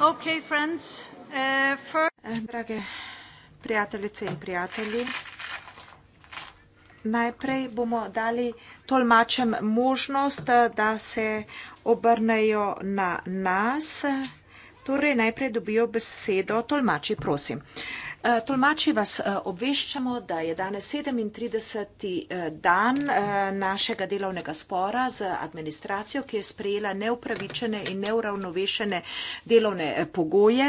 Uh, eh, drage prijateljice in prijatelji, najprej bomo dali tolmačem možnost, eh, da se obrnejo na nas. Torej, najprej dobijo besedo tolmači, prosim. Uh, Eh, tolmači vas eh, obveščamo, da je danes 37. Eh, dan našega delovnega spora z administracijo, ki je sprejela neupravičene in neuravnovešene delovne pogoje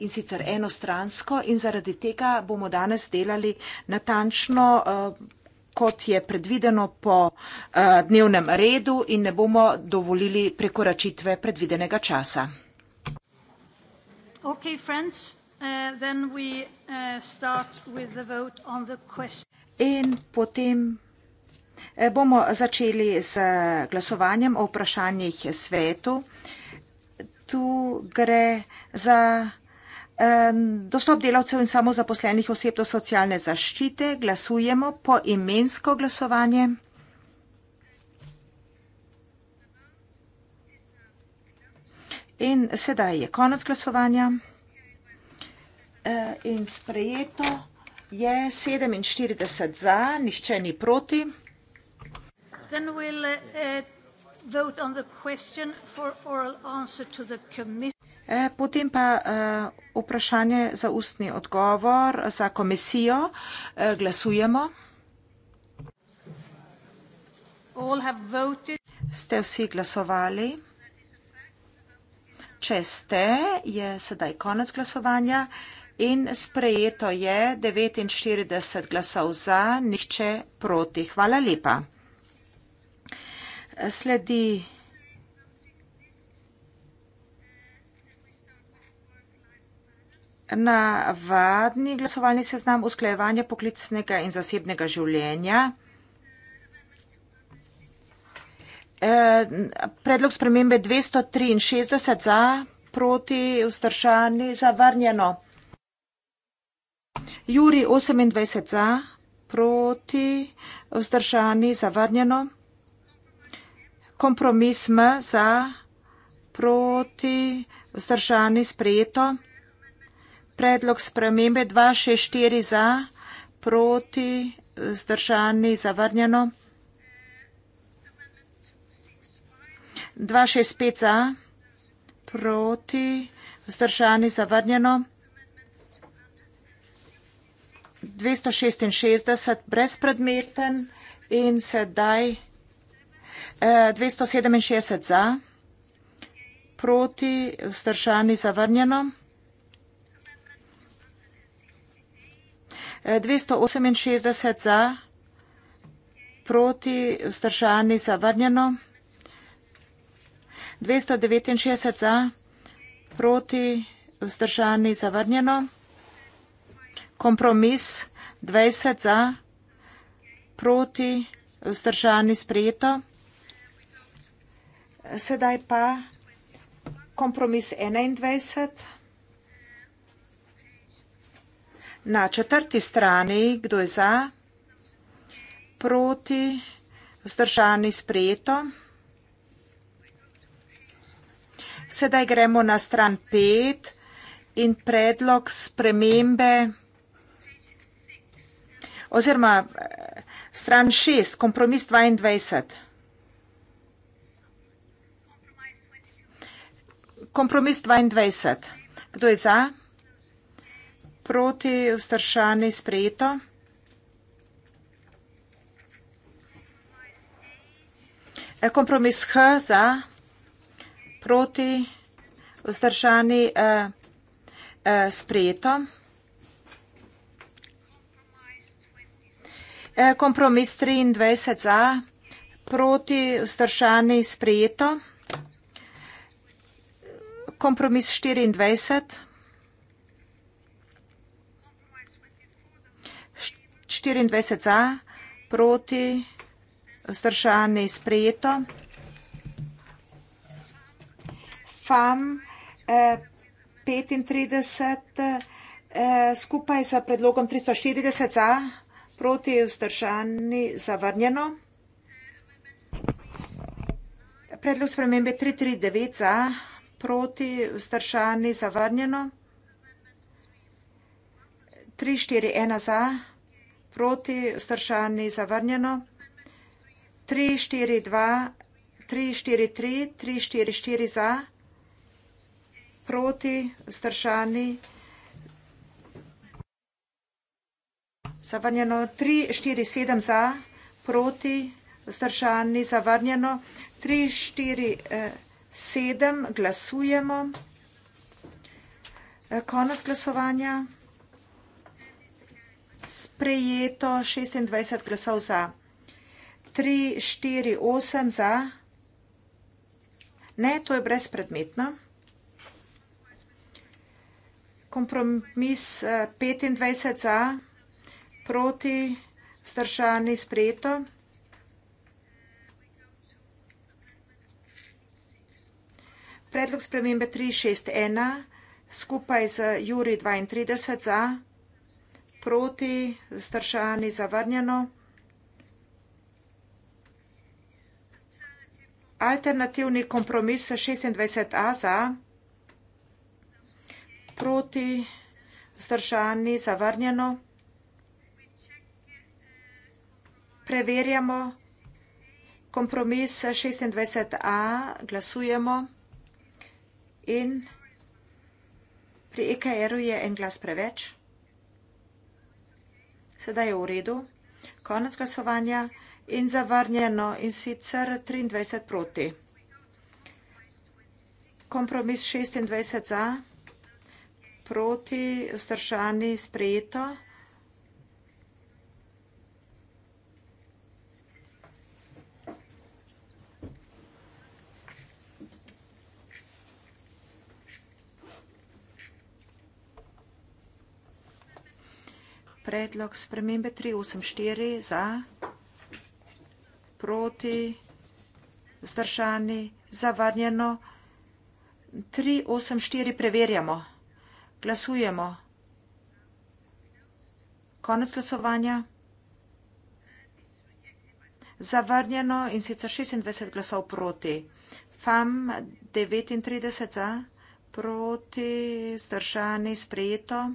in sicer enostransko in zaradi tega bomo danes delali natančno kot je predvideno po dnevnem redu in ne bomo dovolili prekoračitve predvidenega časa. Okay, friends. Uh, uh, in potem eh, bomo začeli z eh, glasovanjem o vprašanjih svetu. Tu gre za eh, dostop delavcev in samozaposlenih oseb do socialne zaščite. Glasujemo po imensko glasovanje. In sedaj je konec glasovanja. Eh, in sprejeto je 47 za, nihče ni proti. Then we'll, uh, vote on the question for oral answer to the committee. Eh, potem pa uh, vprašanje za ustni odgovor za komisijo. Uh, glasujemo. All have voted. Ste vsi glasovali? Če ste, je sedaj konec glasovanja. Uh, in sprejeto je 49 glasov za, nihče proti. Hvala lepa. Sledi navadni glasovalni seznam usklejevanja poklicnega in zasebnega življenja. E, predlog spremembe 263 za, proti, vzdržani, zavrnjeno. Juri 28 za, proti, vzdržani, zavrnjeno. Kompromis M za, proti, vzdržani, sprejeto. Predlog spremembe 264 za, proti, vzdržani, zavrnjeno. 265 za, proti, vzdržani, zavrnjeno. 266 brezpredmeten in sedaj 267 eh, za, proti vzdržani zavrnjeno. 268 eh, za, proti vzdržani zavrnjeno. 269 za, proti vzdržani zavrnjeno. Kompromis 20 za, proti, vzdržani sprejeto. Sedaj pa kompromis 21. Na četrti strani, kdo je za, proti, vzdržani sprejeto. Sedaj gremo na stran 5 in predlog spremembe oziroma eh, stran 6, kompromis 22. Kompromis 22. Kdo je za? Proti vstršani sprejeto. Eh, kompromis H za? Proti vstršani eh, sprejeto. Kompromis H za? E, kompromis 23 za, proti vzdržani sprejeto. Kompromis 24. 24 za, proti vzdržani sprejeto. FAM 35 e, e, skupaj za predlogom 340 za. Proti je vzdržani zavrnjeno. Predlog spremembe tri, tri, devet za, proti, vzdržani, zavrnjeno. Tri, štiri, ena za, proti, vzdržani, zavrnjeno. Tri, štiri, dva, tri, štiri, tri, tri, štiri, štiri za, proti, vzdržani... Zavrnjeno 3, 4, 7 za, proti, vzdržani, zavrnjeno 3, 4, 7 glasujemo. Eh, konec glasovanja. Sprejeto 26 glasov za. 3, 4, 8 za. Ne, to je brezpredmetno. Kompromis 25 eh, za proti staršani spreto. Predlog spremembe 361 skupaj z Juri 32 za, proti staršani zavrnjeno. Alternativni kompromis 26a za, proti staršani zavrnjeno. preverjamo kompromis 26a, glasujemo in pri EKR-u je en glas preveč. Sedaj je v redu, konec glasovanja in zavrnjeno in sicer 23 proti. Kompromis 26 za, proti, vzdržani, sprejeto. predlog spremembe 384 za, proti, zdržani, zavarnjeno. 384 preverjamo. Glasujemo. Konec glasovanja. Zavrnjeno in sicer 26 glasov proti. FAM 39 za, proti, zdržani, sprejeto.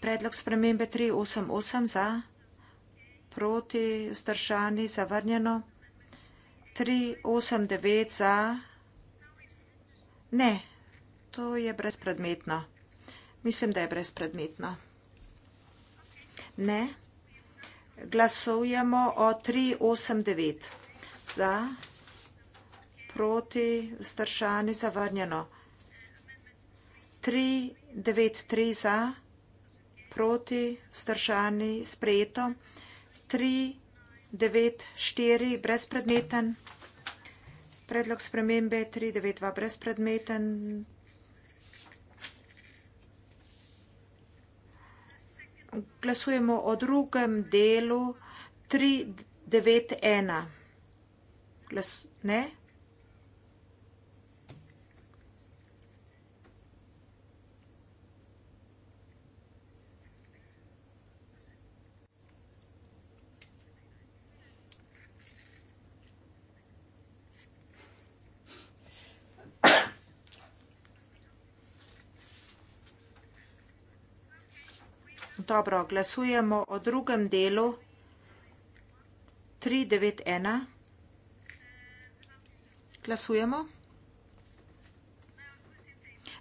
Predlog spremembe 388 za, proti, vzdržani, zavrnjeno. 389 za. Ne, to je brezpredmetno. Mislim, da je brezpredmetno. Ne. Glasujemo o 389. Za, proti, vzdržani, zavrnjeno. 393 za proti, vzdržani, sprejeto. 3, 9, 4, brezpredmeten. Predlog spremembe 3, 9, 2, brezpredmeten. Glasujemo o drugem delu 3, 9, 1. Glas, ne? Ne? Dobro, glasujemo o drugem delu. Tri, devet, ena. Glasujemo.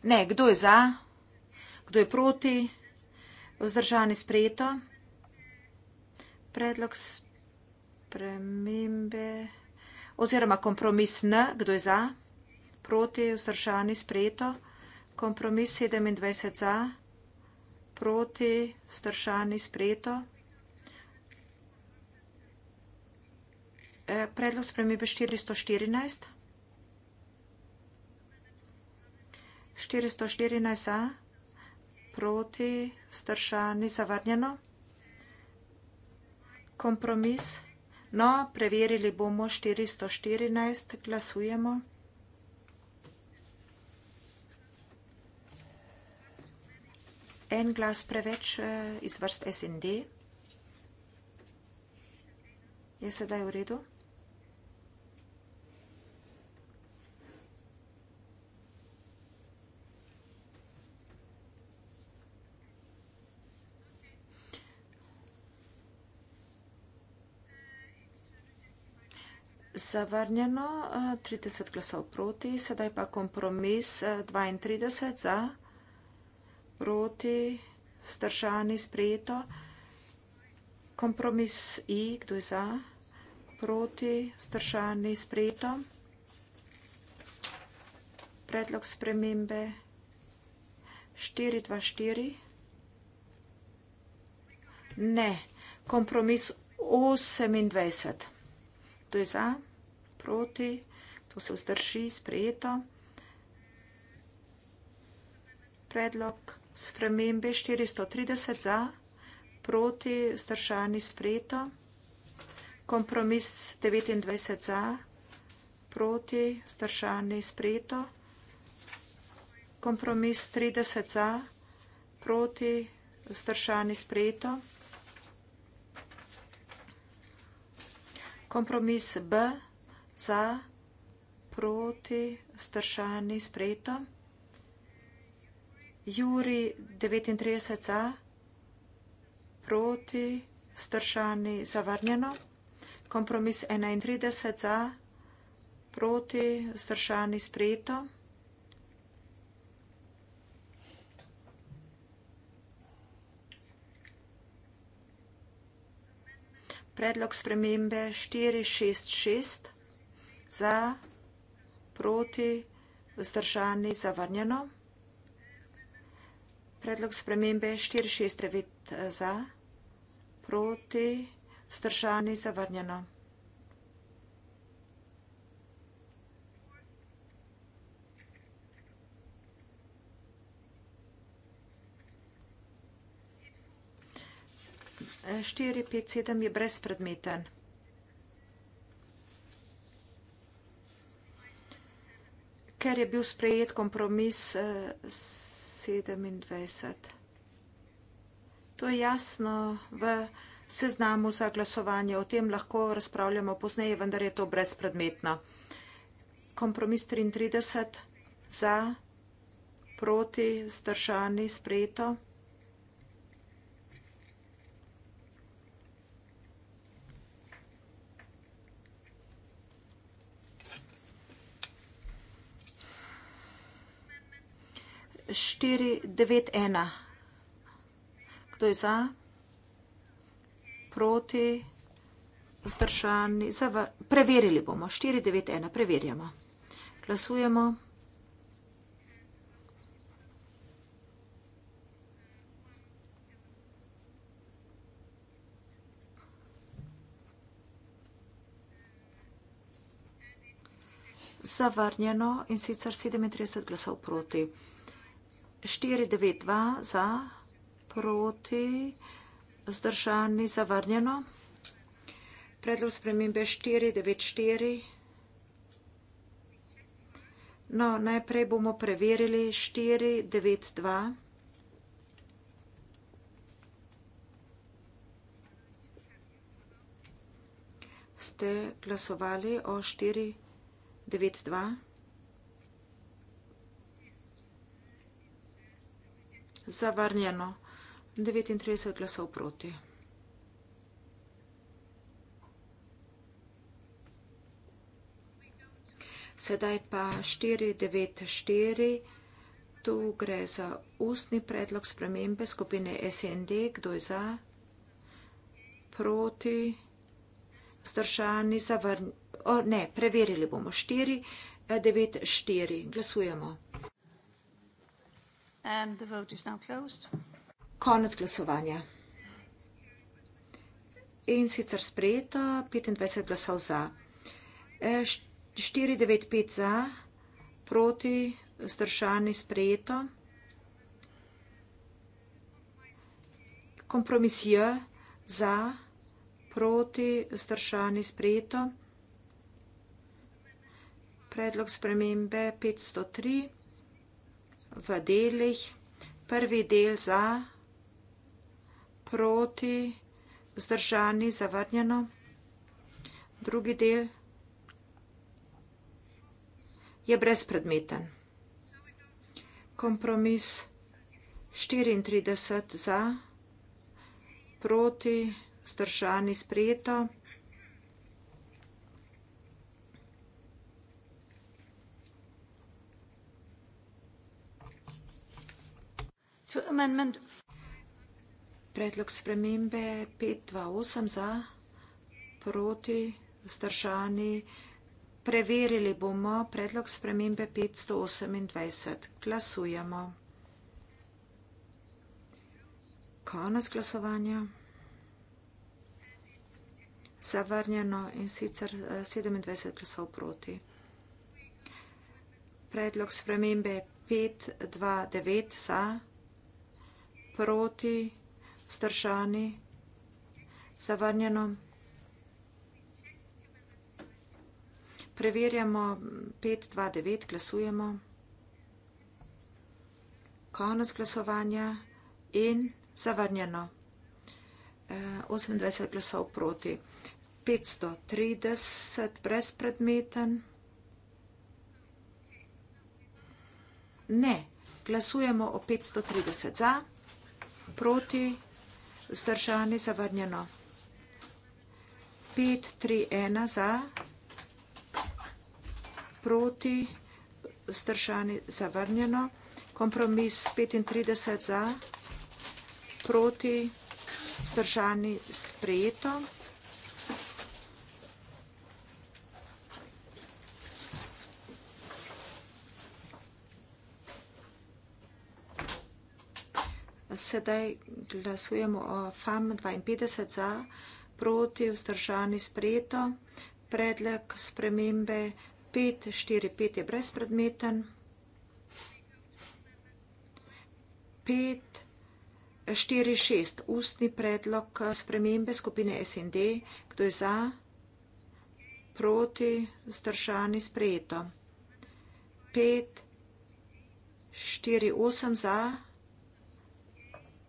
Ne, kdo je za, kdo je proti, vzdržani sprejeto. Predlog spremembe oziroma kompromis N, kdo je za, proti, vzdržani sprejeto. Kompromis 27 za, proti vstršani spreto. E, predlog spremembe 414. 414 a proti vstršani zavrnjeno. Kompromis. No, preverili bomo 414, glasujemo. En glas preveč eh, iz vrst SND. Je sedaj v redu? Zavrnjeno, 30 eh, glasov proti, sedaj pa kompromis 32 eh, za proti, vzdržani, sprejeto. Kompromis I, kdo je za, proti, vzdržani, sprejeto. Predlog spremembe 4.2.4. Ne, kompromis 28. Kdo je za, proti, to se vzdrži, sprejeto. Predlog 4.2.4 spremembe, 430 za, proti, vzdržani, sprejeto. Kompromis, 29 za, proti, vzdržani, sprejeto. Kompromis, 30 za, proti, vzdržani, sprejeto. Kompromis B, za, proti, vzdržani, sprejeto. Juri devetintrideset za, proti, vzdržani, zavrnjeno. Kompromis enaintrideset za, proti, vzdržani, sprejeto. Predlog spremembe štiri šest šest za, proti, vzdržani, zavrnjeno. Predlog spremembe 469 za, proti, vzdržani, zavrnjeno. Štiri, pet, sedem je brezpredmeten. Ker je bil sprejet kompromis eh, s 27. To je jasno v seznamu za glasovanje. O tem lahko razpravljamo pozneje, vendar je to brezpredmetno. Kompromis 33 za, proti, zdržani, sprejeto. 4-9-1. Kdo je za? Proti? Vzdržani? Preverili bomo. 4-9-1. Preverjamo. Glasujemo. Zavrnjeno in sicer 37 glasov proti. 4-9-2 za, proti, zdržani, zavrnjeno. Predlog spremembe 4-9-4. No, najprej bomo preverili 4-9-2. Ste glasovali o 492? zavrnjeno. 39 glasov proti. Sedaj pa 494. Tu gre za ustni predlog spremembe skupine SND. Kdo je za? Proti. Zdržani, zavrnjeni. Ne, preverili bomo. 494. Glasujemo. And the vote is now closed. Konec glasovanja. In sicer sprejeto 25 glasov za. 495 e, za, proti, zdržani sprejeto. Kompromisija za, proti, zdržani sprejeto. Predlog spremembe 503 v delih. Prvi del za, proti, vzdržani, zavrnjeno. Drugi del je brezpredmeten. Kompromis 34 za, proti, vzdržani, sprejeto. Predlog spremembe 528 za, proti, vzdržani. Preverili bomo predlog spremembe 528. Glasujemo. Konec glasovanja. Zavrnjeno in sicer 27 eh, glasov proti. Predlog spremembe 529 za proti staršani, zavrnjenom. Preverjamo pet, dva, devet, glasujemo. Konec glasovanja in zavrnjeno. 28 eh, glasov proti. 530 brezpredmeten. Ne, glasujemo o 530 za proti, vzdržani, zavrnjeno. 5, 3, 1 za, proti, vzdržani, zavrnjeno. Kompromis 35 za, proti, vzdržani, sprejeto. Sedaj glasujemo o FAM 52 za, proti, vzdržani, sprejeto. Predlog spremembe 545 je brezpredmeten. 546 ustni predlog spremembe skupine SND. Kdo je za? Proti, vzdržani, sprejeto. 548 za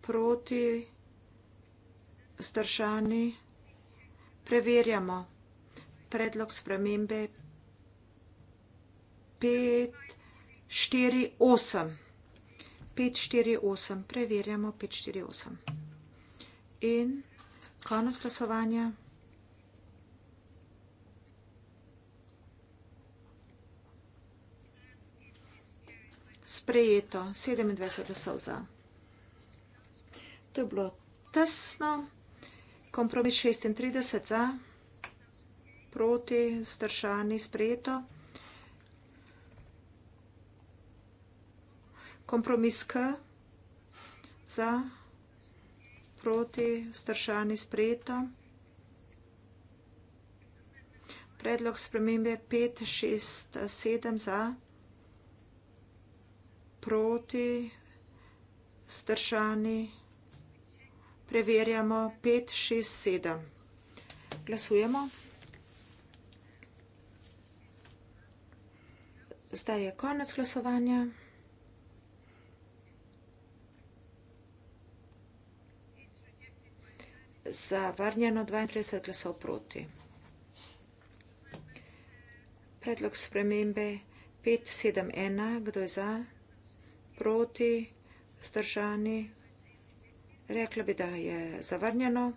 proti stršani. Preverjamo predlog spremembe 5, 4, 8. 5, 4, 8. Preverjamo 5, 4, 8. In konec glasovanja. Sprejeto 27 glasov za. To je bilo tesno. Kompromis 36 za, proti, vzdržani, sprejeto. Kompromis K za, proti, vzdržani, sprejeto. Predlog spremembe 5, 6, 7 za, proti, vzdržani, sprejeto preverjamo pet, šest, sedem. Glasujemo. Zdaj je konec glasovanja. Za varnjeno 32 glasov proti. Predlog spremembe 571. Kdo je za? Proti? Zdržani? rekla bi, da je zavrnjeno.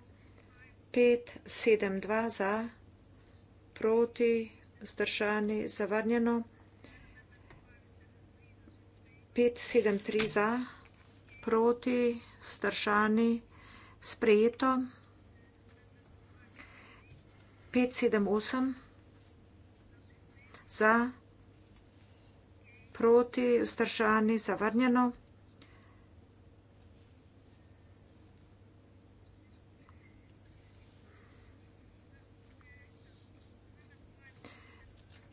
5, 7, 2 za, proti, vzdržani, zavrnjeno. 5, 7, 3 za, proti, vzdržani, sprejeto. 5, 7, 8 za, proti, vzdržani, zavrnjeno.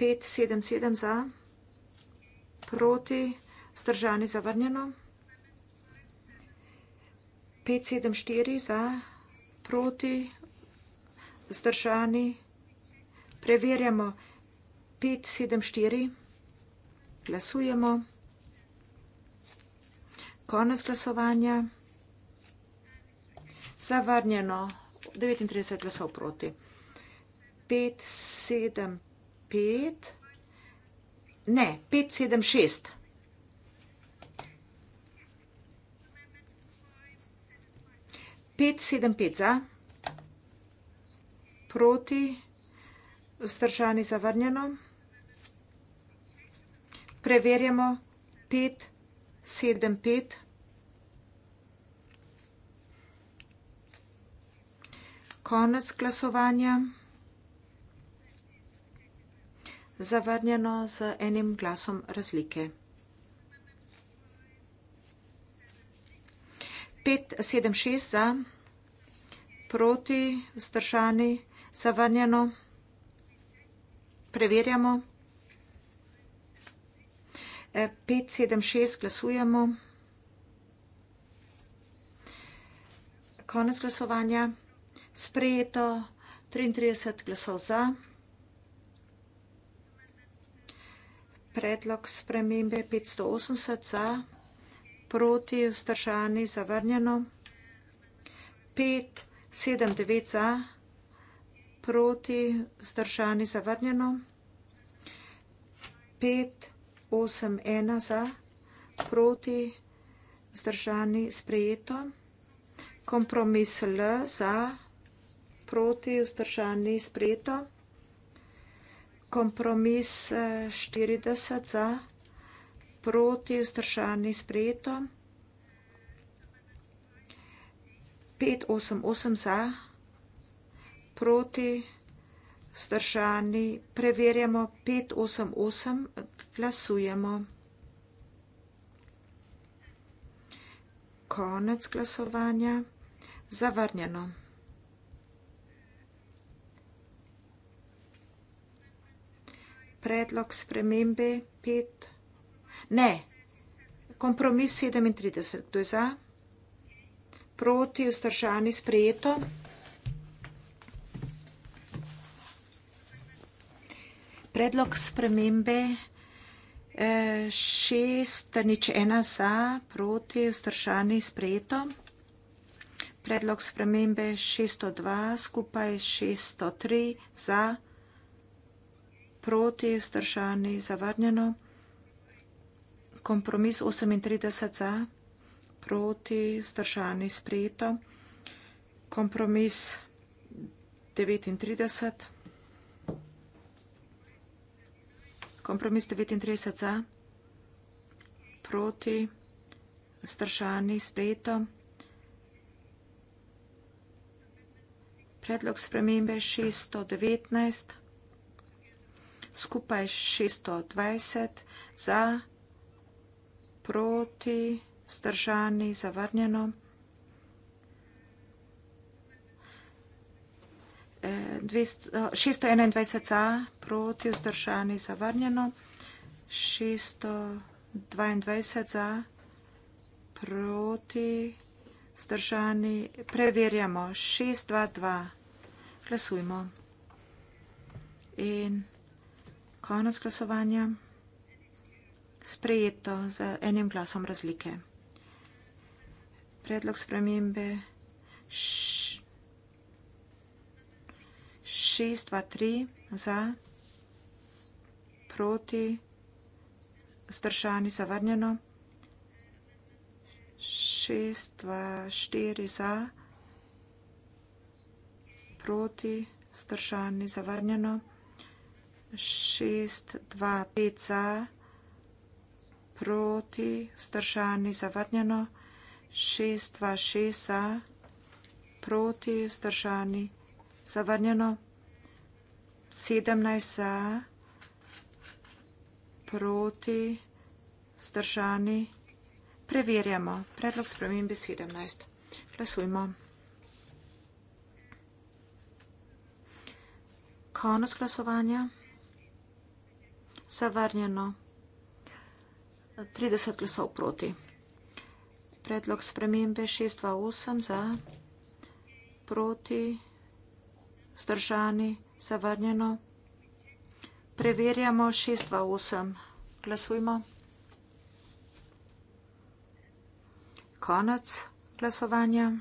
pet, sedem, sedem za, proti, vzdržani zavrnjeno, pet, sedem, štiri za, proti, vzdržani, preverjamo, pet, sedem, štiri, glasujemo, konec glasovanja, zavrnjeno, 39 glasov proti. 5, 7, 5, ne, 5, 7, 6. Pet, sedem, pet za, proti, vzdržani zavrnjeno, preverjamo, pet, sedem, pet, konec glasovanja zavrnjeno z enim glasom razlike. 576 za, proti, vzdržani, zavrnjeno. Preverjamo. 576 e, glasujemo. Konec glasovanja. Sprejeto 33 glasov za. predlog spremembe 580 za, proti vzdržani zavrnjeno, 579 za, proti vzdržani zavrnjeno, 581 za, proti vzdržani sprejeto, kompromis L za, proti vzdržani sprejeto kompromis 40 eh, za, proti vzdržani sprejeto, 588 za, proti vzdržani preverjamo 588, glasujemo. Konec glasovanja, zavrnjeno. predlog spremembe pet, ne, kompromis sedemintrideset, kdo je za? Proti, vzdržani, sprejeto. Predlog spremembe, eh, šest, nič, ena za, proti, vzdržani, sprejeto. Predlog spremembe šeststo dva skupaj s šeststo tri za proti, vzdržani, zavrnjeno. Kompromis 38 za, proti, vzdržani, sprejeto. Kompromis 39. Kompromis 39 za, proti, vzdržani, sprejeto. Predlog spremembe 619 skupaj 620 za, proti, vzdržani, zavrnjeno. E, eh, 621 eh, za, proti, vzdržani, zavrnjeno. 622 za, proti, vzdržani, preverjamo. 622. Glasujmo. In Konec glasovanja. Sprejeto z enim glasom razlike. Predlog spremembe 623 za, proti, vzdržani, zavrnjeno. 624 za, proti, vzdržani, zavrnjeno šest, dva, pet za, proti, vzdržani, zavrnjeno, šest, dva, šest za, proti, vzdržani, zavrnjeno, sedemnajst za, proti, vzdržani, preverjamo. Predlog spremembe sedemnajst. Glasujmo. Konec glasovanja zavrnjeno 30 glasov proti. Predlog spremembe 628 za proti zdržani zavrnjeno. Preverjamo 628. Glasujmo. Konec glasovanja.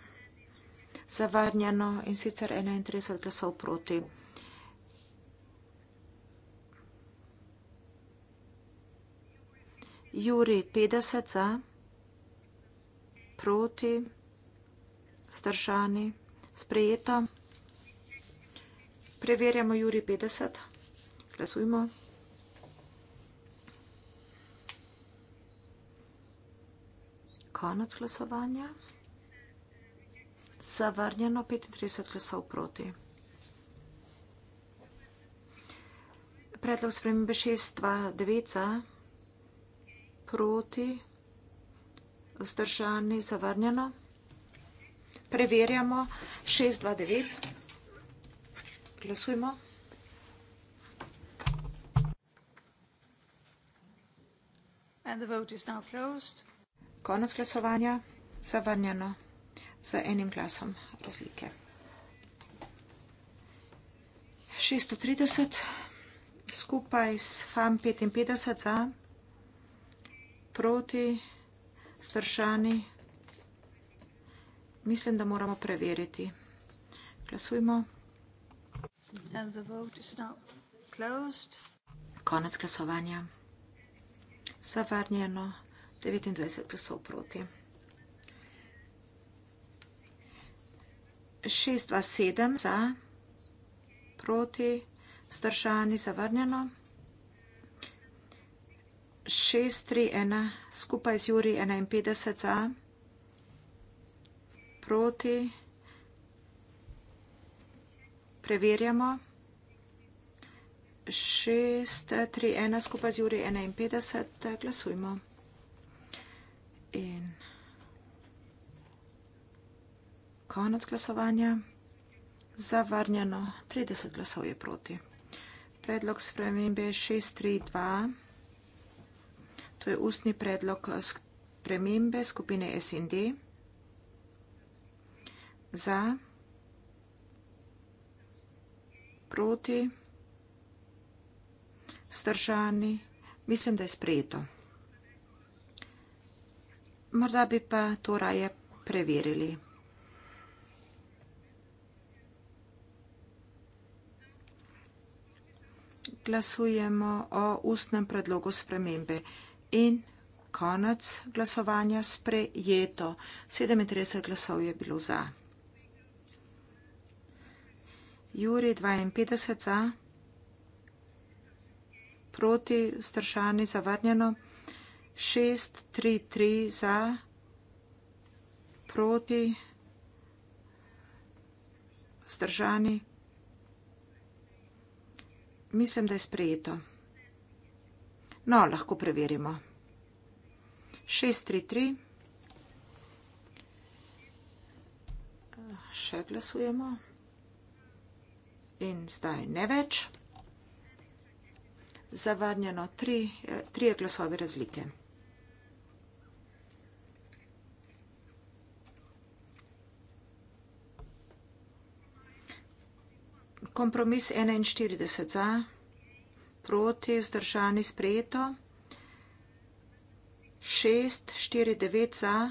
Zavrnjeno in sicer 31 glasov proti. Juri 50 za, proti, staršani, sprejeto. Preverjamo Juri 50, glasujmo. Konec glasovanja. Zavrnjeno 35 glasov proti. Predlog spremembe 629 za, proti, vzdržani, zavrnjeno. Preverjamo 629. Glasujmo. And the vote is now closed. Konec glasovanja, zavrnjeno z enim glasom razlike. 630, skupaj s FAM 55 za proti, stršani. Mislim, da moramo preveriti. Glasujmo. Konec glasovanja. Zavarnjeno 29 glasov proti. 627 za, proti, stršani, zavrnjeno. 6-3-1, skupaj z Juri 51-a proti. Preverjamo. 6-3-1, skupaj z Juri 51, glasujmo. In konec glasovanja. Zavarnjeno, 30 glasov je proti. Predlog spremembe 632. To je ustni predlog eh, spremembe skupine SND za proti stržani. Mislim, da je sprejeto. Morda bi pa to raje preverili. Glasujemo o ustnem predlogu spremembe in konec glasovanja sprejeto. 37 glasov je bilo za. Juri 52 za, proti vstršani zavrnjeno, 633 za, proti vstršani. Mislim, da je sprejeto. No, lahko preverimo. 633. Še glasujemo. In zdaj ne več. Zavadnjeno tri, tri je glasove razlike. Kompromis 41 za proti, vzdržani sprejeto. 6, 4, 9 za,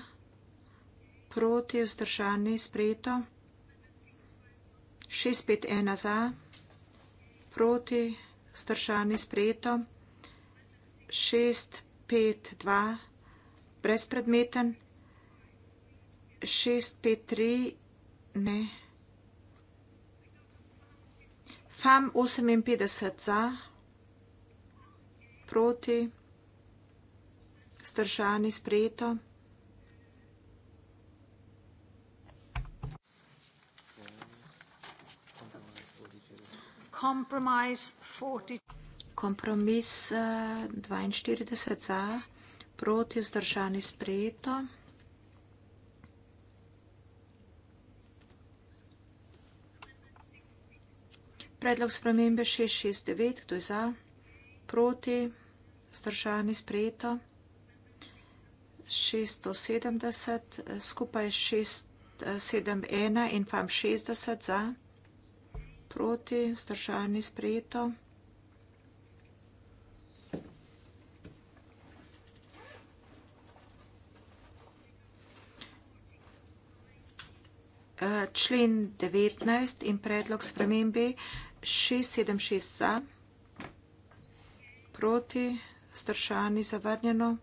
proti, vzdržani sprejeto. 6, 5, 1 za, proti, vzdržani sprejeto. 6, 5, 2, brezpredmeten. 6, 5, 3, ne. FAM 58 za, proti, stršani sprejeto. Kompromis 42 eh, za, proti, vzdržani sprejeto. Predlog spremembe 669, kdo je za? proti, vzdržani sprejeto, 670, skupaj 671 in vam 60 za, proti, vzdržani sprejeto. Eh, člen 19 in predlog spremembe 676 za proti, vzdržani zavrnjeno.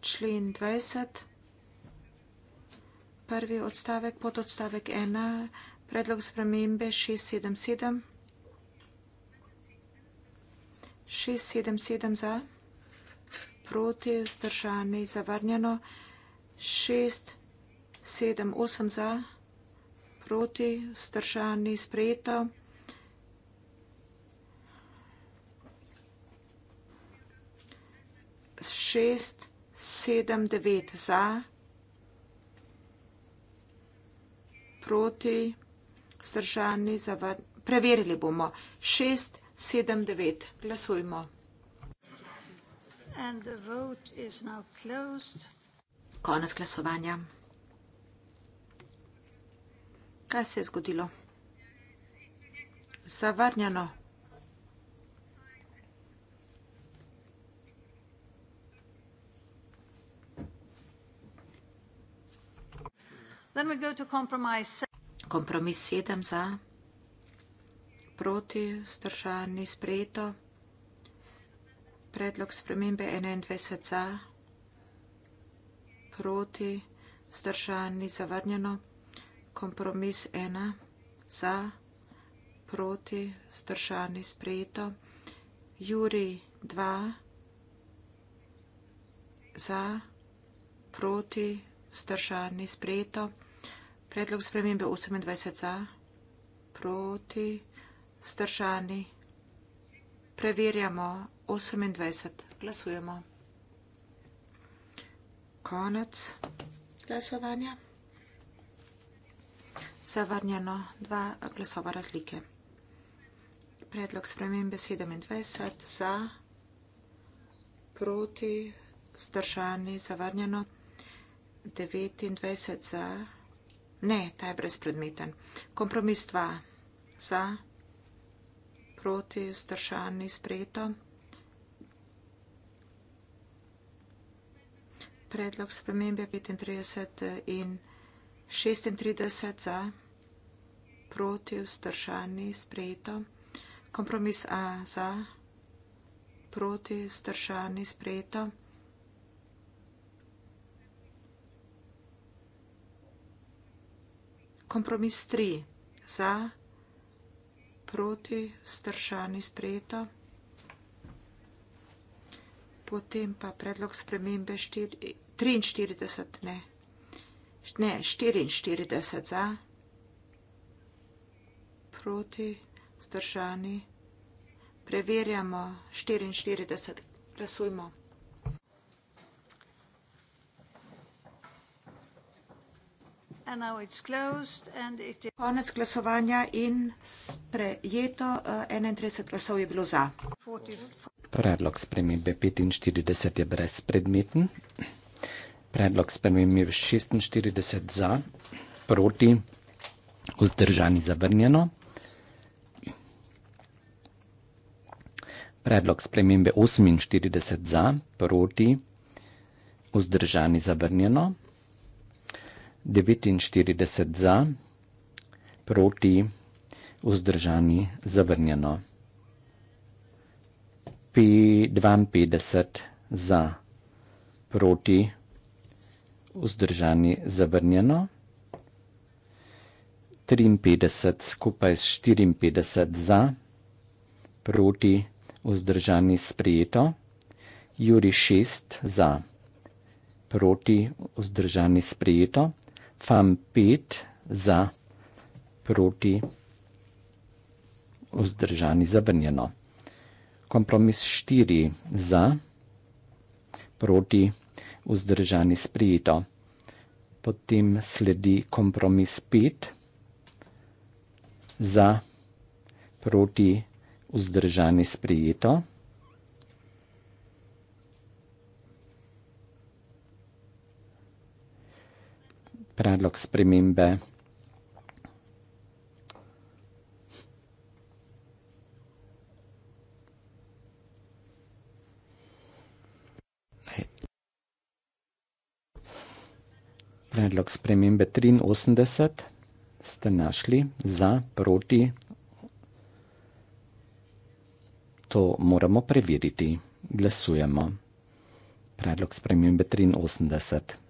Člen 20. Prvi odstavek, pod odstavek 1, predlog spremembe 677. 677 za, proti, vzdržani, zavrnjeno. 678 za, proti, vzdržani, sprejeto. šest, sedem, devet za, proti, vzdržani, zavrnjeni. Preverili bomo. Šest, sedem, devet. Glasujmo. Konec glasovanja. Kaj se je zgodilo? Zavrnjeno. Then we go to compromise. Kompromis sedem za, proti, stršani, sprejeto. Predlog spremembe 21 za, proti, stršani, zavrnjeno. Kompromis 1 za, proti, stršani, sprejeto. Juri 2 za, proti, stršani, sprejeto vzdržani, sprejeto. Predlog spremembe 28 za, proti, vzdržani. Preverjamo 28, glasujemo. Konec glasovanja. Zavrnjeno dva glasova razlike. Predlog spremembe 27 za, proti, vzdržani, zavrnjeno. 29 za. Ne, ta je brezpredmeten. Kompromis 2 za, proti, vzdržani, sprejeto. Predlog spremembe 35 in 36 za, proti, vzdržani, sprejeto. Kompromis A za, proti, vzdržani, sprejeto. kompromis tri za, proti, vzdržani sprejeto. Potem pa predlog spremembe 43, ne, ne, 44 za, proti, vzdržani. Preverjamo 44, glasujmo. Konec glasovanja in sprejeto 31 eh, glasov je bilo za. Predlog spremembe 45 je brezpredmeten. Predlog spremembe 46 za, proti, vzdržani zavrnjeno. Predlog spremembe 48 za, proti, vzdržani zavrnjeno. 49 za, proti, vzdržani, zavrnjeno. P52 za, proti, vzdržani, zavrnjeno. 53 skupaj s 54 za, proti, vzdržani, sprijeto. Juri 6 za, proti, vzdržani, sprijeto fan 5 za, proti, vzdržani, zavrnjeno. Kompromis 4 za, proti, vzdržani, sprijeto. Potem sledi kompromis 5 za, proti, vzdržani, sprijeto. predlog spremembe. Predlog spremembe 83 ste našli za, proti. To moramo preveriti. Glasujemo. Predlog spremembe 83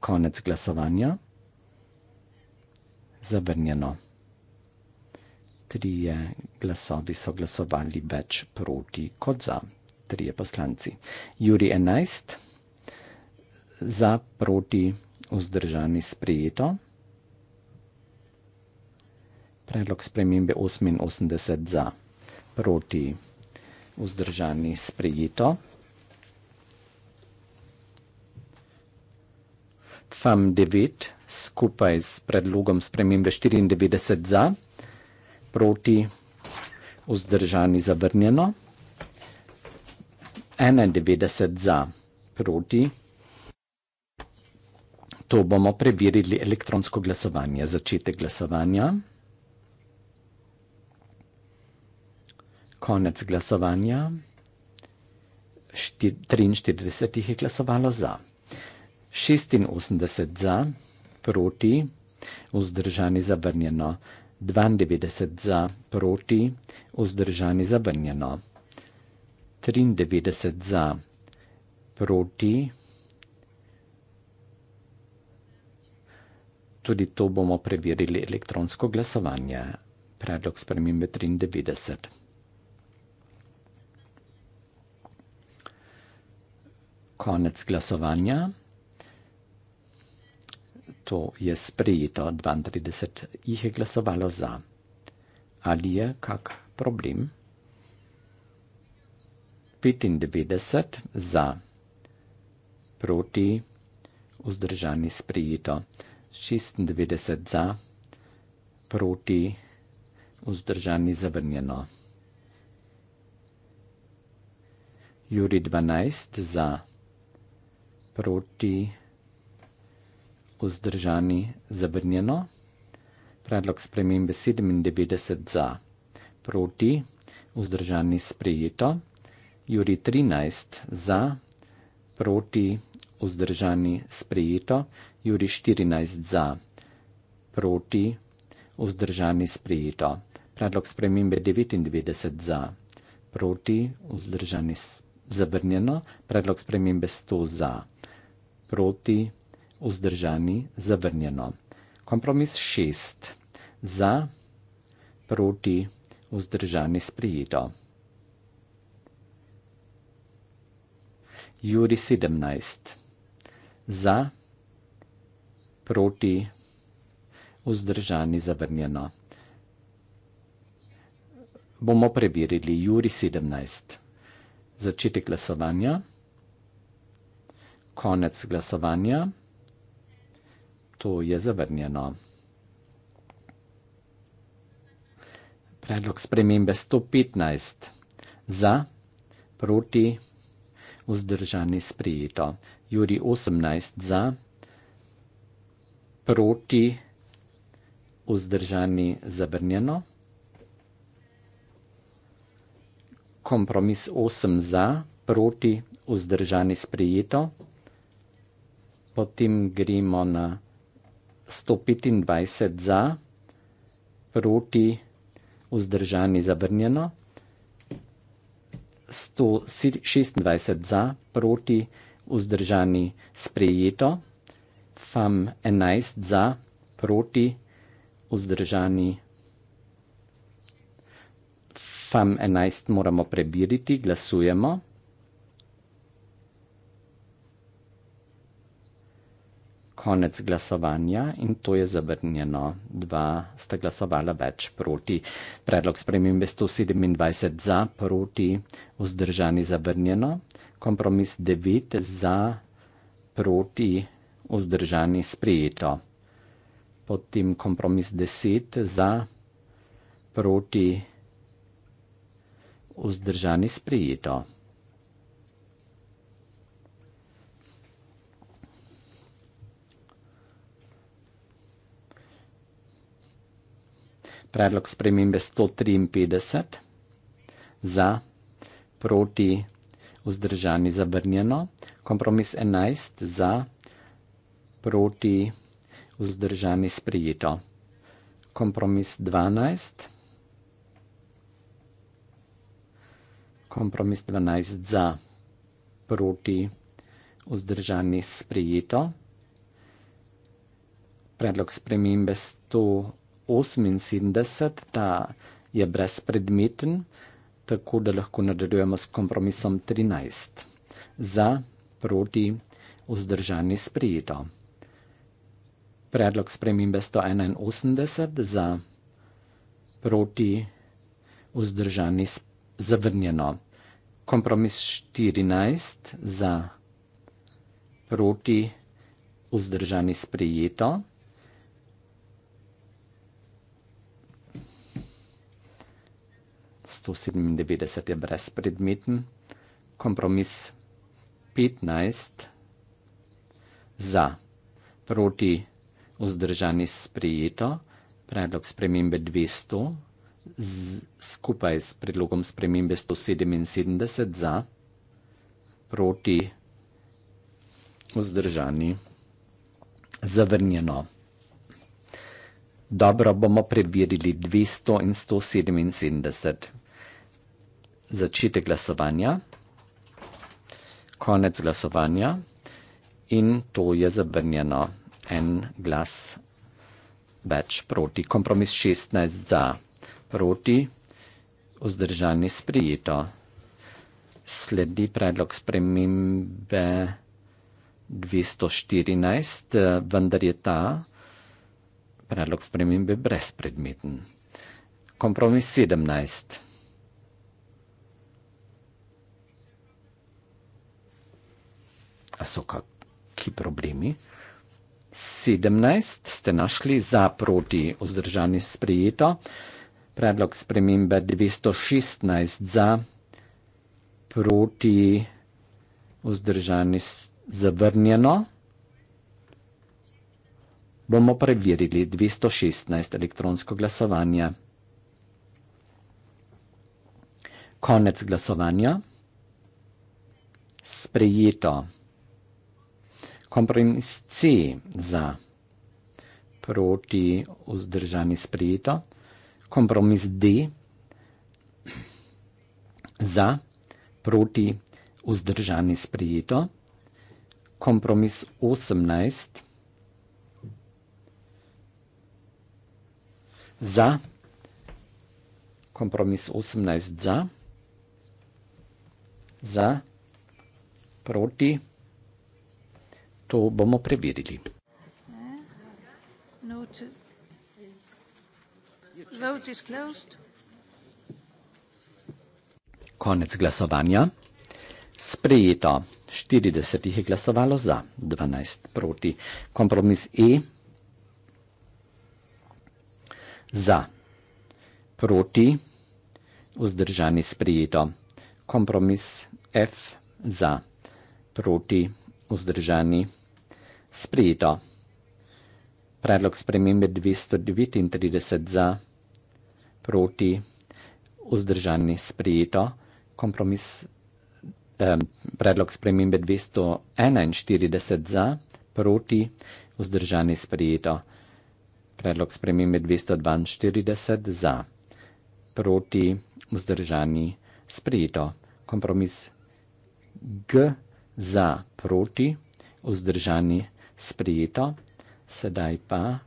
konec glasovanja. Zavrnjeno. Trije glasovi so glasovali več proti kot za. Trije poslanci. Juri 11. Za proti vzdržani sprejeto. Predlog spremembe 88 za proti vzdržani sprejeto. FAM 9 skupaj s predlogom spremembe 94 za, proti vzdržani zavrnjeno, 91 za, proti. To bomo preverili elektronsko glasovanje. Začetek glasovanja. Konec glasovanja. 43 jih je glasovalo za. 86 za, proti, vzdržani zavrnjeno. 92 za, proti, vzdržani zavrnjeno. 93 za, proti. Tudi to bomo preverili elektronsko glasovanje. Predlog spremembe 93. Konec glasovanja to je sprejeto, 32 jih je glasovalo za. Ali je kak problem? 95 za, proti, vzdržani sprejeto, 96 za, proti, vzdržani zavrnjeno. Juri 12 za, proti, vzdržani zavrnjeno vzdržani zabrnjeno. Predlog spremembe 97 za proti, vzdržani sprejeto. Juri 13 za proti, vzdržani sprejeto. Juri 14 za proti, vzdržani sprejeto. Predlog spremembe 99 za proti, vzdržani zabrnjeno. Predlog spremembe 100 za proti, vzdržani sprejeto vzdržani, zavrnjeno. Kompromis šest. Za, proti, vzdržani, sprijeto. Juri sedemnajst. Za, proti, vzdržani, zavrnjeno. Bomo preverili. Juri sedemnajst. Začetek glasovanja. Konec glasovanja to je zavrnjeno. Predlog spremembe 115. Za, proti, vzdržani sprejeto. Juri 18. Za, proti, vzdržani zavrnjeno. Kompromis 8 za, proti, vzdržani sprejeto. Potem gremo na vzdržani. 125 za, proti vzdržani zabrnjeno, 126 za, proti vzdržani sprejeto, fam 11 za, proti vzdržani. Fam 11 moramo prebiriti, glasujemo. konec glasovanja in to je zabrnjeno. Dva sta glasovala več proti. Predlog spremembe 127 za, proti, vzdržani zabrnjeno. Kompromis 9 za, proti, vzdržani sprejeto. Potem kompromis 10 za, proti, vzdržani sprejeto. predlog spremembe 153, za, proti, vzdržani, zabrnjeno, kompromis 11, za, proti, vzdržani, sprijeto, kompromis 12, kompromis 12, za, proti, vzdržani, sprijeto, predlog spremembe 153, 78, ta je brezpredmeten, tako da lahko nadaljujemo s kompromisom 13. Za, proti, vzdržani sprejeto. Predlog spremembe 181, za, proti, vzdržani zavrnjeno. Kompromis 14, za, proti, vzdržani sprejeto. 197 je brezpredmeten, kompromis 15 za, proti vzdržani sprejeto, predlog spremembe 200 z, skupaj s predlogom spremembe 177 za, proti vzdržani zavrnjeno. Dobro bomo prebirili 200 in 177 začetek glasovanja, konec glasovanja in to je zabrnjeno en glas več proti. Kompromis 16 za, proti, vzdržani sprijeto. Sledi predlog spremembe 214, vendar je ta predlog spremembe brezpredmeten. Kompromis 17. so kakšni problemi. 17 ste našli za proti vzdržani sprejeto, predlog spremembe 216 za proti vzdržani zavrnjeno. Bomo preverili 216 elektronsko glasovanje. Konec glasovanja. Sprejeto kompromis C za, proti vzdržanje sprejeto, kompromis D za, proti vzdržanje sprejeto, kompromis 18 za, kompromis 18 za, za, proti vzdržanje sprejeto, to bomo preverili. Konec glasovanja. Sprejeto. 40 jih je glasovalo za, 12 proti. Kompromis E. Za. Proti. Vzdržani sprejeto. Kompromis F. Za. Proti vzdržani. Sprejeto. Predlog spremembe 239 za, proti, vzdržani, sprejeto. Kompromis, eh, predlog spremembe 241 za, proti, vzdržani, sprejeto. Predlog spremembe 242 za, proti, vzdržani, sprejeto. Kompromis G za, proti, vzdržani, sprejeto. Sedaj pa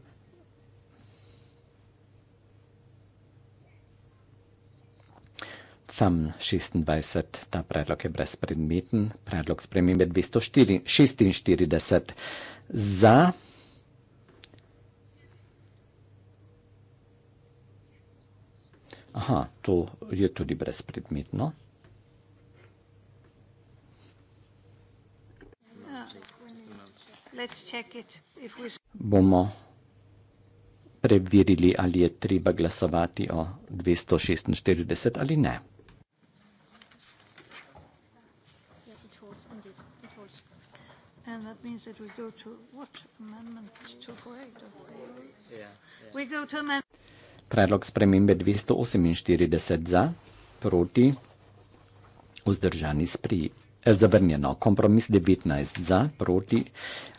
FAM 26, ta predlog je brezpredmeten, predlog spremembe 246 za, aha, to je tudi brezpredmetno, Bomo preverili, ali je treba glasovati o 246 ali ne. Predlog spremembe 248 za, proti, vzdržani sprijet. Eh, zavrnjeno. Kompromis 19 za, proti,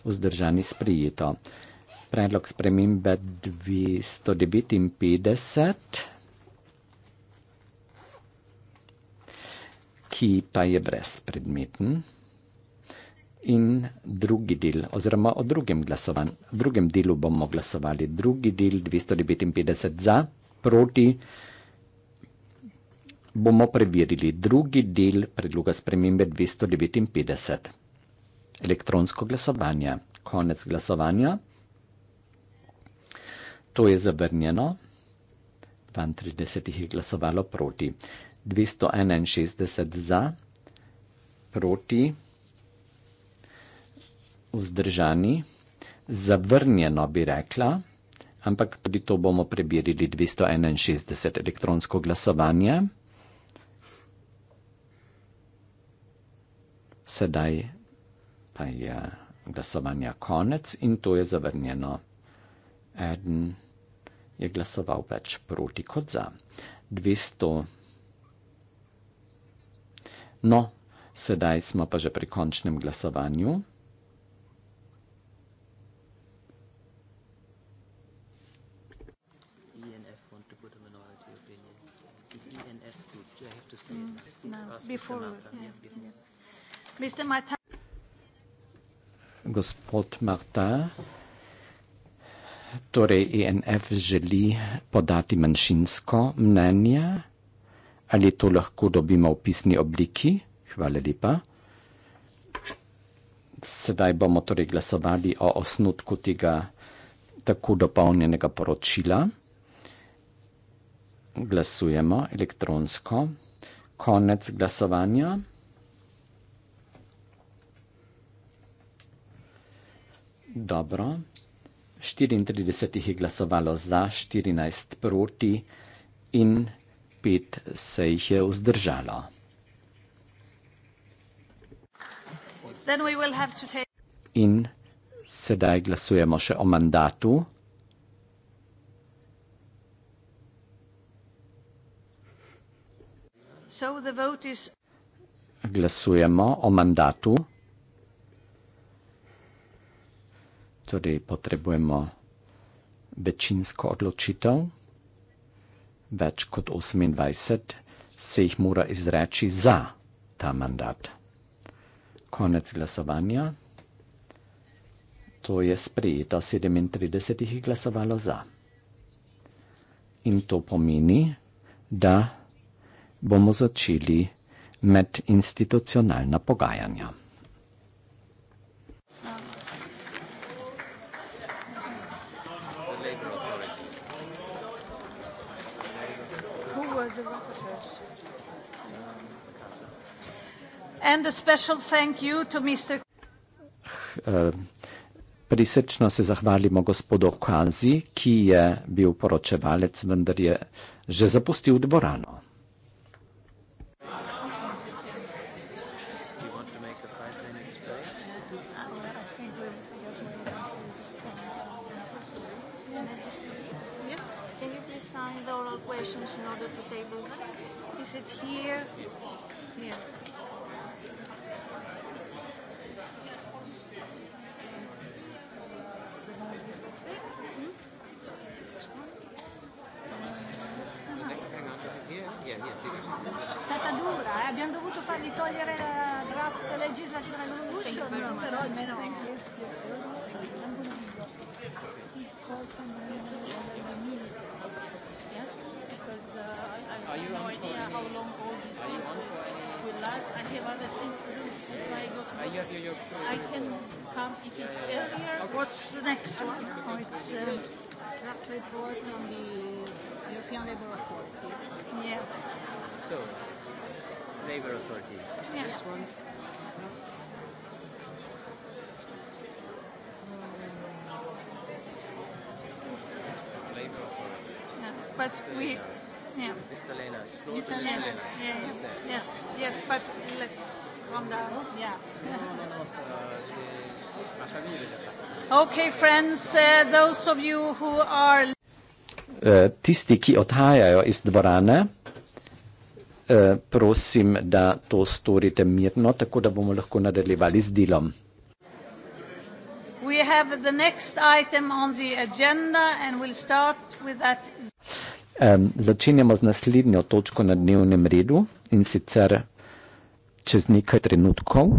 vzdržani sprijeto. Predlog spremembe 259, ki pa je brezpredmeten. In drugi del, oziroma o drugem glasovanju, v drugem delu bomo glasovali. Drugi del 259 za, proti, vzdržani sprijeto bomo preverili drugi del predloga spremembe 259. Elektronsko glasovanje. Konec glasovanja. To je zavrnjeno. 32 jih je glasovalo proti. 261 za, proti, vzdržani, zavrnjeno bi rekla, ampak tudi to bomo prebirili 261 elektronsko glasovanje. sedaj pa je glasovanja konec in to je zavrnjeno. Eden je glasoval več proti kot za. 200. No, sedaj smo pa že pri končnem glasovanju. E e no, before, yes, yes. Gospod Martin, torej INF e želi podati manjšinsko mnenje. Ali to lahko dobimo v pisni obliki? Hvala lepa. Sedaj bomo torej glasovali o osnutku tega tako dopolnjenega poročila. Glasujemo elektronsko. Konec glasovanja. Dobro. 34 jih je glasovalo za, 14 proti in 5 se jih je vzdržalo. In sedaj glasujemo še o mandatu. Glasujemo o mandatu. tudi potrebujemo večinsko odločitev, več kot 28 se jih mora izreči za ta mandat. Konec glasovanja. To je sprejeto, 37 jih je glasovalo za. In to pomeni, da bomo začeli med institucionalna pogajanja. and a special thank you to Mr. Eh, prisrčno se zahvalimo gospodu Kanzi, ki je bil poročevalec, vendar je že zapustil dvorano. Yeah, yeah. What's the next one? Oh, it's a uh, draft report on the European Labour Authority. Yeah. So, Labour Authority. Yeah. This one. But we, yeah. Vistalenas. Vistalenas. Yeah, yeah. Yes, yes, but let's calm down. Yeah. No, no, no, Uh, eh, tisti, ki odhajajo iz dvorane, eh, prosim, da to storite mirno, tako da bomo lahko nadaljevali z delom. Začenjamo z naslednjo točko na dnevnem redu in sicer čez nekaj trenutkov.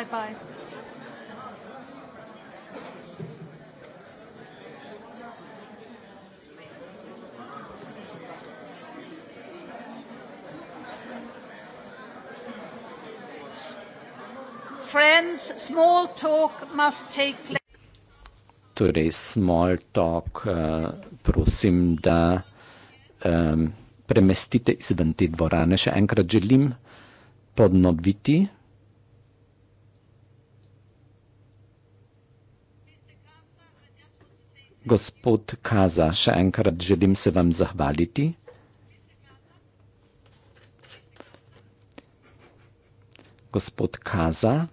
Bye bye. Friends, small talk must take place. Torej, small talk, uh, prosim, da um, premestite izven te dvorane. Še enkrat želim podnoviti. Gospod Kaza, še enkrat želim se vam zahvaliti. Gospod Kaza,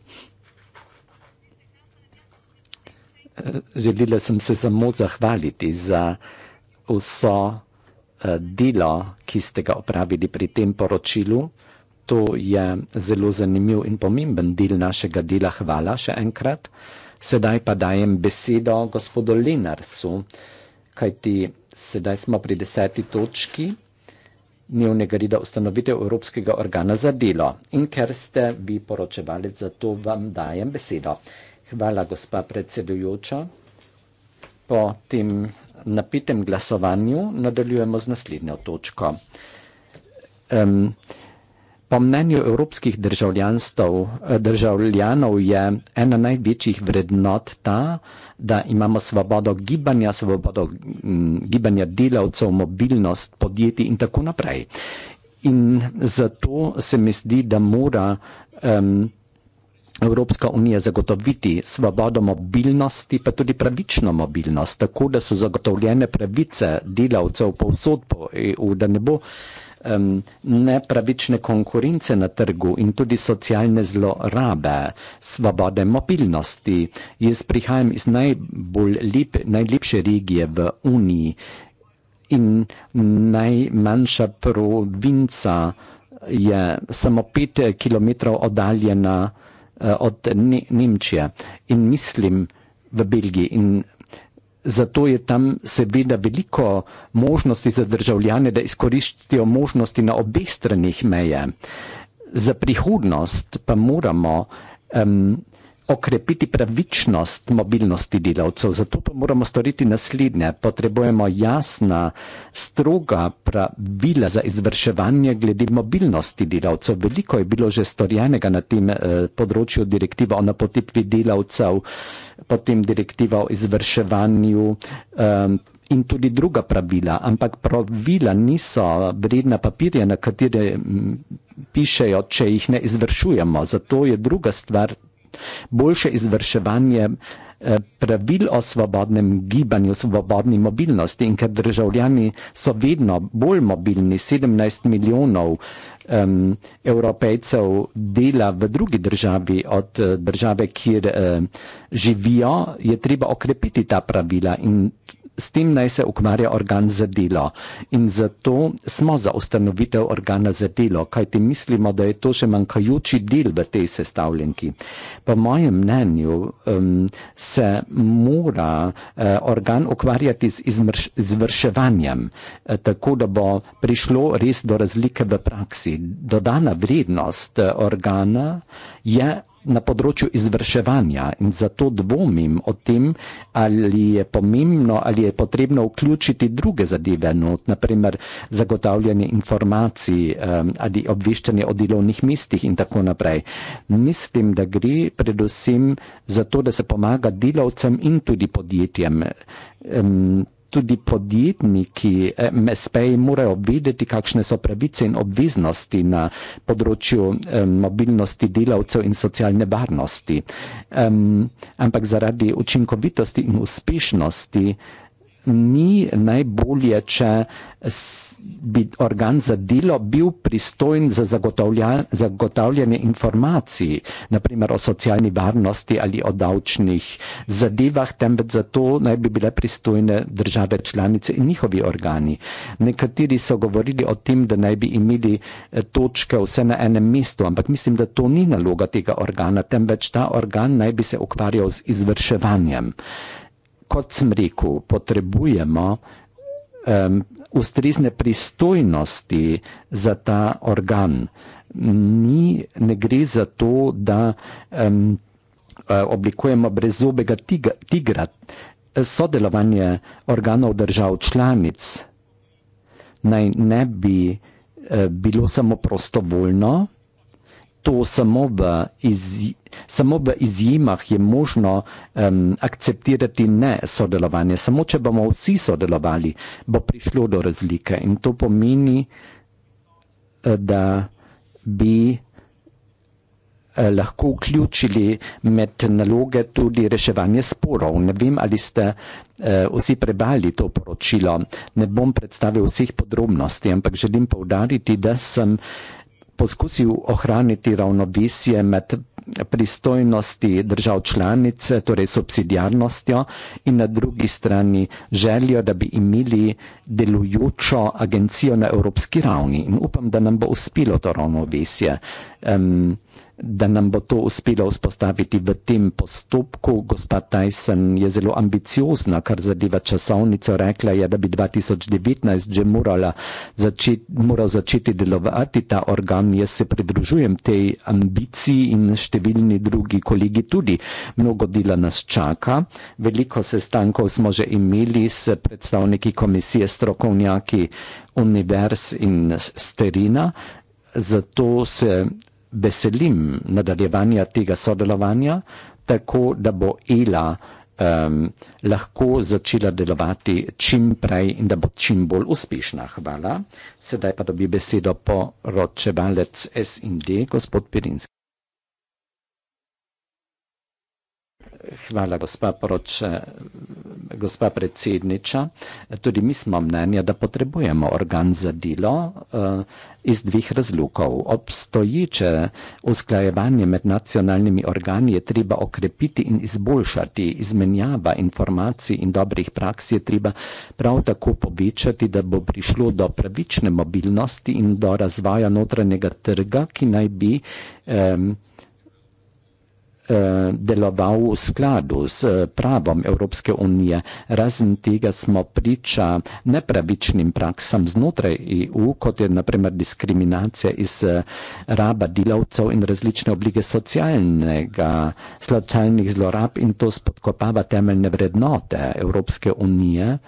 želila sem se samo zahvaliti za vso eh, delo, ki ste ga opravili pri tem poročilu. To je zelo zanimiv in pomemben del našega dela. Hvala še enkrat. Sedaj pa dajem besedo gospodu Lenarsu, kajti sedaj smo pri deseti točki dnevnega reda ustanovitev Evropskega organa za delo. In ker ste vi poročevali, zato vam dajem besedo. Hvala, gospa predsedujoča. Po tem napitem glasovanju nadaljujemo z naslednjo točko. Um, Po mnenju evropskih eh, državljanov je ena največjih vrednot ta, da imamo svobodo gibanja, svobodo mm, gibanja delavcev, mobilnost podjetij in tako naprej. In zato se mi zdi, da mora um, Evropska unija zagotoviti svobodo mobilnosti, pa tudi pravično mobilnost, tako da so zagotovljene pravice delavcev povsod po EU, da ne bo um, nepravične konkurence na trgu in tudi socialne zlorabe, svobode mobilnosti. Jaz prihajam iz najbolj lep, najlepše regije v Uniji in najmanjša provinca je samo pet eh, kilometrov oddaljena eh, od ne Nemčije in mislim v Belgiji in zato je tam seveda veliko možnosti za državljane, da izkoriščajo možnosti na obeh stranih meje. Za prihodnost pa moramo um, okrepiti pravičnost mobilnosti delavcev. Zato pa moramo storiti naslednje. Potrebujemo jasna, stroga pravila za izvrševanje glede mobilnosti delavcev. Veliko je bilo že storjenega na tem eh, področju direktiva o napotitvi delavcev, potem direktiva o izvrševanju. Eh, In tudi druga pravila, ampak pravila niso vredna papirja, na katere pišejo, če jih ne izvršujemo. Zato je druga stvar boljše izvrševanje eh, pravil o svobodnem gibanju, svobodni mobilnosti in ker državljani so vedno bolj mobilni, 17 milijonov um, evropejcev dela v drugi državi od eh, države, kjer uh, živijo, je treba okrepiti ta pravila in s tem naj se ukvarja organ za delo. In zato smo za ustanovitev organa za delo, kajti mislimo, da je to še manjkajoči del v tej sestavljenki. Po mojem mnenju um, se mora uh, organ ukvarjati z izvrševanjem, uh, tako da bo prišlo res do razlike v praksi. Dodana vrednost uh, organa je na področju izvrševanja in zato dvomim o tem, ali je pomembno ali je potrebno vključiti druge zadeve, not, naprimer zagotavljanje informacij ali obveščanje o delovnih mestih in tako naprej. Mislim, da gre predvsem za to, da se pomaga delavcem in tudi podjetjem tudi podjetniki MSP-ji eh, morajo vedeti, kakšne so pravice in obveznosti na področju mobilnosti delavcev in socialne varnosti. Ampak zaradi učinkovitosti in uspešnosti ni najbolje, če se bi organ za delo bil pristojen za zagotavljanje informacij, naprimer o socialni varnosti ali o davčnih zadevah, temveč za to naj bi bile pristojne države članice in njihovi organi. Nekateri so govorili o tem, da naj bi imeli eh, točke vse na enem mestu, ampak mislim, da to ni naloga tega organa, temveč ta organ naj bi se ukvarjal z izvrševanjem. Kot sem rekel, potrebujemo um, ustrezne pristojnosti za ta organ. Ni, ne gre za to, da um, oblikujemo brezobega tiga, tigra, sodelovanje organov držav članic naj ne bi uh, bilo samo prostovoljno to samo v, iz, samo v izjimah je možno um, akceptirati ne sodelovanje. Samo če bomo vsi sodelovali, bo prišlo do razlike. In to pomeni, eh, da bi eh, lahko vključili med naloge tudi reševanje sporov. Ne vem, ali ste uh, vsi prebrali to poročilo. Ne bom predstavil vseh podrobnosti, ampak želim povdariti, da sem uh, poskusil ohraniti ravnovesje med pristojnosti držav članice, torej subsidijarnostjo in na drugi strani željo, da bi imeli delujočo agencijo na evropski ravni. In upam, da nam bo uspelo to ravnovesje um, da nam bo to uspelo vzpostaviti v tem postopku. Gospa Tyson je zelo ambiciozna, kar zadeva časovnico. Rekla je, da bi 2019 že morala začet, moral začeti delovati ta organ. Jaz se pridružujem tej ambiciji in številni drugi kolegi tudi. Mnogo dela nas čaka. Veliko sestankov smo že imeli s predstavniki komisije, strokovnjaki univerz in sterina. Zato se veselim nadaljevanja tega sodelovanja, tako da bo Ela um, lahko začela delovati čim prej in da bo čim bolj uspešna. Hvala. Sedaj pa dobi besedo poročevalec SND, gospod Pirinski. Hvala, gospa, poroče, gospa predsednica. Tudi mi smo mnenja, da potrebujemo organ za delo uh, iz dveh razlogov. Obstoječe usklajevanje med nacionalnimi organi je treba okrepiti in izboljšati. Izmenjava informacij in dobrih praks je treba prav tako povečati, da bo prišlo do pravične mobilnosti in do razvoja notranjega trga, ki naj bi. Um, Eh, deloval v skladu s eh, pravom Evropske unije. Razen tega smo priča nepravičnim praksam znotraj EU, kot je naprimer diskriminacija iz eh, raba delavcev in različne oblike socialnih zlorab in to spodkopava temeljne vrednote Evropske unije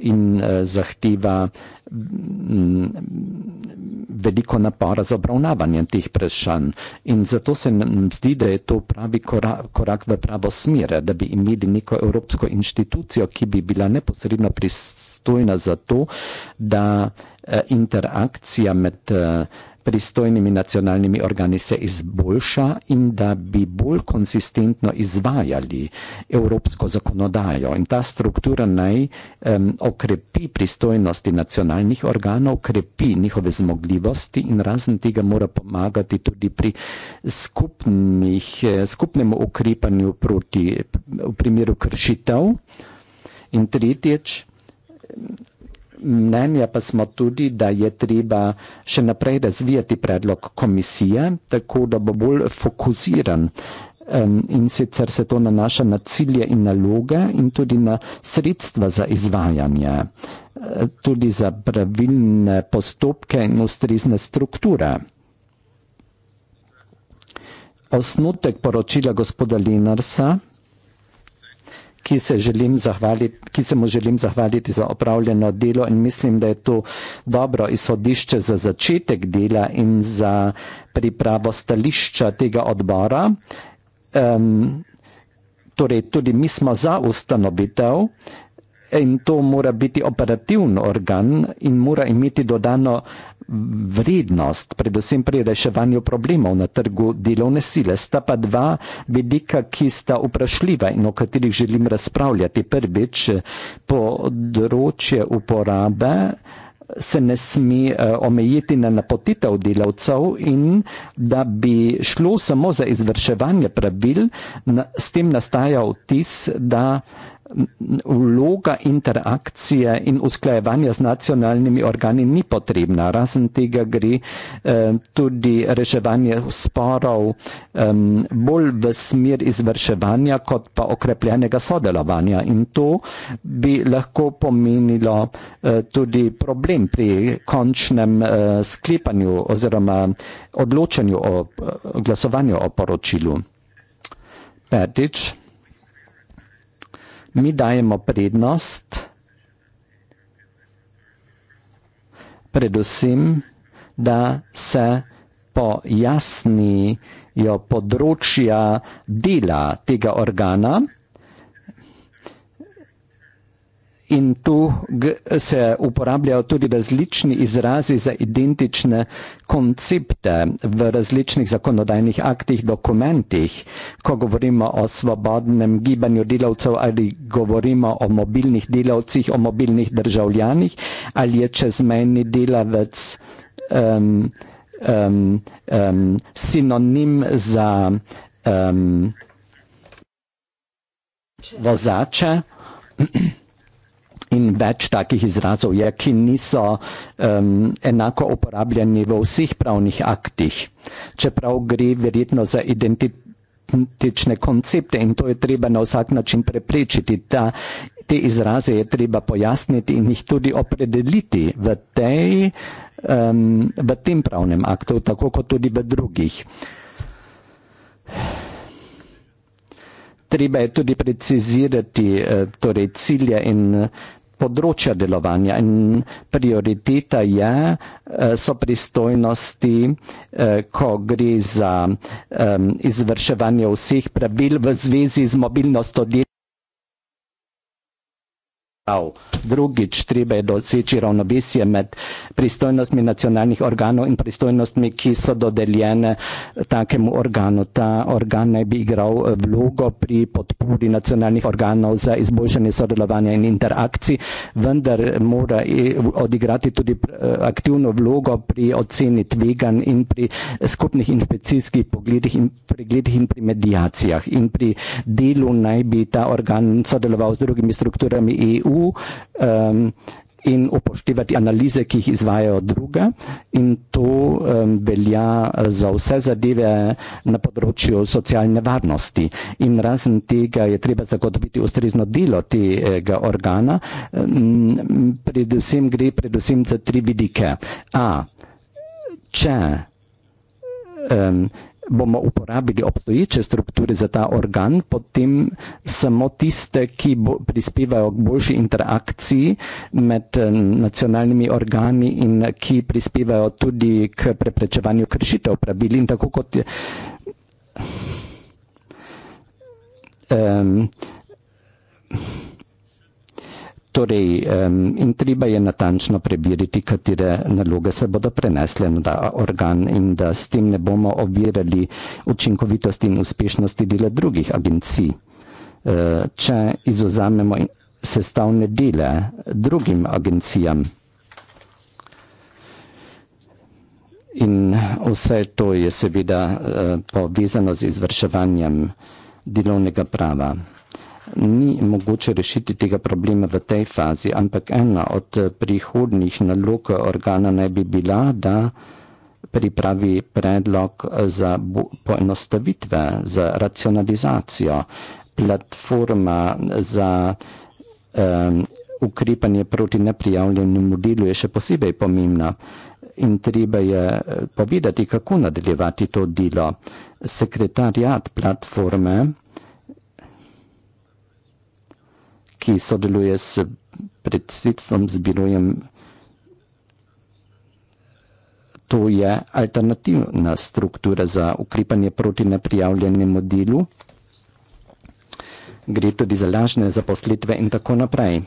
in eh, zahteva mm, veliko napora za obravnavanje teh vprašanj. In zato se nam zdi, da je to pravi korak v pravo smer, da bi imeli neko evropsko inštitucijo, ki bi bila neposredno pristojna za to, da eh, interakcija med eh, pristojnimi nacionalnimi organi se izboljša in da bi bolj konsistentno izvajali evropsko zakonodajo. In ta struktura naj um, okrepi pristojnosti nacionalnih organov, okrepi njihove zmogljivosti in razen tega mora pomagati tudi pri skupnih, eh, skupnemu ukrepanju proti v primeru kršitev. In tretjič, Mnenja pa smo tudi, da je treba še naprej razvijati predlog komisije, tako da bo bolj fokusiran. In sicer se to nanaša na cilje in naloge in tudi na sredstva za izvajanje, eh, tudi za pravilne postopke in ustrezne strukture. Osnutek poročila gospoda Linarsa ki se, želim zahvaliti, ki se mu želim zahvaliti za opravljeno delo in mislim, da je to dobro izhodišče za začetek dela in za pripravo stališča tega odbora. Um, torej, tudi mi smo za ustanovitev in to mora biti operativni organ in mora imeti dodano vrednost, predvsem pri reševanju problemov na trgu delovne sile. Sta pa dva vidika, ki sta vprašljiva in o katerih želim razpravljati. Prvič, področje uporabe se ne sme eh, omejiti na napotitev delavcev in da bi šlo samo za izvrševanje pravil, s tem nastaja vtis, da vloga interakcije in usklajevanja z nacionalnimi organi ni potrebna. Razen tega gre eh, tudi reševanje sporov eh, bolj v smer izvrševanja, kot pa okrepljenega sodelovanja. In to bi lahko pomenilo eh, tudi problem pri končnem eh, sklepanju oziroma odločanju o eh, glasovanju o poročilu. Petič mi dajemo prednost predvsem, da se pojasnijo področja dela tega organa. in tu se uporabljajo tudi različni izrazi za identične koncepte v različnih zakonodajnih aktih, dokumentih, ko govorimo o svobodnem gibanju delavcev ali govorimo o mobilnih delavcih, o mobilnih državljanih ali je čezmejni delavec um, um, um, sinonim za um, vozače in več takih izrazov je, ki niso um, enako uporabljeni v vseh pravnih aktih. Čeprav gre verjetno za identitične koncepte in to je treba na vsak način preprečiti. Ta, te izraze je treba pojasniti in jih tudi opredeliti v tej. V tem pravnem aktu, tako kot tudi v drugih. Treba je tudi precizirati eh, torej, cilje in področja delovanja in prioriteta je, eh, so pristojnosti, eh, ko gre za eh, izvrševanje vseh pravil v zvezi z mobilnostjo držav. Drugič, treba je doseči ravnovesje med pristojnostmi nacionalnih organov in pristojnostmi, ki so dodeljene takemu organu. Ta organ naj bi igral eh, vlogo pri podpori nacionalnih organov za izboljšanje sodelovanja in interakcij, vendar mora eh, odigrati tudi eh, aktivno vlogo pri oceni tvegan in pri skupnih inšpecijskih pogledih in pregledih in pri medijacijah. In pri delu naj bi ta organ sodeloval z drugimi strukturami EU um, in upoštevati analize, ki jih izvajajo druge. In to um, velja eh, za vse zadeve na področju socialne varnosti. In razen tega je treba zagotoviti ustrezno delo tega organa. Um, predvsem gre predvsem za tri vidike. A, če. Um, bomo uporabili obstoječe strukture za ta organ, potem samo tiste, ki bo, prispevajo k boljši interakciji med eh, nacionalnimi organi in eh, ki prispevajo tudi k preprečevanju kršitev pravil. In tako kot je. Um, Torej, um, in treba je natančno prebiriti, katere naloge se bodo prenesle na ta organ in da s tem ne bomo ovirali učinkovitosti in uspešnosti dela drugih agencij. Uh, če izuzamemo sestavne dele drugim agencijam in vse to je seveda uh, povezano z izvrševanjem delovnega prava ni mogoče rešiti tega problema v tej fazi, ampak ena od eh, prihodnjih nalog organa naj bi bila, da pripravi predlog eh, za poenostavitve, za racionalizacijo, platforma eh, za um, ukrepanje proti neprijavljenemu delu je še posebej pomembna in treba je povedati, kako nadaljevati to delo. Sekretarjat platforme uh, ki sodeluje s predsedstvom, z birojem. To je alternativna struktura za ukrepanje proti neprijavljenemu delu. Gre tudi za lažne zaposlitve in tako naprej.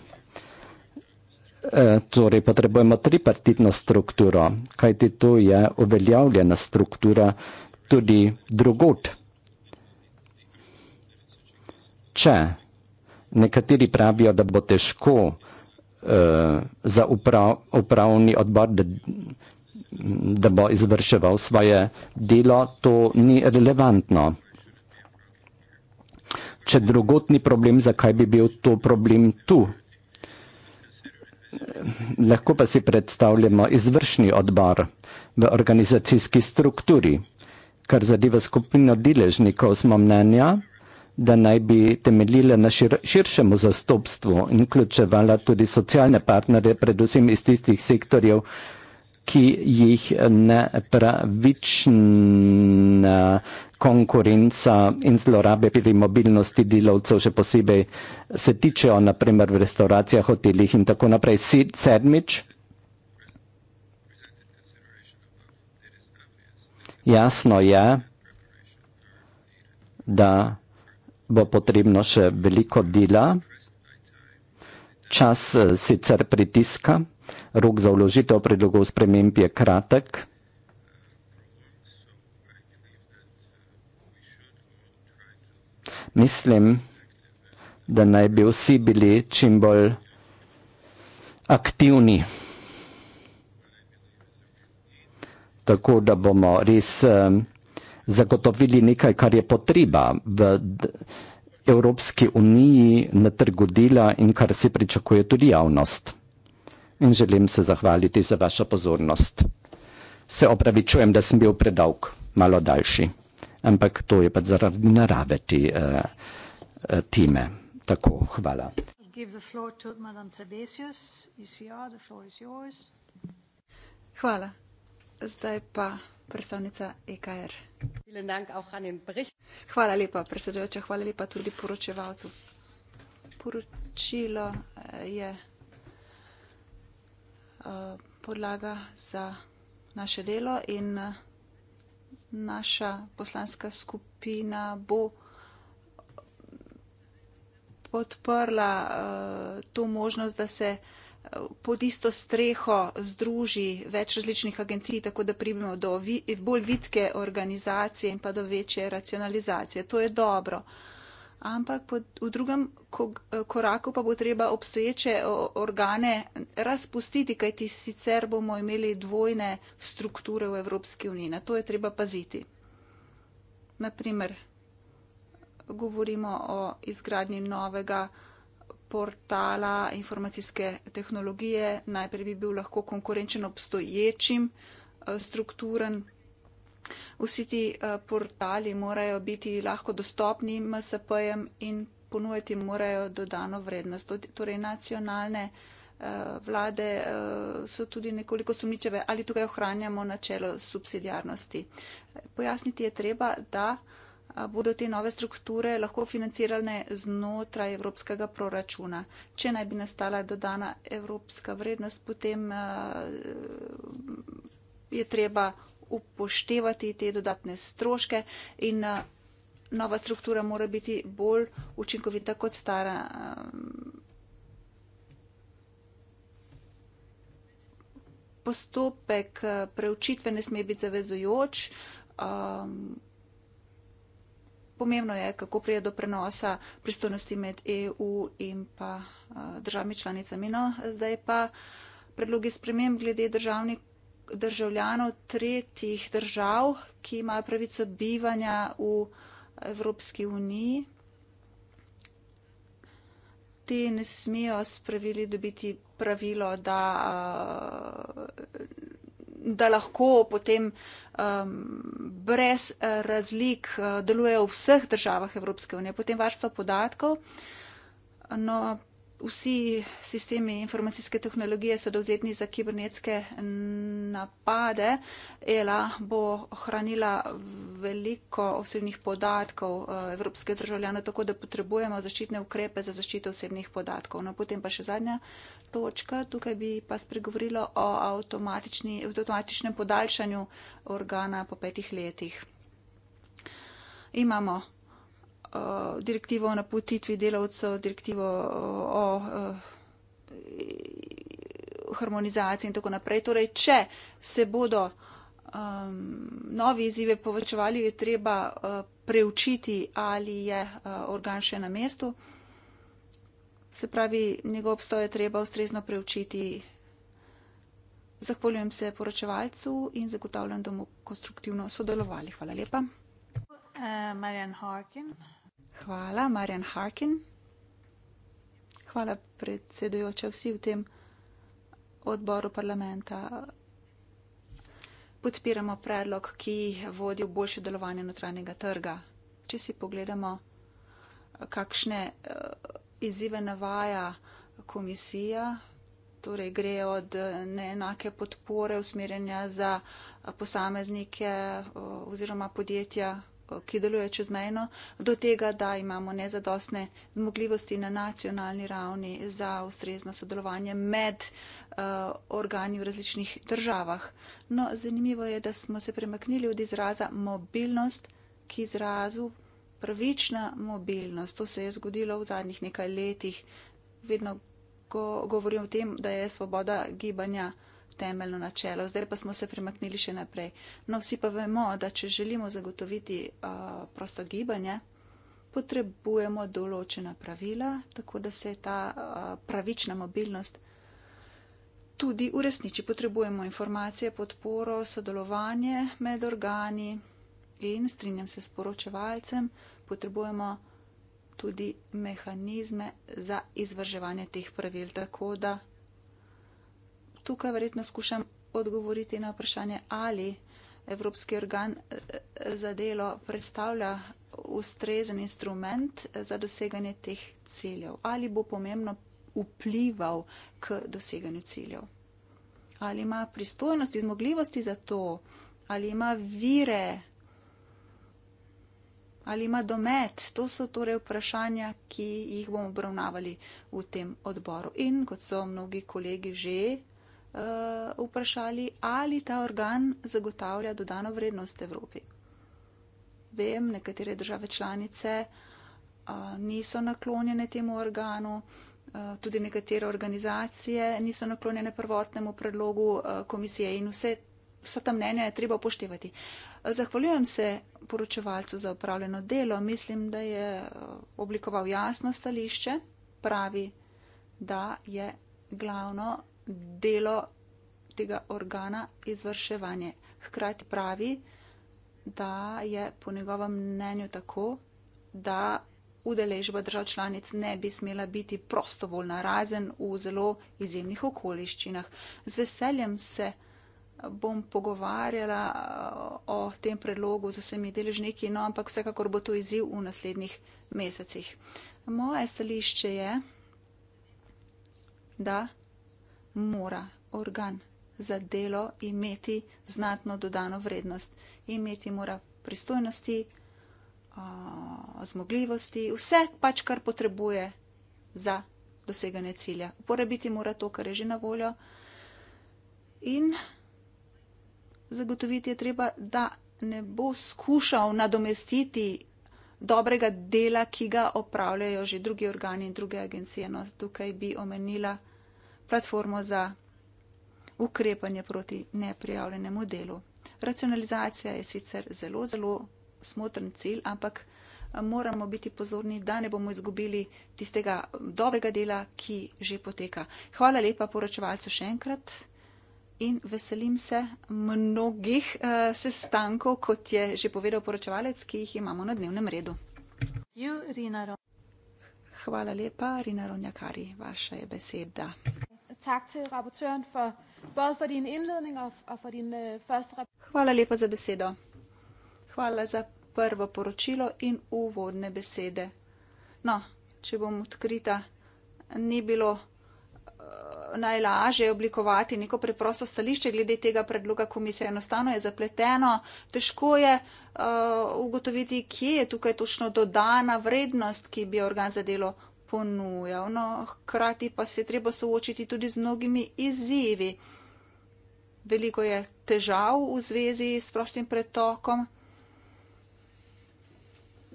E, torej, potrebujemo tripartitno strukturo, kajti to je uveljavljena struktura tudi drugot. Če nekateri pravijo, da bo težko uh, za uprav, upravni odbor, da, da bo izvrševal svoje delo, to ni relevantno. Če drugotni problem, zakaj bi bil to problem tu? Lahko pa si predstavljamo izvršni odbor v organizacijski strukturi, kar zadeva skupino deležnikov, smo mnenja, da naj bi temeljila na šir, širšemu zastopstvu in vključevala tudi socialne partnere, predvsem iz tistih sektorjev, ki jih nepravična konkurenca in zlorabe pri mobilnosti delovcev še posebej se tičejo, naprimer v restauracijah, hotelih in tako naprej. Sedmič. Jasno je, da bo potrebno še veliko dela. Čas eh, sicer pritiska, rok za vložitev predlogov sprememb je kratek. Mislim, da naj bi vsi bili čim bolj aktivni, tako da bomo res. Um, zagotovili nekaj, kar je potreba v Evropski uniji na trgu dela in kar se pričakuje tudi javnost. In želim se zahvaliti za vašo pozornost. Se opravičujem, da sem bil predolg, malo daljši, ampak to je pa zaradi narave ti uh, eh, eh, time. Tako, hvala. Hvala. Zdaj pa predstavnica EKR. Hvala lepa, predsedujoča, hvala lepa tudi poročevalcu. Poročilo eh, je eh, podlaga za naše delo in eh, naša poslanska skupina bo podprla to možnost, da se pod isto streho združi več različnih agencij, tako da pridemo do vi, bolj vitke organizacije in pa do večje racionalizacije. To je dobro. Ampak pod, v drugem koraku pa bo treba obstoječe organe razpustiti, kajti sicer bomo imeli dvojne strukture v Evropski uniji. Na to je treba paziti. Naprimer, govorimo o izgradnji novega portala informacijske tehnologije. Najprej bi bil lahko konkurenčen obstoječim eh, strukturam. Vsi ti eh, portali morajo biti lahko dostopni MSP-jem in ponujati morajo dodano vrednost. Torej, nacionalne eh, vlade so tudi nekoliko sumničave, ali tukaj ohranjamo načelo subsidijarnosti. Pojasniti je treba, da bodo te nove strukture lahko financirane znotraj evropskega proračuna. Če naj bi nastala dodana evropska vrednost, potem je treba upoštevati te dodatne stroške in nova struktura mora biti bolj učinkovita kot stara. Postopek preučitve ne sme biti zavezujoč pomembno je, kako prije do prenosa pristojnosti med EU in pa eh, državami članicami. No, zdaj pa predlogi sprememb glede državnih državljanov tretjih držav, ki imajo pravico bivanja v Evropski uniji. Ti ne smijo spravili dobiti pravilo, da. Uh, da lahko potem um, brez eh, razlik eh, delujejo v vseh državah Evropske unije, potem varstvo podatkov. No, vsi sistemi informacijske tehnologije so dovzetni za kibernetske napade. ELA bo ohranila veliko osebnih podatkov eh, evropske državljane, tako da potrebujemo zaščitne ukrepe za zaščito osebnih podatkov. No, potem pa še zadnja točka. Tukaj bi pa spregovorilo o avtomatičnem podaljšanju organa po petih letih. Imamo Eh, direktivo o napotitvi delavcev, direktivo eh, o, o, eh, o harmonizaciji in tako naprej. Torej, če se bodo um, nove izzive povečevali, je treba uh, preučiti, ali je uh, organ še na mestu. Se pravi, njegov obstoj je treba ustrezno preučiti. Zahvaljujem se poročevalcu in zagotavljam, da bomo konstruktivno sodelovali. Hvala lepa. Uh, Marian Harkin. Hvala, Marjan Harkin. Hvala, predsedujoča, vsi v tem odboru parlamenta. Podpiramo predlog, ki vodi v boljše delovanje notranjega trga. Če si pogledamo, kakšne eh, izzive navaja komisija, torej gre od eh, neenake podpore usmerjanja za eh, posameznike oziroma podjetja, ki deluje čezmejno, do tega, da imamo nezadostne zmogljivosti na nacionalni ravni za ustrezno sodelovanje med uh, organi v različnih državah. No, zanimivo je, da smo se premaknili od izraza mobilnost k izrazu pravična mobilnost. To se je zgodilo v zadnjih nekaj letih. Vedno go govorim o tem, da je svoboda gibanja temeljno načelo. Zdaj pa smo se premaknili še naprej. No, vsi pa vemo, da če želimo zagotoviti uh, prosto gibanje, potrebujemo določena pravila, tako da se ta uh, pravična mobilnost tudi uresniči. Potrebujemo informacije, podporo, sodelovanje med organi in, strinjam se s poročevalcem, potrebujemo tudi mehanizme za izvrževanje teh pravil, tako da tukaj verjetno skušam odgovoriti na vprašanje, ali Evropski organ eh, za delo predstavlja ustrezen instrument eh, za doseganje teh ciljev, ali bo pomembno vplival k doseganju ciljev, ali ima pristojnosti, zmogljivosti za to, ali ima vire, ali ima domet. To so torej vprašanja, ki jih bomo obravnavali v tem odboru. In kot so mnogi kolegi že uh, vprašali, ali ta organ zagotavlja dodano vrednost Evropi. Vem, nekatere države članice uh, niso naklonjene temu organu, uh, tudi nekatere organizacije niso naklonjene prvotnemu predlogu uh, komisije in vse, vsa ta mnenja je treba upoštevati. Zahvaljujem se poročevalcu za upravljeno delo. Mislim, da je oblikoval jasno stališče. Pravi, da je glavno delo tega organa izvrševanje. Hkrati pravi, da je po njegovem mnenju tako, da udeležba držav članic ne bi smela biti prostovoljna, razen v zelo izjemnih okoliščinah. Z veseljem se bom pogovarjala o tem predlogu z vsemi deležniki, no ampak vsekakor bo to izziv v naslednjih mesecih. Moje stališče je, da mora organ za delo imeti znatno dodano vrednost. Imeti mora pristojnosti, zmogljivosti, vse pač, kar potrebuje za doseganje cilja. Uporabiti mora to, kar je že na voljo in zagotoviti je treba, da ne bo skušal nadomestiti dobrega dela, ki ga opravljajo že drugi organi in druge agencije. No, tukaj bi omenila platformo za ukrepanje proti neprijavljenemu delu. Racionalizacija je sicer zelo, zelo smotren cilj, ampak eh, moramo biti pozorni, da ne bomo izgubili tistega eh, dobrega dela, ki že poteka. Hvala lepa poročevalcu še enkrat in veselim se mnogih uh, sestankov, kot je že povedal poročevalec, ki jih imamo na dnevnem redu. Hvala lepa, Rina Ronjakari, vaša je beseda tak til rapporteuren for både for din indledning og for din uh, første rapport. Hvala lepa za besedo. Hvala za prvo poročilo in uvodne besede. No, če bom odkrita, ni bilo eh, najlažje oblikovati neko preprosto stališče glede tega predloga komisije. Enostavno je zapleteno, težko je uh, ugotoviti, kje je tukaj točno dodana vrednost, ki bi organ za delo ponujal. No, hkrati pa se je treba soočiti tudi z mnogimi izzivi. Veliko je težav v zvezi s prostim pretokom.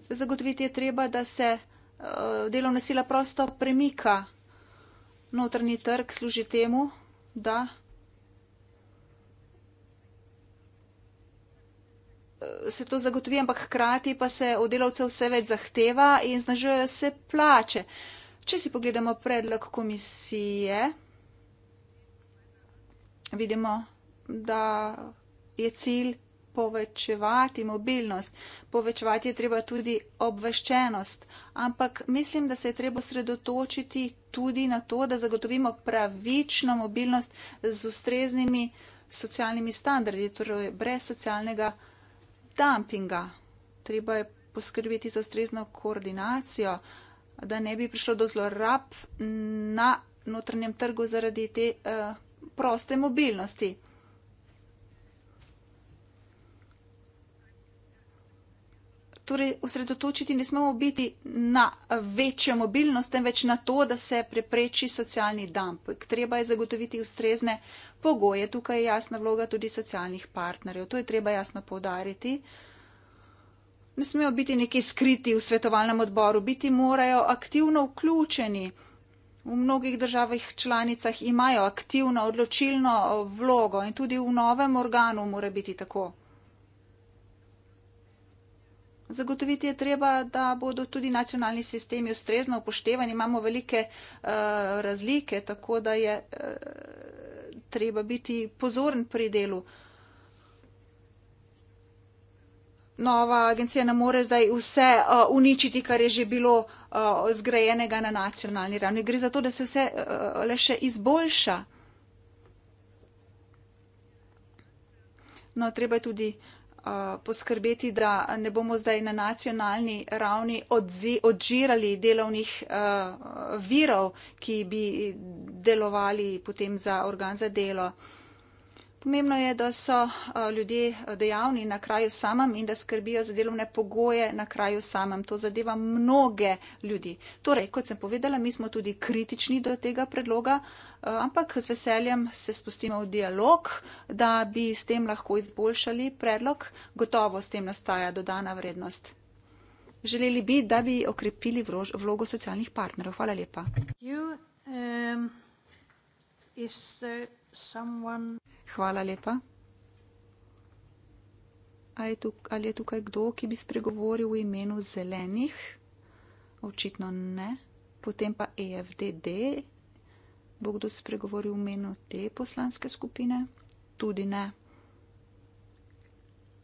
Zagotoviti je treba, da se eh, delovna sila prosto premika. Notranji trg služi temu, da. Eh, se to zagotovi, ampak hkrati pa se od delavcev vse več zahteva in znažujejo se plače. Če si pogledamo predlog komisije, vidimo, da je cilj povečevati mobilnost, povečevati je treba tudi obveščenost, ampak mislim, da se je treba sredotočiti tudi na to, da zagotovimo pravično mobilnost z ustreznimi socialnimi standardi, torej brez socialnega dumpinga. Treba je poskrbeti za strezno koordinacijo, da ne bi prišlo do zlorab na notranjem trgu zaradi te uh, proste mobilnosti. torej osredotočiti ne smemo biti na večjo mobilnost, temveč na to, da se prepreči socialni damp. Treba je zagotoviti ustrezne pogoje. Tukaj je jasna vloga tudi socialnih partnerjev. To je treba jasno povdariti. Ne smejo biti neki skriti v svetovalnem odboru, biti morajo aktivno vključeni. V mnogih državah članicah imajo aktivno, odločilno vlogo in tudi v novem organu mora biti tako. Zagotoviti je treba, da bodo tudi nacionalni sistemi ustrezno upoštevani. Imamo velike uh, razlike, tako da je uh, treba biti pozoren pri delu. Nova agencija ne more zdaj vse uh, uničiti, kar je že bilo uh, zgrajenega na nacionalni ravni. Gre za to, da se vse uh, le še izboljša. No, treba je tudi uh, uh, poskrbeti, da ne bomo zdaj na nacionalni ravni odzi, odžirali delovnih uh, virov, ki bi delovali potem za organ za delo. Uh, Pomembno je, da so eh, ljudje eh, dejavni na kraju samem in da skrbijo za delovne pogoje na kraju samem. To zadeva mnoge ljudi. Torej, kot sem povedala, mi smo tudi kritični do tega predloga, eh, ampak z veseljem se spustimo v dialog, da bi s tem lahko izboljšali predlog. Gotovo s tem nastaja dodana vrednost. Želeli bi, da bi okrepili vlogo socialnih partnerov. Hvala lepa. You, um, Hvala lepa. Je tukaj, ali je tukaj kdo, ki bi spregovoril v imenu zelenih? Očitno ne. Potem pa EFDD. Bo kdo spregovoril v imenu te poslanske skupine? Tudi ne.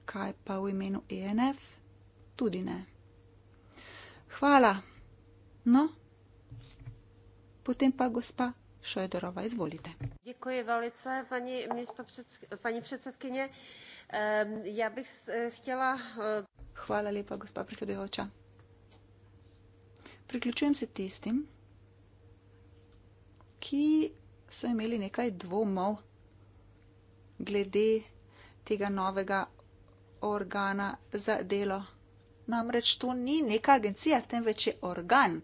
Kaj pa v imenu ENF? Tudi ne. Hvala. No, potem pa gospa Šojdorova, izvolite. Děkuji velice, paní, místo předsk- paní předsedkyně. Ehm, já bych s- eh, chtěla... Eh, Hvala lepa, gospa predsedujoča. Priključujem se tistim, ki so imeli nekaj dvomov glede tega novega organa za delo. Namreč to ni neka agencija, temveč je organ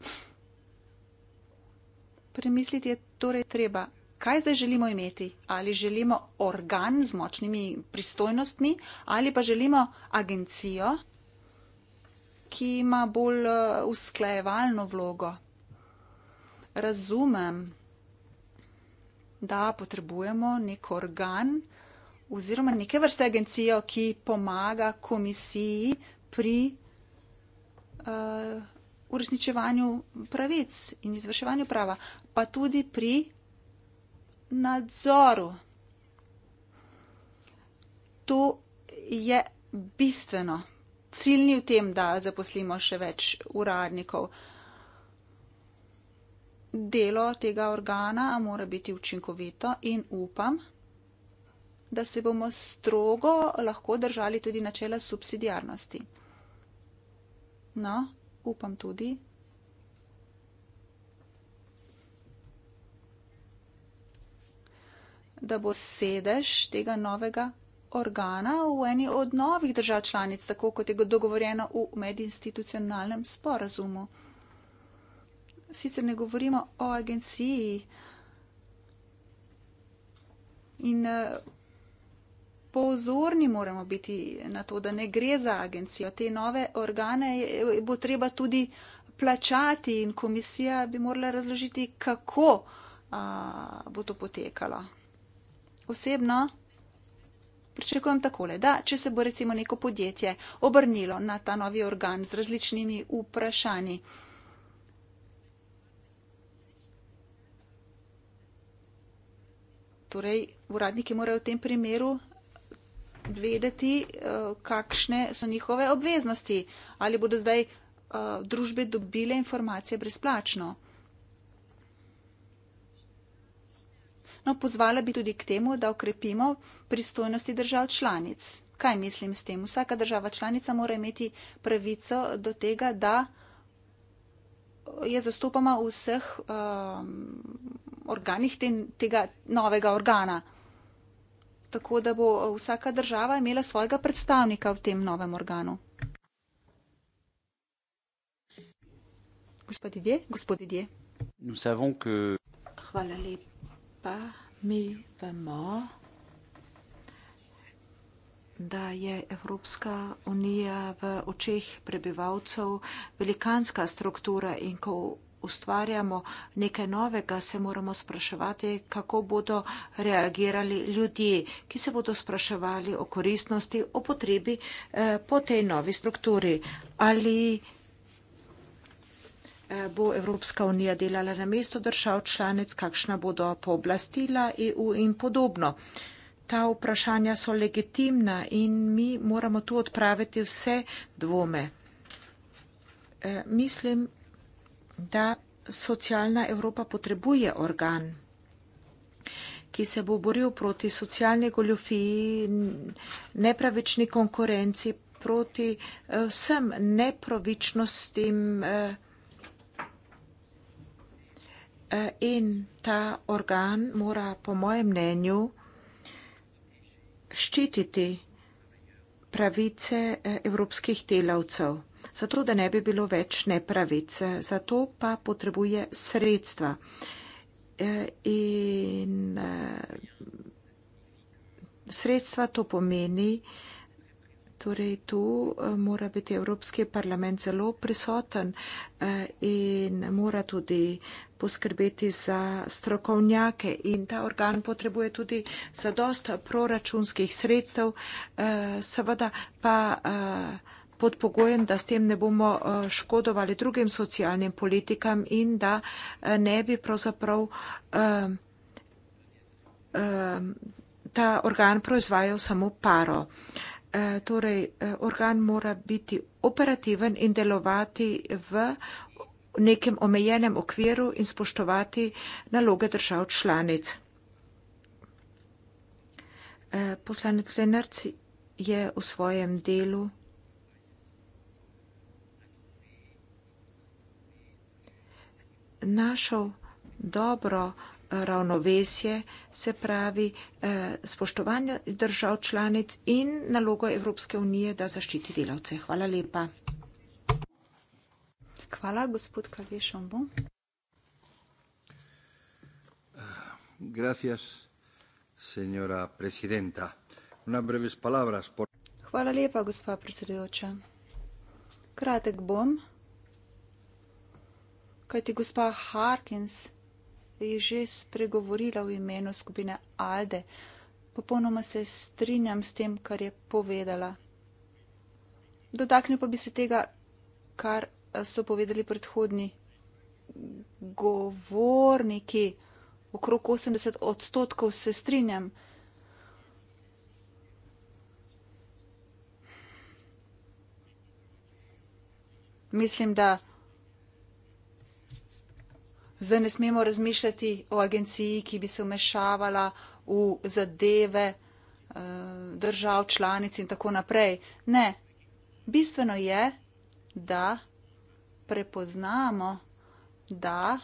premisliti je torej treba, kaj zdaj želimo imeti. Ali želimo organ z močnimi pristojnostmi, ali pa želimo agencijo, ki ima bolj eh, usklajevalno vlogo. Razumem, da potrebujemo nek organ oziroma neke vrste agencijo, ki pomaga komisiji pri uh, uresničevanju pravic in izvrševanju prava pa tudi pri nadzoru. To je bistveno. Cilj ni v tem, da zaposlimo še več uradnikov. Delo tega organa mora biti učinkovito in upam, da se bomo strogo lahko držali tudi načela subsidijarnosti. No, upam tudi, da bo sedež tega novega organa v eni od novih držav članic, tako kot je dogovorjeno v medinstitucionalnem sporazumu. Sicer ne govorimo o agenciji in eh, pozorni moramo biti na to, da ne gre za agencijo. Te nove organe bo treba tudi plačati in komisija bi morala razložiti, kako a, bo to potekalo osebno pričakujem takole, da če se bo recimo neko podjetje obrnilo na ta novi organ z različnimi vprašanji, torej uradniki morajo v tem primeru vedeti, eh, kakšne so njihove obveznosti, ali bodo zdaj eh, družbe dobile informacije brezplačno. No, pozvala bi tudi k temu, da okrepimo pristojnosti držav članic. Kaj mislim s tem? Vsaka država članica mora imeti pravico do tega, da je zastopama v vseh um, organih te, tega novega organa. Tako da bo vsaka država imela svojega predstavnika v tem novem organu. Gospod Idje, gospod Idje. Hvala lepa pa mi vemo, da je Evropska unija v očeh prebivalcev velikanska struktura in ko ustvarjamo nekaj novega, se moramo spraševati, kako bodo reagirali ljudje, ki se bodo spraševali o koristnosti, o potrebi eh, po tej novi strukturi. Ali bo Evropska unija delala na mesto držav članic, kakšna bodo pooblastila EU in podobno. Ta vprašanja so legitimna in mi moramo tu odpraviti vse dvome. E, mislim, da socialna Evropa potrebuje organ, ki se bo boril proti socialni goljofiji, nepravični konkurenci, proti e, vsem nepravičnostim. E, in ta organ mora, po mojem mnenju, ščititi pravice eh, evropskih delavcev, zato da ne bi bilo več nepravic, zato pa potrebuje sredstva. Eh, in eh, sredstva to pomeni, torej tu mora biti Evropski parlament zelo prisoten in mora tudi poskrbeti za strokovnjake in ta organ potrebuje tudi za dost proračunskih sredstev, eh, seveda pa eh, pod pogojem, da s tem ne bomo eh, škodovali drugim socialnim politikam in da ne bi pravzaprav ta organ proizvajal samo paro. Torej, organ mora biti operativen in delovati v nekem omejenem okviru in spoštovati naloge držav članic. Eh, poslanec Lenarc je v svojem delu našel dobro ravnovesje, se pravi eh, spoštovanje držav članic in nalogo Evropske unije, da zaščiti delavce. Hvala lepa. Hvala, gospod Kavir Šombo. Hvala lepa, gospa predsedujoča. Kratek bom, kajti gospa Harkins je že spregovorila v imenu skupine Alde. Popolnoma se strinjam s tem, kar je povedala. Dotaknil pa bi se tega, kar so povedali predhodni govorniki, okrog 80 odstotkov se strinjam. Mislim, da zdaj ne smemo razmišljati o agenciji, ki bi se vmešavala v zadeve eh, držav, članic in tako naprej. Ne, bistveno je, da prepoznamo, da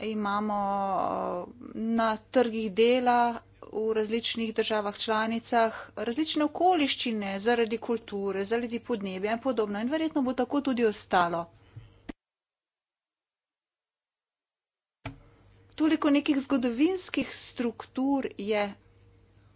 imamo eh, na trgih dela v različnih državah članicah različne okoliščine zaradi kulture, zaradi podnebja in podobno. In verjetno bo tako tudi ostalo. Toliko nekih zgodovinskih struktur je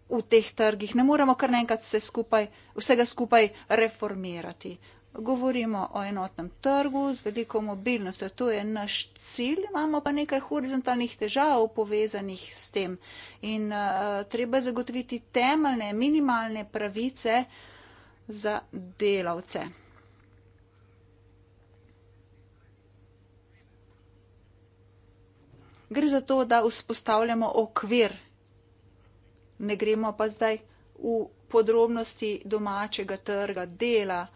v teh trgih. Ne moremo kar naenkrat vse skupaj, vsega skupaj reformirati govorimo o enotnem trgu z veliko mobilnostjo. To je naš cilj, imamo pa nekaj horizontalnih težav povezanih s tem. In uh, treba zagotoviti temeljne, minimalne pravice za delavce. Gre za to, da vzpostavljamo okvir. Ne gremo pa zdaj v podrobnosti domačega trga, dela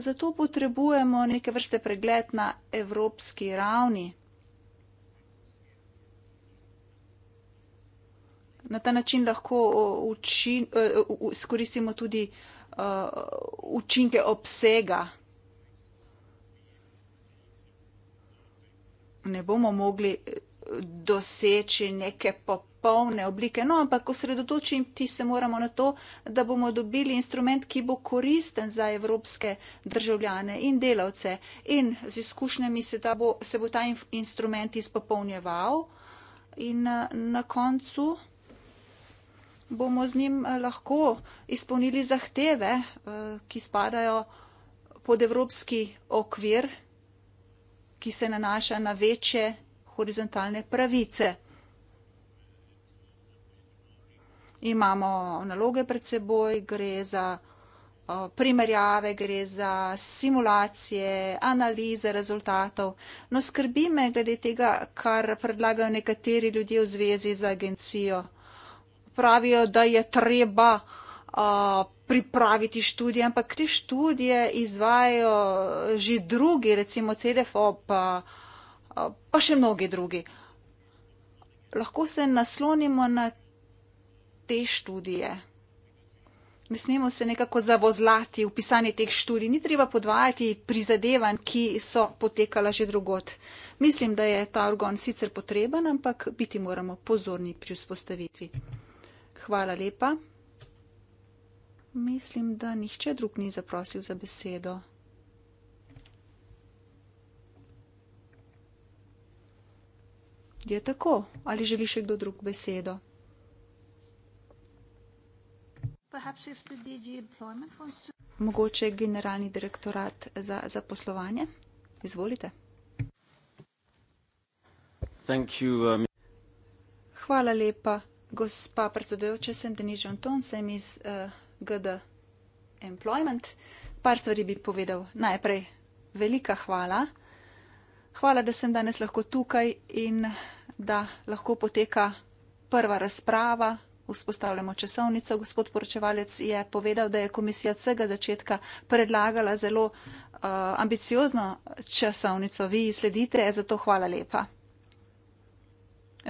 zato potrebujemo neke vrste pregled na evropski ravni. Na ta način lahko izkoristimo tudi učinke obsega. Ne bomo mogli doseči neke popolne oblike. No, ampak osredotočiti se moramo na to, da bomo dobili instrument, ki bo koristen za evropske državljane in delavce. In z izkušnjami se, bo, se bo ta inf, instrument izpopolnjeval in na, na koncu bomo z njim eh, lahko izpolnili zahteve, eh, ki spadajo pod evropski okvir, ki se nanaša na večje horizontalne pravice. Imamo naloge pred seboj, gre za primerjave, gre za simulacije, analize rezultatov. No, skrbi me glede tega, kar predlagajo nekateri ljudje v zvezi z agencijo. Pravijo, da je treba pripraviti študije, ampak te študije izvajajo že drugi, recimo CDFO, pa pa še mnogi drugi. Lahko se naslonimo na te študije. Ne smemo se nekako zavozlati v pisanje teh študij, ni treba podvajati prizadevanj, ki so potekala že drugot. Mislim, da je ta organ sicer potreben, ampak biti moramo pozorni pri vzpostavitvi. Hvala lepa. Mislim, da nihče drug ni zaprosil za besedo. Je tako, ali želi še kdo drug besedo? Mogoče generalni direktorat za zaposlovanje? Izvolite. You, um... Hvala lepa, gospa predsedujoča, sem Denis Žanton, sem iz uh, GD Employment. Par stvari bi povedal. Najprej velika hvala. Hvala, da sem danes lahko tukaj in da lahko poteka prva razprava. Vzpostavljamo časovnico. Gospod poročevalec je povedal, da je komisija od vsega začetka predlagala zelo uh, ambiciozno časovnico. Vi sledite, zato hvala lepa.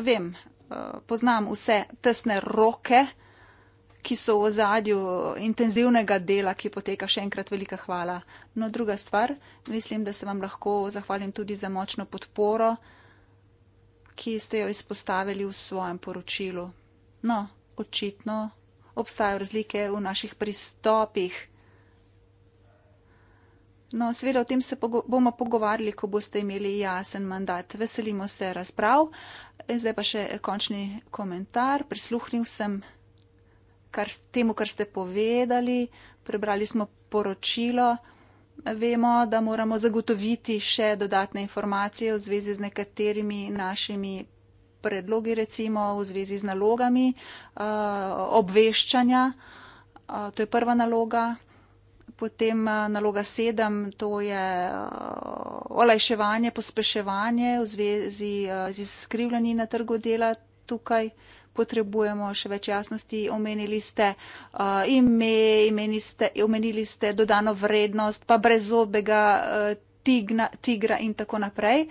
Vem, uh, poznam vse tesne roke ki so v ozadju intenzivnega dela, ki poteka še enkrat velika hvala. No, druga stvar, mislim, da se vam lahko zahvalim tudi za močno podporo, ki ste jo izpostavili v svojem poročilu. No, očitno obstajajo razlike v naših pristopih. No, seveda o tem se pogo bomo pogovarjali, ko boste imeli jasen mandat. Veselimo se razprav. Zdaj pa še končni komentar. Prisluhnil sem kar, temu, kar ste povedali. Prebrali smo poročilo, vemo, da moramo zagotoviti še dodatne informacije v zvezi z nekaterimi našimi predlogi, recimo v zvezi z nalogami eh, obveščanja. Eh, to je prva naloga. Potem eh, naloga sedem, to je olajševanje, pospeševanje v zvezi z skrivljanji na trgu dela tukaj potrebujemo še več jasnosti. Omenili ste uh, ime, ste, omenili ste dodano vrednost, pa brezobega uh, tigna, tigra in tako naprej.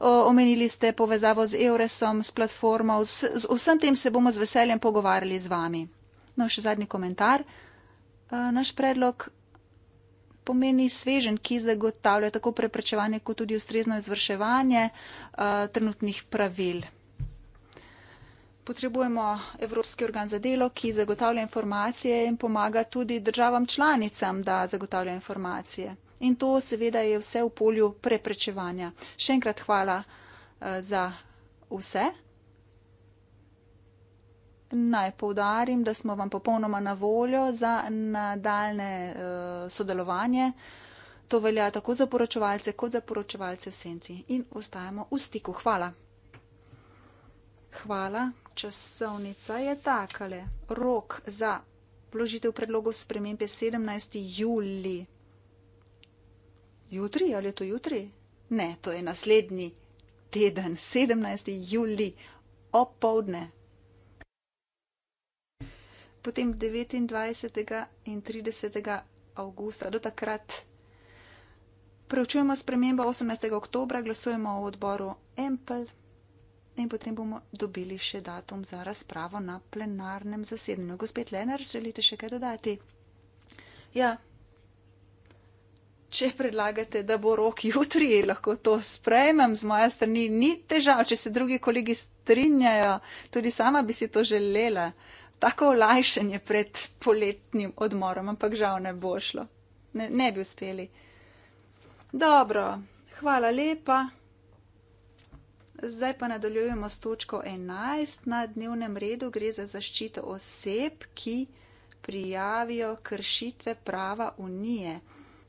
Omenili ste povezavo z Euresom, s platformo, s, z vsem tem se bomo z veseljem pogovarjali z vami. No, še zadnji komentar. Uh, naš predlog pomeni svežen, ki zagotavlja tako preprečevanje, kot tudi ustrezno izvrševanje uh, trenutnih pravil potrebujemo Evropski organ za delo, ki zagotavlja informacije in pomaga tudi državam članicam, da zagotavlja informacije. In to seveda je vse v polju preprečevanja. Še enkrat hvala eh, za vse. Naj povdarim, da smo vam popolnoma na voljo za nadaljne eh, sodelovanje. To velja tako za poročevalce, kot za poročevalce v senci. In ostajamo v stiku. Hvala. Hvala časovnica je takale. Rok za vložitev predlogov sprememb je 17. juli. Jutri ali je to jutri? Ne, to je naslednji teden, 17. juli, opovdne. Potem 29. in 30. augusta, do takrat. Preučujemo spremembo 18. oktobra, glasujemo v odboru Empel. No in potem bomo dobili še datum za razpravo na plenarnem zasedanju. Gospod Lenar, želite še kaj dodati? Ja. Če predlagate, da bo rok jutri, lahko to sprejmem z moje strani, ni težav, če se drugi kolegi strinjajo, tudi sama bi si to želela. Tako olajšanje pred poletnim odmorom, ampak žal ne bo šlo. Ne, ne bi uspeli. Dobro, hvala lepa. Zdaj pa nadaljujemo s točko 11. Na dnevnem redu gre za zaščito oseb, ki prijavijo kršitve prava unije.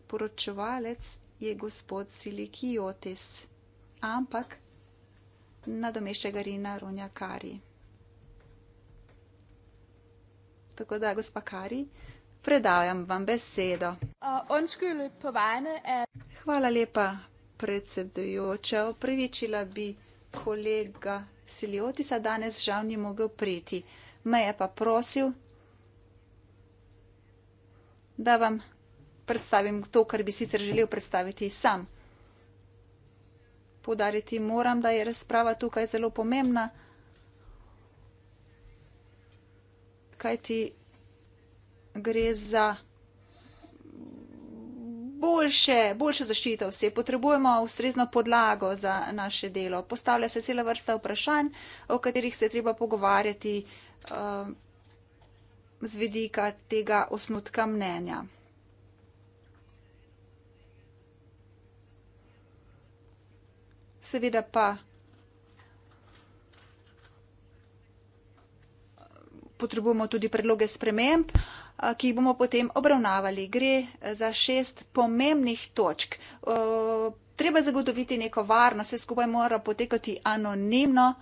Poročevalec je gospod Silikijotis, ampak nadomešča Garina Runja Kari. Tako da, gospa Kari, predajam vam besedo. Hvala lepa, predsedujoča. Opravičila bi kolega Siliotisa danes žal ni mogel priti. Me je pa prosil, da vam predstavim to, kar bi sicer želel predstaviti sam. Podariti moram, da je razprava tukaj zelo pomembna, kajti gre za boljše, boljše zaščite vsi, potrebujemo ustrezno podlago za naše delo. Postavlja se cela vrsta vprašanj, o katerih se treba pogovarjati eh, z vidika tega osnutka mnenja. Seveda pa eh, potrebujemo tudi predloge sprememb ki jih bomo potem obravnavali. Gre eh, za šest pomembnih točk. Treba zagotoviti neko varnost, vse skupaj mora potekati anonimno.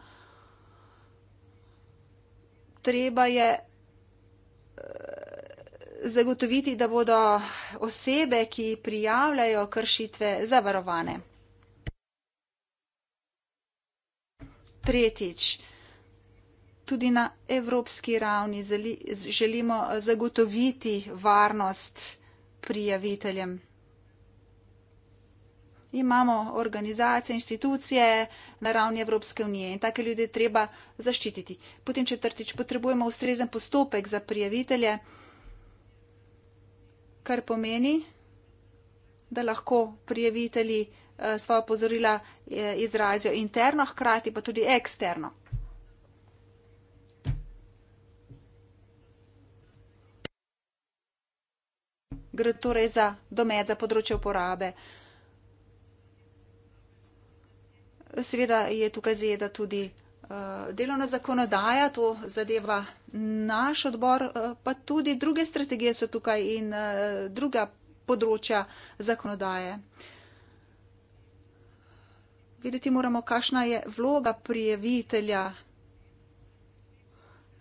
Treba je eh, zagotoviti, da bodo osebe, ki prijavljajo kršitve, zavarovane. Tretjič tudi na evropski ravni zeli, želimo eh, zagotoviti varnost prijaviteljem. Imamo organizacije, institucije na ravni Evropske unije in take ljudi treba zaščititi. Potem četrtič, potrebujemo ustrezen postopek za prijavitelje, kar pomeni, da lahko prijavitelji eh, svoja pozorila eh, izrazijo interno, hkrati pa tudi eksterno. gre torej za domet za področje uporabe. Seveda je tukaj zjeda tudi eh, delovna zakonodaja, to zadeva naš odbor, eh, pa tudi druge strategije so tukaj in eh, druga področja zakonodaje. Videti moramo, kakšna je vloga prijavitelja.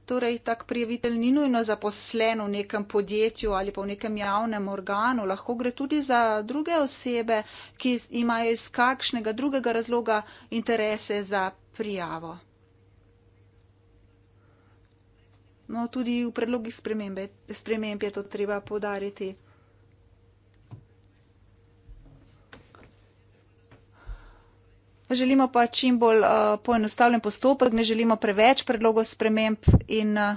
Torej, tak prijavitelj ni nujno zaposlen v nekem podjetju ali pa v nekem javnem organu, lahko gre tudi za druge osebe, ki imajo iz kakšnega drugega razloga interese za prijavo. No, tudi v predlogih sprememb je to treba podariti. Želimo pa čim bolj uh, poenostavljen postopek, ne želimo preveč predlogov sprememb in. Uh,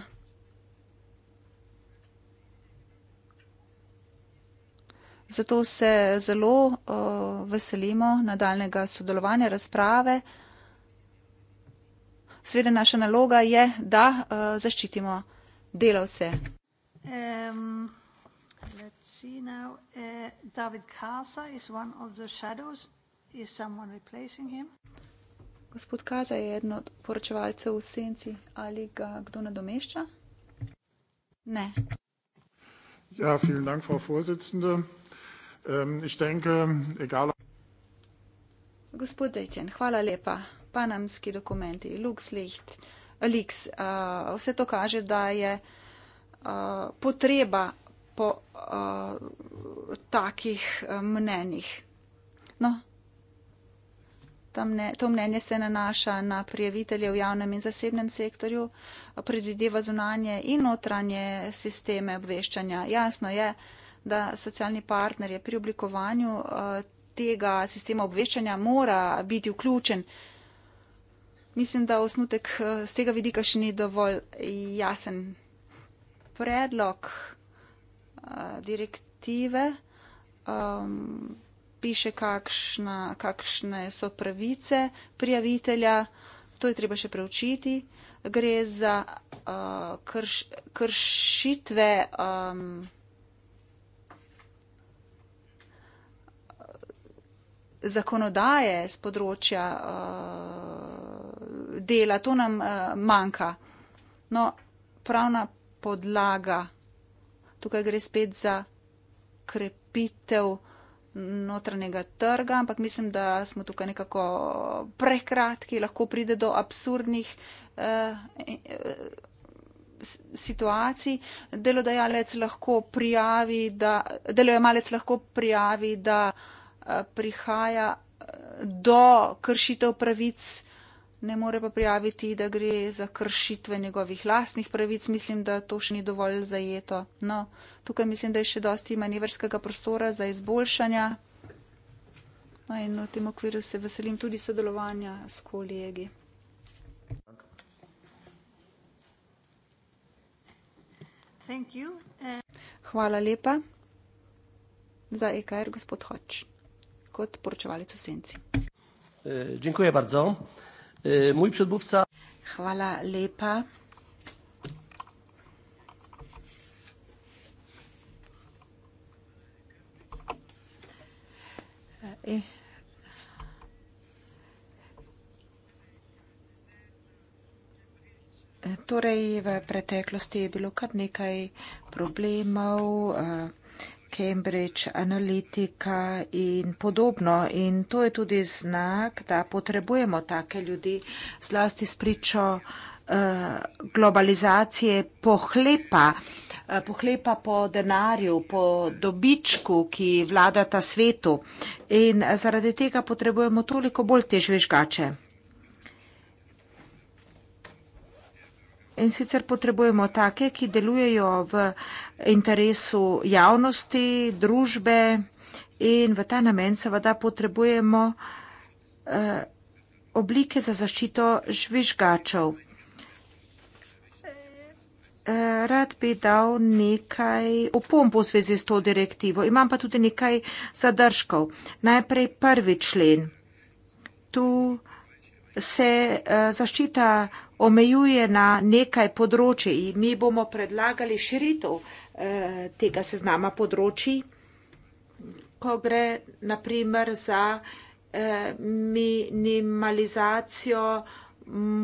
Zato se zelo uh, veselimo nadaljnega sodelovanja, razprave. Sveda naša naloga je, da uh, zaščitimo delavce. Um, Gospod Kaza je eden od poročevalcev v senci. Ali ga kdo nadomešča? Ne. Ja, vielen Dank, Frau Vorsitzende. Ähm, ich denke, egal. Gospod Dejcen, hvala lepa. Panamski dokumenti, Luxlicht, Lix, uh, äh, vse to kaže, da je uh, potreba po uh, takih mnenjih. No, mne, to mnenje se nanaša na prijavitelje v javnem in zasebnem sektorju, predvideva zunanje in notranje sisteme obveščanja. Jasno je, da socialni partner je pri oblikovanju eh, tega sistema obveščanja mora biti vključen. Mislim, da osnutek z eh, tega vidika še ni dovolj jasen. Predlog eh, direktive. Um, piše, kakšna, kakšne so pravice prijavitelja, to je treba še preučiti. Gre za uh, krš, kršitve um, zakonodaje z področja uh, dela, to nam uh, manjka. No, pravna podlaga, tukaj gre spet za krepitev notranjega trga, ampak mislim, da smo tukaj nekako prekratki, lahko pride do absurdnih eh, eh situacij. Delodajalec lahko prijavi, da, delojemalec lahko prijavi, da eh, prihaja eh, do kršitev pravic ne more pa prijaviti, da gre za kršitve njegovih lastnih pravic. Mislim, da to še ni dovolj zajeto. No, tukaj mislim, da je še dosti manevrskega prostora za izboljšanja. No, in v tem okviru se veselim tudi sodelovanja s kolegi. Hvala lepa za EKR, gospod Hoč, kot poročevalec v senci. Eh, E, Moj predbovca. Hvala lepa. E, e, torej, v preteklosti je bilo kar nekaj problemov, Cambridge Analytica in podobno. In to je tudi znak, da potrebujemo take ljudi, zlasti s pričo eh, globalizacije pohlepa, eh, pohlepa po denarju, po dobičku, ki vlada ta svetu. In zaradi tega potrebujemo toliko bolj težvežgače. In sicer potrebujemo take, ki delujejo v interesu javnosti, družbe in v ta namen seveda potrebujemo eh, oblike za zaščito žvižgačev. Eh, rad bi dal nekaj opomb v zvezi s to direktivo. Imam pa tudi nekaj zadržkov. Najprej prvi člen. Tu se eh, zaščita omejuje na nekaj področji. Mi bomo predlagali širitev eh, tega seznama področji, ko gre naprimer za eh, minimalizacijo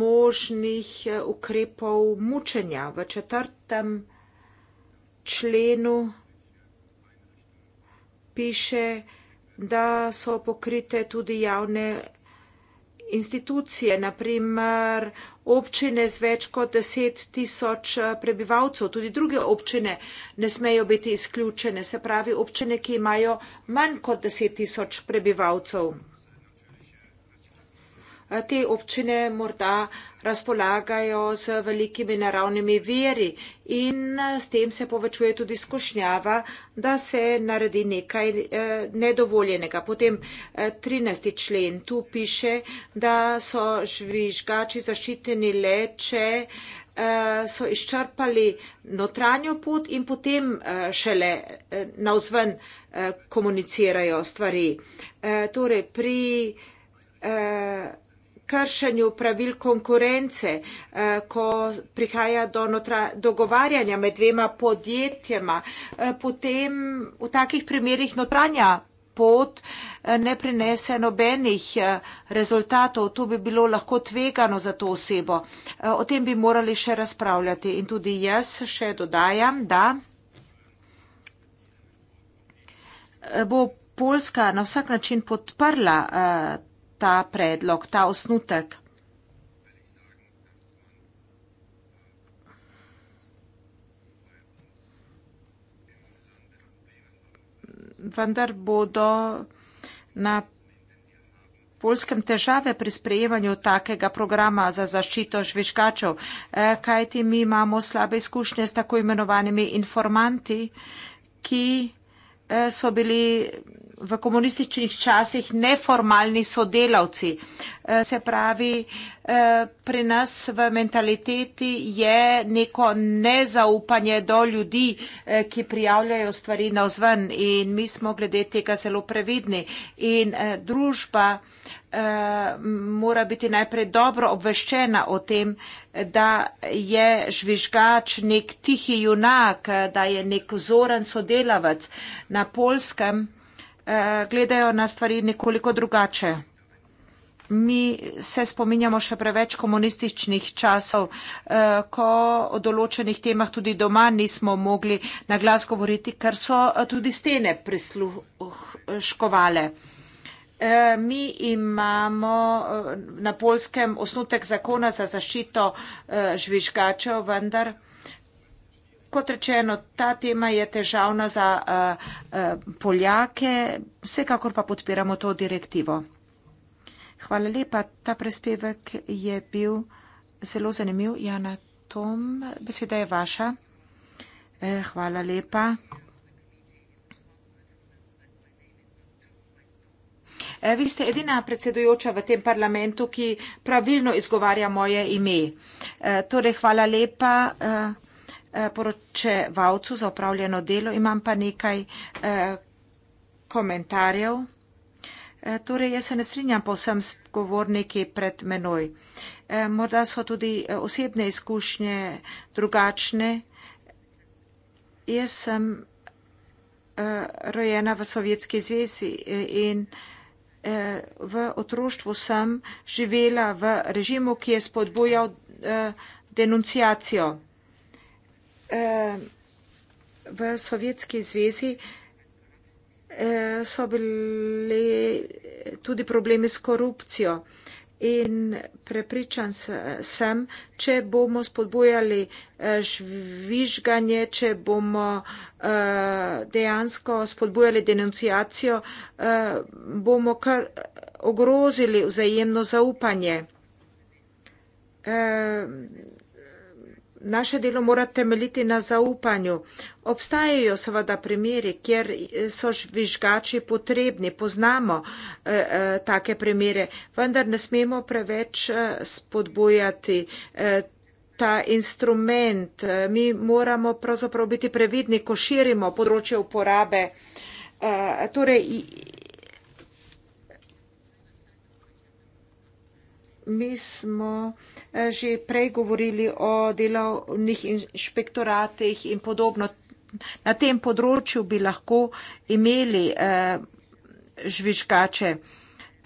možnih eh, ukrepov mučenja v četrtem členu. Piše, da so pokrite tudi javne institucije, naprimer občine z več kot deset tisoč eh, prebivalcev, tudi druge občine ne smejo biti izključene, se pravi občine, ki imajo manj kot deset tisoč prebivalcev. Eh, te občine morda razpolagajo z velikimi naravnimi veri in eh, s tem se povečuje tudi skušnjava, da se naredi nekaj eh, nedovoljenega. Potem 13. člen tu piše, da so žvižgači zaščiteni le, če so izčrpali notranjo pot in potem šele navzven komunicirajo stvari. Torej pri kršenju pravil konkurence, eh, ko prihaja do notra, dogovarjanja med dvema podjetjema, eh, potem v takih primerjih notranja pot eh, ne prinese nobenih rezultatov. To bi bilo lahko tvegano za to osebo. O tem bi morali še razpravljati. In tudi jaz še dodajam, da bo Poljska na vsak način podprla ta predlog, ta osnutek. Vendar bodo na polskem težave pri sprejemanju takega programa za zaščito žvižgačev, eh, kajti mi imamo slabe izkušnje s tako imenovanimi informanti, ki eh, so bili v komunističnih časih neformalni sodelavci. Eh, se pravi, eh, pri nas v mentaliteti je neko nezaupanje do ljudi, eh, ki prijavljajo stvari na vzven in mi smo glede tega zelo previdni. In družba mora biti najprej dobro obveščena o tem, da je žvižgač nek tihi junak, da je nek vzoren sodelavec na polskem gledajo na stvari nekoliko drugače. Mi se spominjamo še preveč komunističnih časov, eh, ko o določenih temah tudi doma nismo mogli na glas govoriti, ker so eh, tudi stene prisluhškovale. Eh, mi imamo na polskem osnutek zakona za zaščito žvižgačev, vendar kot rečeno, ta tema je težavna za uh, uh, Poljake, vsekakor pa podpiramo to direktivo. Hvala lepa, ta prespevek je bil zelo zanimiv. Jana Tom, beseda je vaša. Eh, hvala lepa. Eh, vi ste edina predsedujoča v tem parlamentu, ki pravilno izgovarja moje ime. Eh, torej, hvala lepa. Eh, Eh, poročevalcu za opravljeno delo, imam pa nekaj eh, komentarjev. Eh, torej, jaz se ne strinjam povsem s govorniki pred menoj. Morda so tudi osebne izkušnje drugačne. Jaz sem rojena v Sovjetski zvezi in v otroštvu sem živela v režimu, ki je spodbujal denunciacijo. Eh, v Sovjetski zvezi eh, so bili tudi problemi s korupcijo. In prepričan sem, če bomo spodbujali eh, žvižganje, če bomo dejansko spodbujali denunciacijo, bomo kar ogrozili vzajemno zaupanje naše delo mora temeljiti na zaupanju. Obstajajo seveda primeri, kjer so žvižgači potrebni, poznamo eh, eh, take primere, vendar ne smemo preveč eh, spodbojati. Eh, Ta instrument, eh, mi moramo pravzaprav biti previdni, ko širimo področje uporabe. Torej, Mi smo eh, že prej govorili o delovnih inšpektoratih in podobno. Na tem področju bi lahko imeli eh, žvižkače.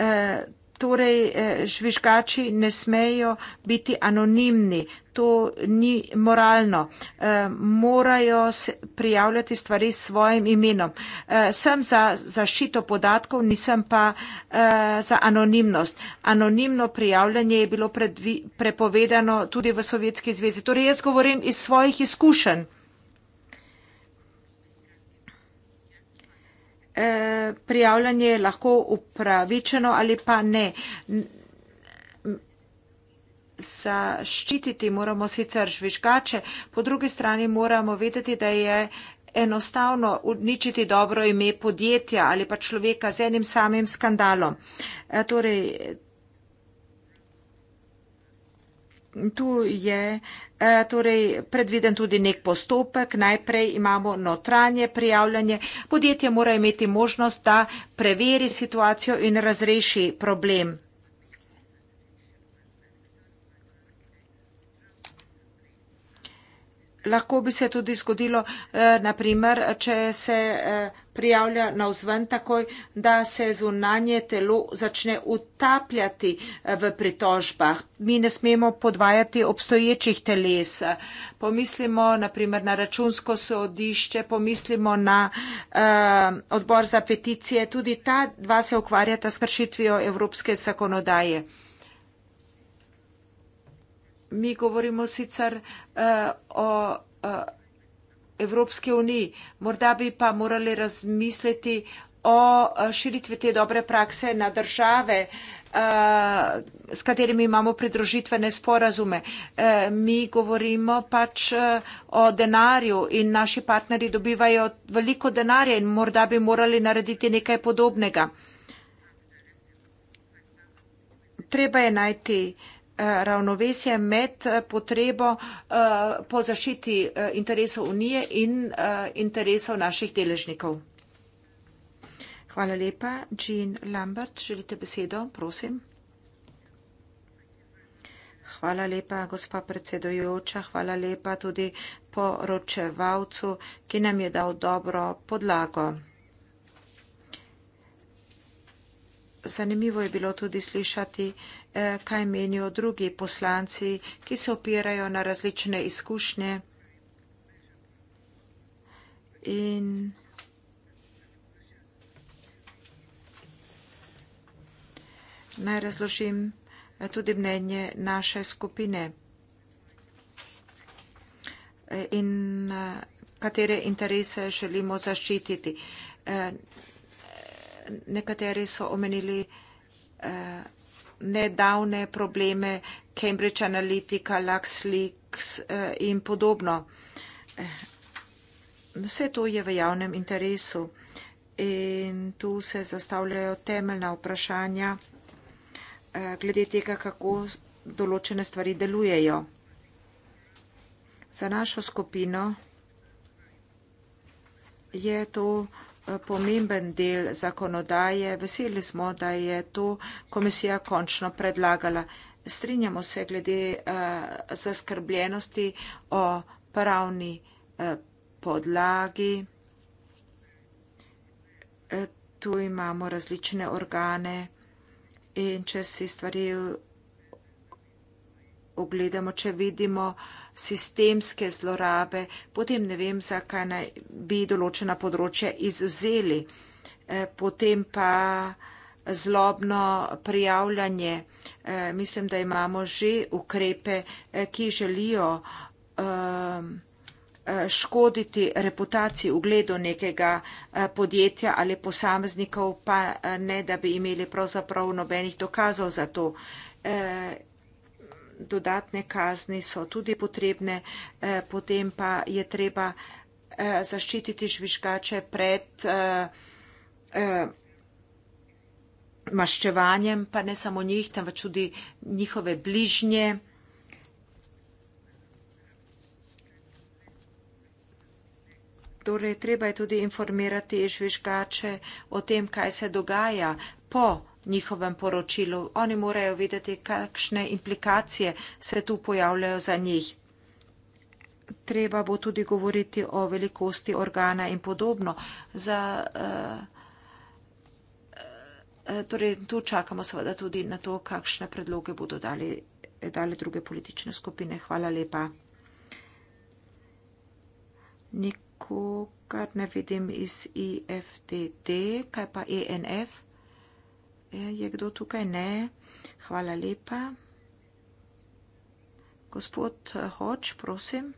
Eh, torej eh, žvižgači ne smejo biti anonimni, to ni moralno. E, morajo se prijavljati stvari s svojim imenom. E, sem za zaščito podatkov, nisem pa e, za anonimnost. Anonimno prijavljanje je bilo predvi, prepovedano tudi v Sovjetski zvezi. Torej, jaz govorim iz svojih izkušenj. Eh, prijavljanje lahko upravičeno ali pa ne. Zaščititi moramo sicer žvižgače, po drugi strani moramo vedeti, da je enostavno uničiti dobro ime podjetja ali pa človeka z enim samim skandalom. Eh, torej, tu je. E, torej predviden tudi nek postopek. Najprej imamo notranje prijavljanje. Podjetje mora imeti možnost, da preveri situacijo in razreši problem. lahko bi se tudi zgodilo, eh, naprimer, če se eh, prijavlja navzven takoj, da se zunanje telo začne utapljati eh, v pritožbah. Mi ne smemo podvajati obstoječih teles. Pomislimo naprimer na računsko sodišče, pomislimo na eh, odbor za peticije. Tudi ta dva se ukvarjata s kršitvijo evropske zakonodaje mi govorimo sicer uh, o uh, eh, Evropske unije, morda bi pa morali razmisliti o eh, širitvi te dobre prakse na države, s katerimi imamo pridružitvene sporazume. Mi govorimo pač o denarju in naši partneri dobivajo veliko denarja in morda bi morali narediti nekaj podobnega. Treba je najti. Eh, ravnovesje med eh, potrebo eh, po zaščiti interesov Unije in interesov naših deležnikov. Hvala lepa. Jean Lambert, želite besedo? Prosim. Hvala lepa, gospa predsedojoča. Hvala lepa tudi poročevalcu, ki nam je dal dobro podlago. Zanimivo je bilo tudi slišati uh, Eh, kaj menijo drugi poslanci, ki se opirajo na različne izkušnje. In naj razložim eh, tudi mnenje naše skupine eh, in katere interese želimo zaščititi. Nekateri so omenili nedavne probleme Cambridge Analytica, LuxLeaks eh, in podobno. Eh, vse to je v javnem interesu in tu se zastavljajo temeljna vprašanja eh, glede tega, kako določene stvari delujejo. Za našo skupino je to vprašanje, pomemben del zakonodaje. Veseli smo, da je to komisija končno predlagala. Strinjamo se glede uh, zaskrbljenosti o pravni uh, podlagi. Eh, tu imamo različne organe in če si stvari ogledamo, če vidimo, uh, sistemske zlorabe, potem ne vem, zakaj naj bi določena področja izuzeli, eh, potem pa zlobno prijavljanje. Eh, mislim, da imamo že ukrepe, eh, ki želijo ehm, škoditi reputaciji ugledu nekega podjetja ali posameznikov, pa ne, da bi imeli pravzaprav nobenih dokazov za to dodatne kazni so tudi potrebne, eh, potem pa je treba eh, zaščititi žvižgače pred eh, maščevanjem, pa ne samo njih, temveč tudi njihove bližnje. Torej, treba je tudi informirati žvižgače o tem, kaj se dogaja po maščevanju njihovem poročilu. Oni morajo vedeti, kakšne implikacije se tu pojavljajo za njih. Treba bo tudi govoriti o velikosti organa in podobno. Za, eh, eh, torej, tu čakamo seveda tudi na to, kakšne predloge bodo dali, dali druge politične skupine. Hvala lepa. Nikogar ne vidim iz IFTT, kaj pa ENF? Ja, je kdo tukaj? Ne. Hvala lepa. Gospod eh, Hoč, prosim.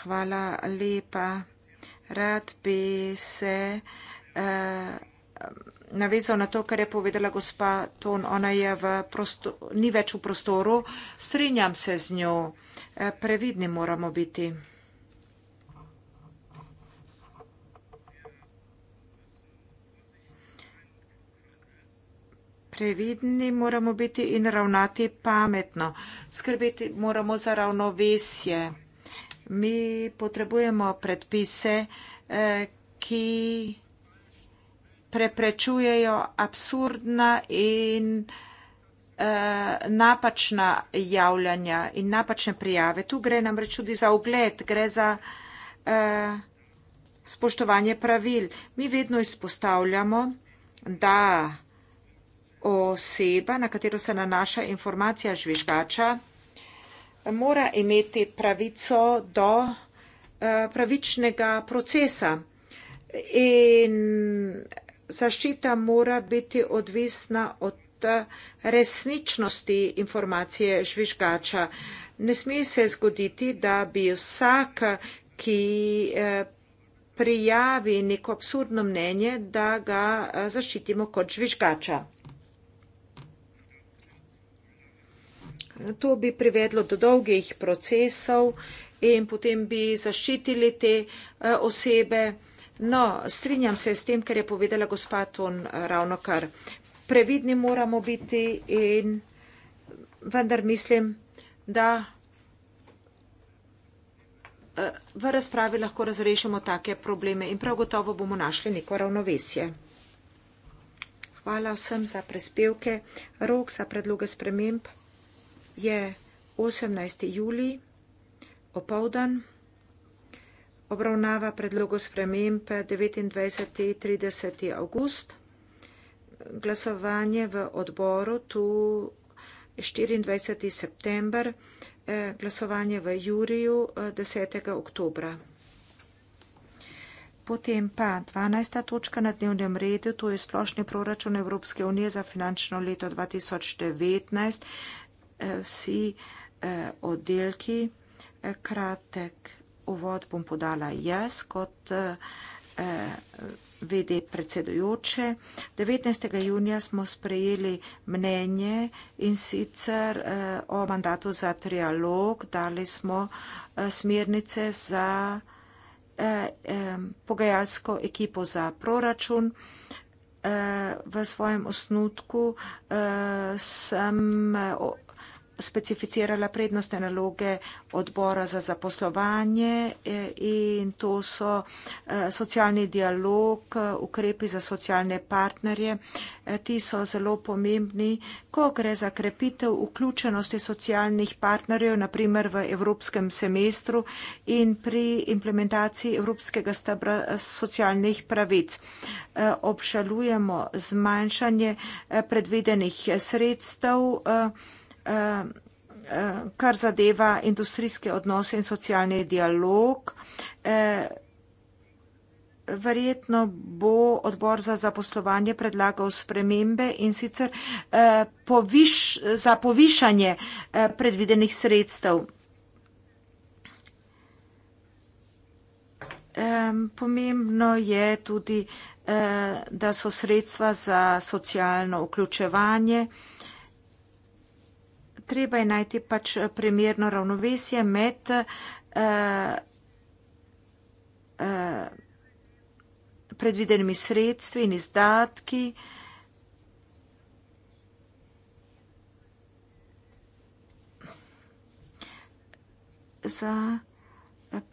Hvala lepa. Rad bi se uh, navezal na to, kar je povedala gospa Ton. Ona je v prostoru, ni več v prostoru. Strinjam se z njo. Uh, previdni moramo biti. previdni moramo biti in ravnati pametno. Skrbeti moramo za ravnovesje. Mi potrebujemo predpise, eh, ki preprečujejo absurdna in eh, napačna javljanja in napačne prijave. Tu gre namreč tudi za ogled, gre za eh, spoštovanje pravil. Mi vedno izpostavljamo, da oseba, na katero se nanaša informacija žvižgača, mora imeti pravico do eh, pravičnega procesa in zaščita mora biti odvisna od eh, resničnosti informacije žvižgača. Ne smije se zgoditi, da bi vsak, ki eh, prijavi neko absurdno mnenje, da ga zaščitimo kot žvižgača. To bi privedlo do dolgih procesov in potem bi zaščitili te eh, osebe. No, strinjam se s tem, kar je povedala gospa Ton eh, ravno kar. Previdni moramo biti in vendar mislim, da eh, v razpravi lahko razrešimo take probleme in prav gotovo bomo našli neko ravnovesje. Hvala vsem za prispevke. Rok za predloge sprememb je 18. julij, opovdan, obravnava predlogo sprememb 29. 30. august, glasovanje v odboru tu 24. september, eh, glasovanje v juriju 10. Eh, oktobra. Potem pa 12. točka na dnevnem redu, to je splošni proračun Evropske unije za finančno leto 2019 vsi eh, oddelki. Eh, kratek uvod bom podala jaz kot eh, VD predsedujoče. 19. junija smo sprejeli mnenje in sicer o mandatu za trialog. Dali smo smernice za pogajalsko ekipo za proračun. V svojem osnutku sem specificirala prednostne naloge odbora za zaposlovanje e, in to so e, socialni dialog, e, ukrepi za socialne partnerje. Ti so zelo pomembni, ko gre za krepitev vključenosti socialnih partnerjev, naprimer v evropskem semestru in pri implementaciji evropskega stebra socialnih pravic. Obšalujemo zmanjšanje predvidenih sredstev Eh, eh, kar zadeva industrijske odnose in socialni dialog. Eh, verjetno bo odbor za zaposlovanje predlagal spremembe in sicer poviš, za povišanje predvidenih sredstev. Pomembno je tudi, da so sredstva za socialno vključevanje treba je najti pač eh, primerno ravnovesje med uh, uh, predvidenimi sredstvi in izdatki. Za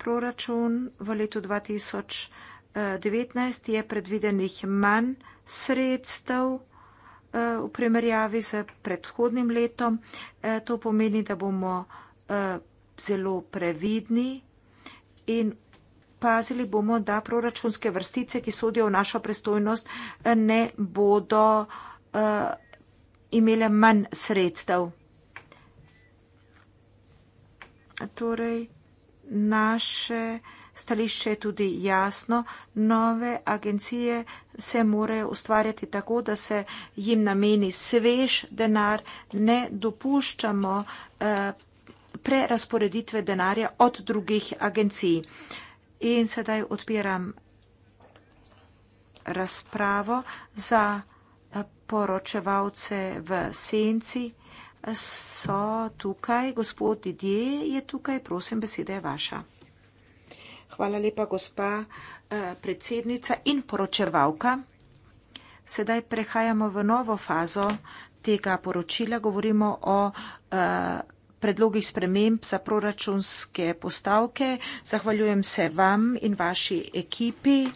proračun v letu 2019 je predvidenih manj sredstev. Eh, v primerjavi z predhodnim letom. Eh, to pomeni, da bomo eh, zelo previdni in pazili bomo, da proračunske vrstice, ki sodijo v našo prestojnost, ne bodo imele manj sredstev. Torej, naše stališče je tudi jasno. Nove agencije se morajo ustvarjati tako, da se jim nameni svež denar, ne dopuščamo eh, prerasporeditve denarja od drugih agencij. In sedaj odpiram razpravo za eh, poročevalce v senci. Eh, so tukaj, gospod Didier je tukaj, prosim, beseda je vaša. Hvala lepa, gospa eh, predsednica in poročevalka. Sedaj prehajamo v novo fazo tega poročila. Govorimo o eh, predlogih sprememb za proračunske postavke. Zahvaljujem se vam in vaši ekipi.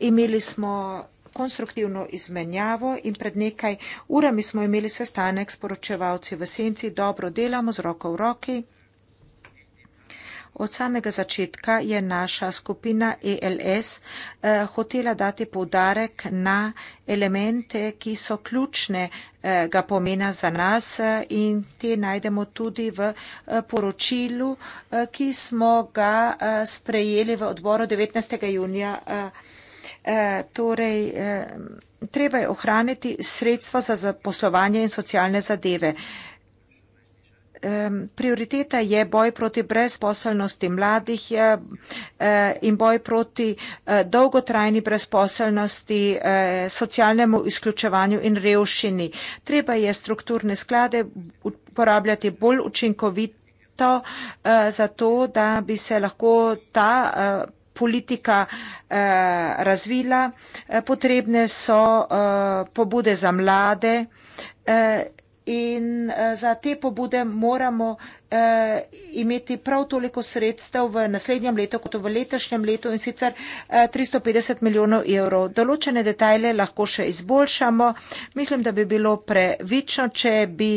Imeli smo konstruktivno izmenjavo in pred nekaj urami smo imeli sestanek s poročevalci v senci. Dobro delamo z roko v roki. Od samega začetka je naša skupina ELS eh, hotela dati povdarek na elemente, ki so ključne eh, ga pomena za nas eh, in te najdemo tudi v eh, poročilu, ki smo ga sprejeli v odboru 19. junija. Torej, treba je ohraniti sredstva za zaposlovanje in socialne zadeve. Prioriteta je boj proti brezposelnosti mladih eh, in boj proti eh, dolgotrajni brezposelnosti, eh, socialnemu izključevanju in revšini. Treba je strukturne sklade uporabljati bolj učinkovito, zato da bi se lahko ta politika razvila. Potrebne so pobude za mlade in eh, za te pobude moramo eh, imeti prav toliko sredstev v naslednjem letu kot v letošnjem letu in sicer 350 eh, milijonov evrov. Določene detajle lahko še izboljšamo. Mislim, da bi bilo prevično, če bi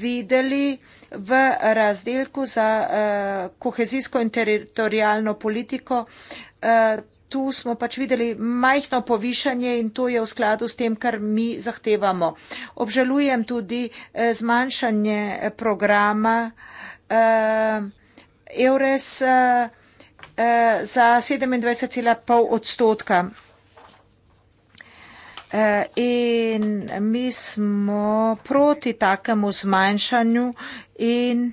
videli v razdelku za kohezijsko in teritorijalno politiko tu smo pač videli majhno povišanje in to je v skladu s tem, kar mi zahtevamo. Obžalujem tudi eh, zmanjšanje eh, programa eh, EURES za 27,5 odstotka. In mi smo proti takemu zmanjšanju in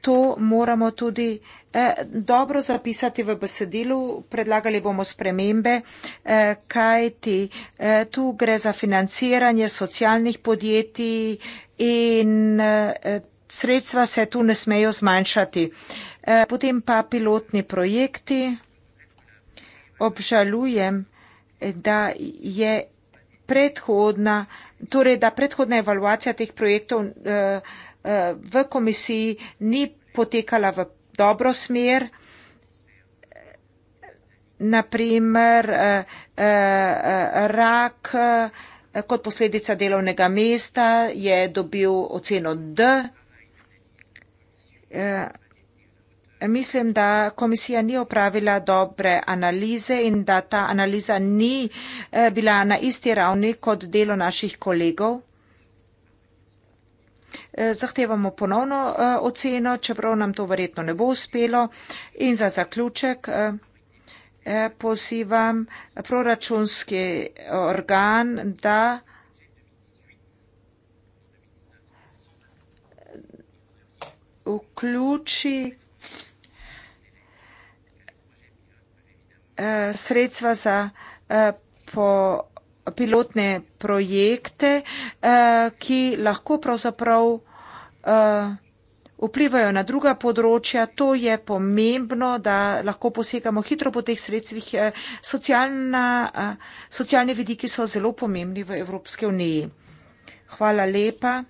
to moramo tudi Eh, dobro zapisati v besedilu, predlagali bomo spremembe, eh, kaj ti eh, tu gre za financiranje socialnih podjetij in sredstva se tu ne smejo zmanjšati. Potem pa pilotni projekti. Obžalujem, da je predhodna, torej da predhodna evaluacija teh projektov v komisiji ni potekala v dobro smer. Naprimer, eh, eh, eh, rak kot posledica delovnega mesta je dobil oceno D. Mislim, da komisija ni opravila dobre analize in da ta analiza ni bila na isti ravni kot delo naših kolegov. Eh, zahtevamo ponovno eh, oceno, čeprav nam to verjetno ne bo uspelo. In za zaključek eh, pozivam proračunski organ, da vključi sredstva za proračunski organ, pilotne projekte, eh, ki lahko pravzaprav eh, vplivajo na druga področja. To je pomembno, da lahko posegamo hitro po teh sredstvih. Eh, socialna, socialne vidiki so zelo pomembni v Evropske uniji. Hvala lepa.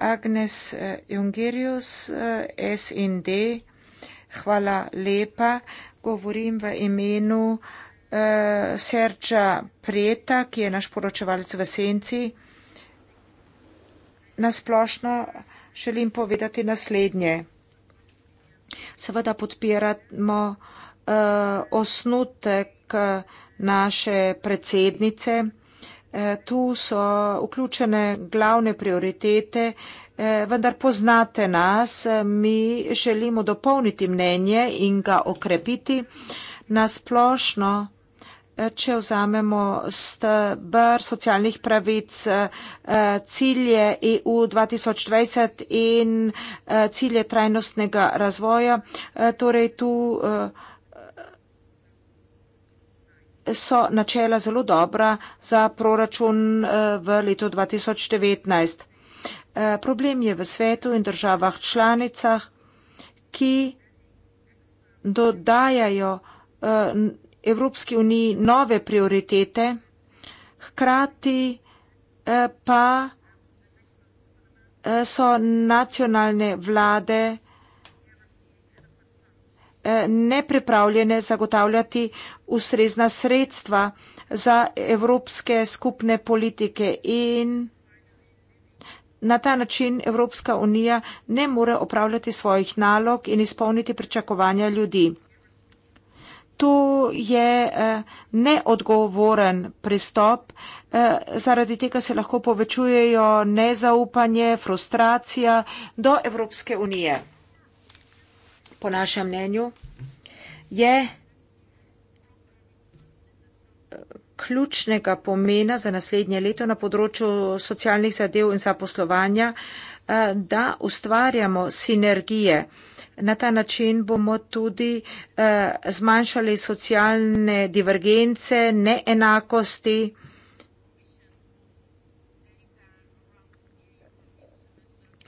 Agnes Jungerius, SND. Hvala lepa. Govorim v imenu uh, eh, Serča Preta, ki je naš poročevalec v senci. Nasplošno želim povedati naslednje. Seveda podpiramo uh, osnutek eh, naše predsednice. Tu so vključene glavne prioritete, vendar poznate nas, mi želimo dopolniti mnenje in ga okrepiti. Nasplošno če vzamemo stebr socialnih pravic eh, cilje EU 2020 in eh, cilje trajnostnega razvoja. Eh, torej tu so načela zelo dobra za proračun v letu 2019. Problem je v svetu in državah članicah, ki dodajajo Evropski uniji nove prioritete, hkrati eh, pa eh, so nacionalne vlade eh, nepripravljene zagotavljati ustrezna sredstva za evropske skupne politike in na ta način Evropska unija ne more opravljati svojih nalog in izpolniti pričakovanja ljudi to je eh, neodgovoren pristop, eh, zaradi tega se lahko povečujejo nezaupanje, frustracija do Evropske unije. Po našem mnenju je eh, ključnega pomena za naslednje leto na področju socialnih zadev in zaposlovanja, da ustvarjamo sinergije. Na ta način bomo tudi eh, zmanjšali socialne divergence, neenakosti.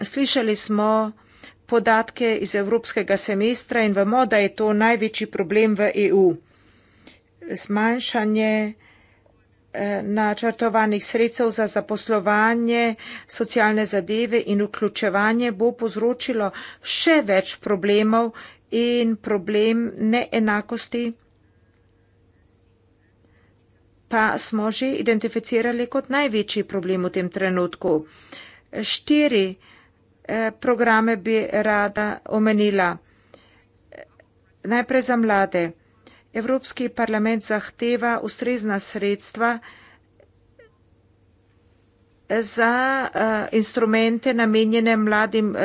Slišali smo podatke iz evropskega semestra in vemo, da je to največji problem v EU. Zmanjšanje eh, Eh, načrtovanih sredstev za zaposlovanje, socialne zadeve in vključevanje bo povzročilo še več problemov in problem neenakosti pa smo že identificirali kot največji problem v tem trenutku. Štiri eh, programe bi rada omenila. Najprej za mlade. Evropski parlament zahteva ustrezna sredstva za uh, instrumente namenjene mladim uh,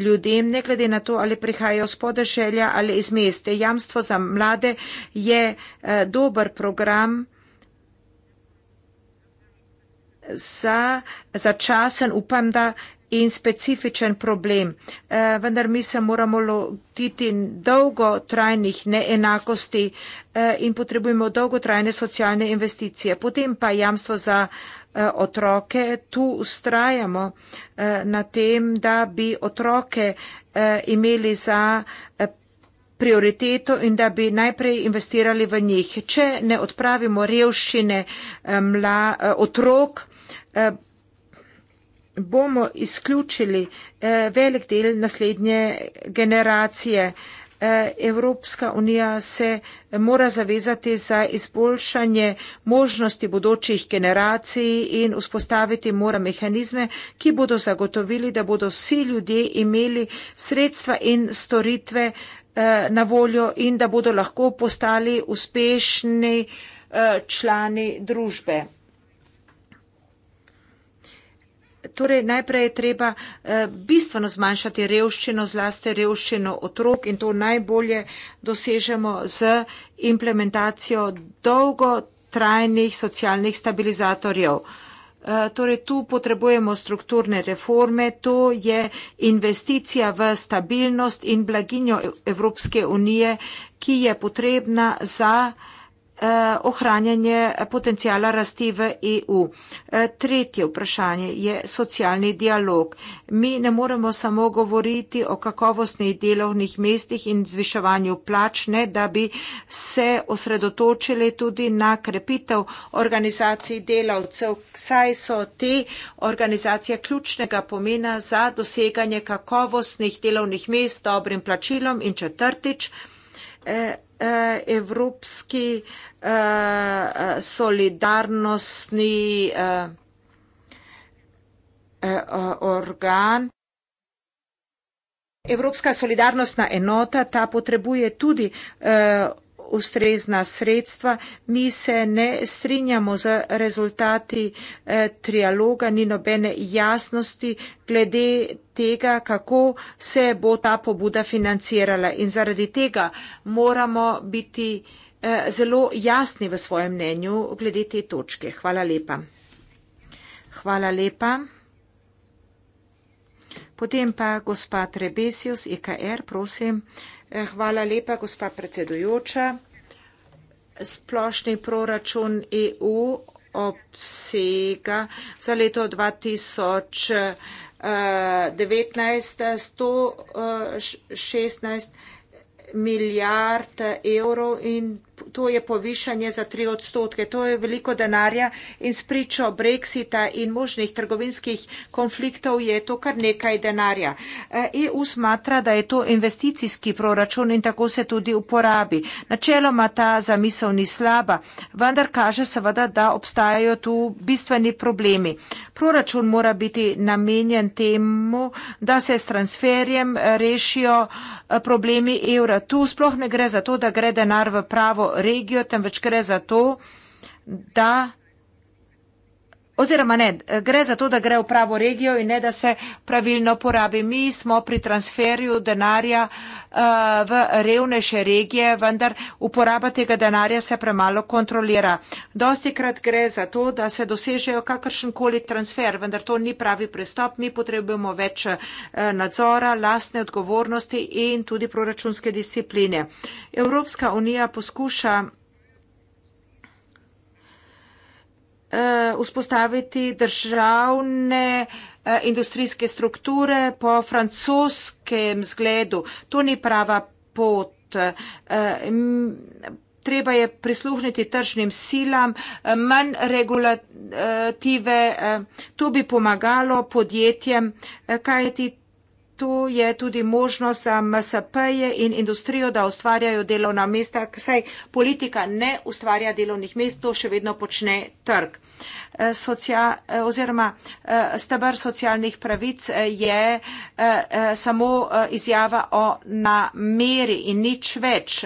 ljudem, ne glede na to, ali prihajajo z podeželja ali iz meste. Jamstvo za mlade je uh, dober program za začasen, upam, da uh, in specifičen problem. Eh, vendar mi se moramo lotiti dolgotrajnih neenakosti eh, in potrebujemo dolgotrajne socialne investicije. Potem pa jamstvo za eh, otroke. Tu ustrajamo na tem, da bi otroke imeli za prioriteto in da bi najprej investirali v njih. Če ne odpravimo revščine mla, otrok, bomo izključili eh, velik del naslednje generacije. Eh, Evropska unija se mora zavezati za izboljšanje možnosti bodočih generacij in vzpostaviti mora mehanizme, ki bodo zagotovili, da bodo vsi ljudje imeli sredstva in storitve eh, na voljo in da bodo lahko postali uspešni člani družbe. Torej, najprej je treba eh, bistveno zmanjšati revščino, zlasti revščino otrok in to najbolje dosežemo z implementacijo dolgotrajnih socialnih stabilizatorjev. Eh, torej, tu potrebujemo strukturne reforme, to je investicija v stabilnost in blaginjo Evropske unije, ki je potrebna za. Eh, ohranjanje potencijala rasti v EU. Eh, tretje vprašanje je socialni dialog. Mi ne moremo samo govoriti o kakovostnih delovnih mestih in zviševanju plač, ne da bi se osredotočili tudi na krepitev organizacij delavcev, saj so te organizacije ključnega pomena za doseganje kakovostnih delovnih mest s dobrim plačilom in četrtič. Eh, Eh, evropski eh, solidarnostni eh, organ. Evropska solidarnostna enota ta potrebuje tudi ustrezna sredstva. Mi se ne strinjamo z rezultati trialoga, ni nobene jasnosti glede tega, kako se bo ta pobuda financirala. In zaradi tega moramo biti eh, zelo jasni v svojem mnenju glede te točke. Hvala lepa. Hvala lepa. Potem pa gospa Trebesius, EKR, prosim. Eh, hvala lepa, gospa predsedujoča. Splošni proračun EU obsega za leto 2000. 19, 116 eh, milijard evrov in to je povišanje za tri odstotke. To je veliko denarja in spričo Brexita in možnih trgovinskih konfliktov je to kar nekaj denarja. EU e smatra, da je to investicijski proračun in tako se tudi uporabi. Načeloma ta zamisel ni slaba, vendar kaže seveda, da obstajajo tu bistveni problemi. Proračun mora biti namenjen temu, da se s transferjem e, rešijo e, problemi evra. Tu sploh ne gre za to, da gre denar v pravo regijo, temveč gre za to, da Oziroma ne, gre za to, da gre v pravo regijo in ne, da se pravilno porabi. Mi smo pri transferju denarja uh, v revnejše regije, vendar uporaba tega denarja se premalo kontrolira. Dosti krat gre za to, da se dosežejo kakršenkoli transfer, vendar to ni pravi prestop. Mi potrebujemo več uh, nadzora, lastne odgovornosti in tudi proračunske discipline. Evropska unija poskuša. Eh, vzpostaviti državne eh, industrijske strukture po francoskem zgledu. To ni prava pot. Eh, treba je prisluhniti tržnim silam, manj regulative. To bi pomagalo podjetjem, kaj je ti tu je tudi možnost za MSP-je in industrijo, da ustvarjajo delovna mesta, saj politika ne ustvarja delovnih mest, to še vedno počne trg. Eh, socia, eh, oziroma eh, stebr socialnih pravic je samo izjava o nameri in nič več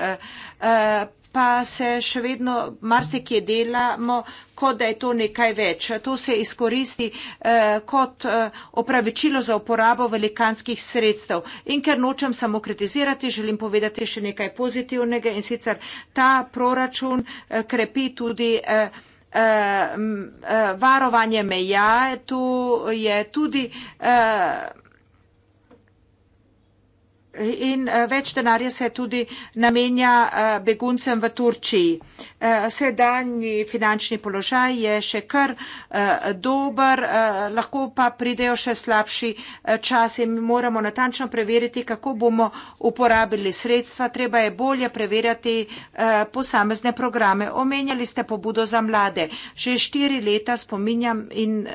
pa se še vedno marsikje delamo, kot da je to nekaj več. To se izkoristi eh, kot eh, opravičilo za uporabo velikanskih sredstev. In ker nočem samo kritizirati, želim povedati še nekaj pozitivnega in sicer ta proračun eh, krepi tudi. Eh, eh, eh varovanje meja, tu je tudi eh, in eh, več denarja se tudi namenja eh, beguncem v Turčiji. Eh, sedanji finančni položaj je še kar dober, lahko pa pridejo še slabši čas in moramo natančno preveriti, kako bomo uporabili sredstva. Treba je bolje preverjati posamezne programe. Omenjali ste pobudo za mlade. Že štiri leta spominjam in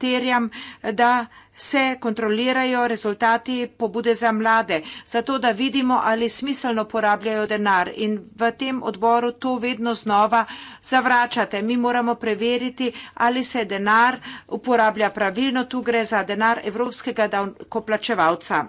terjam, da se kontrolirajo rezultati pobude za mlade, zato da vidimo, ali smiselno porabljajo denar. In v tem odboru to vedno znova zavračate. Mi moramo preveriti, ali se denar uporablja pravilno. Tu gre za denar evropskega davkoplačevalca.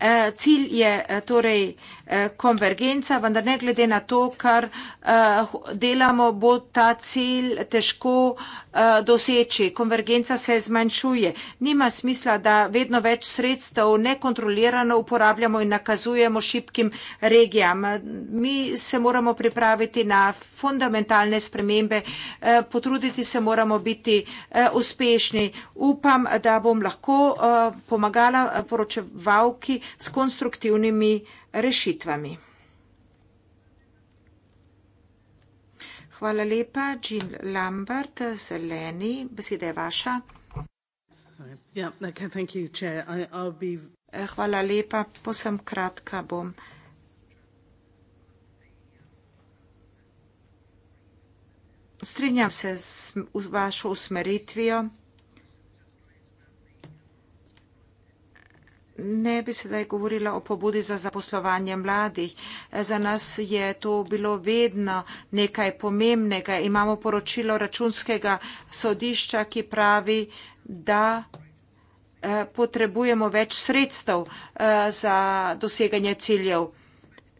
Eh, cilj je eh, torej. Eh, konvergenca, vendar ne glede na to, kar uh, delamo, bo ta cilj težko uh, doseči. Konvergenca se zmanjšuje. Nima smisla, da vedno več sredstev nekontrolirano uporabljamo in nakazujemo šipkim regijam. Mi se moramo pripraviti na fundamentalne spremembe, uh, potruditi se moramo biti uh, uspešni. Upam, da bom lahko uh, pomagala poročevalki s konstruktivnimi rešitvami. Hvala lepa. Jean Lambert, zeleni, beseda je vaša. Hvala lepa, posem kratka bom. Strinjam se z vašo usmeritvijo. Ne bi sedaj govorila o pobudi za zaposlovanje mladih. Za nas je to bilo vedno nekaj pomembnega. Imamo poročilo računskega sodišča, ki pravi, da eh, potrebujemo več sredstev eh, za doseganje ciljev.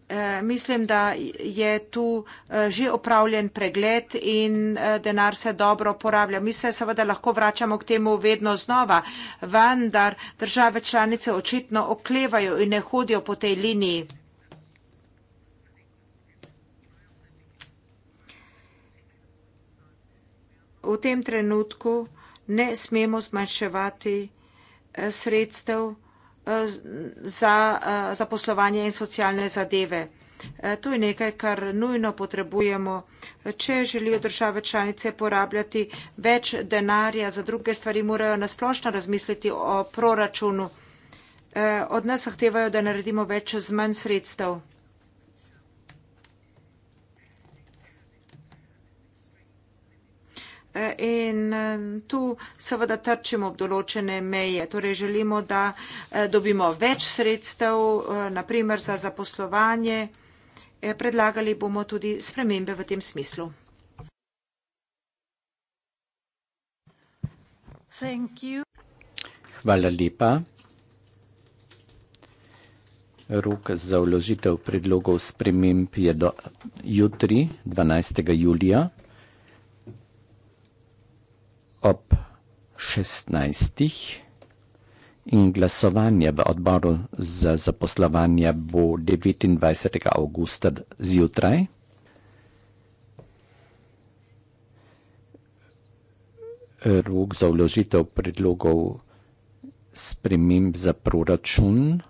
Eh, mislim, da je tu eh, že opravljen pregled in eh, denar se dobro uporablja. Mi se seveda lahko vračamo k temu vedno znova, vendar države članice očitno oklevajo in ne hodijo po tej liniji. V tem trenutku ne smemo zmanjševati sredstev za zaposlovanje in socialne zadeve. E, to je nekaj, kar nujno potrebujemo. Če želijo države članice porabljati več denarja za druge stvari, morajo nasplošno razmisliti o proračunu. E, od nas zahtevajo, da naredimo več z manj sredstev. in eh, tu seveda trčimo ob določene meje. Torej želimo, da eh, dobimo več sredstev, eh, naprimer za zaposlovanje. Predlagali bomo tudi spremembe v tem smislu. Hvala lepa. Rok za vložitev predlogov sprememb je do jutri, 12. julija ob 16. In glasovanje v odboru za zaposlovanje bo 29. augusta zjutraj. Rok za vložitev predlogov sprememb za proračun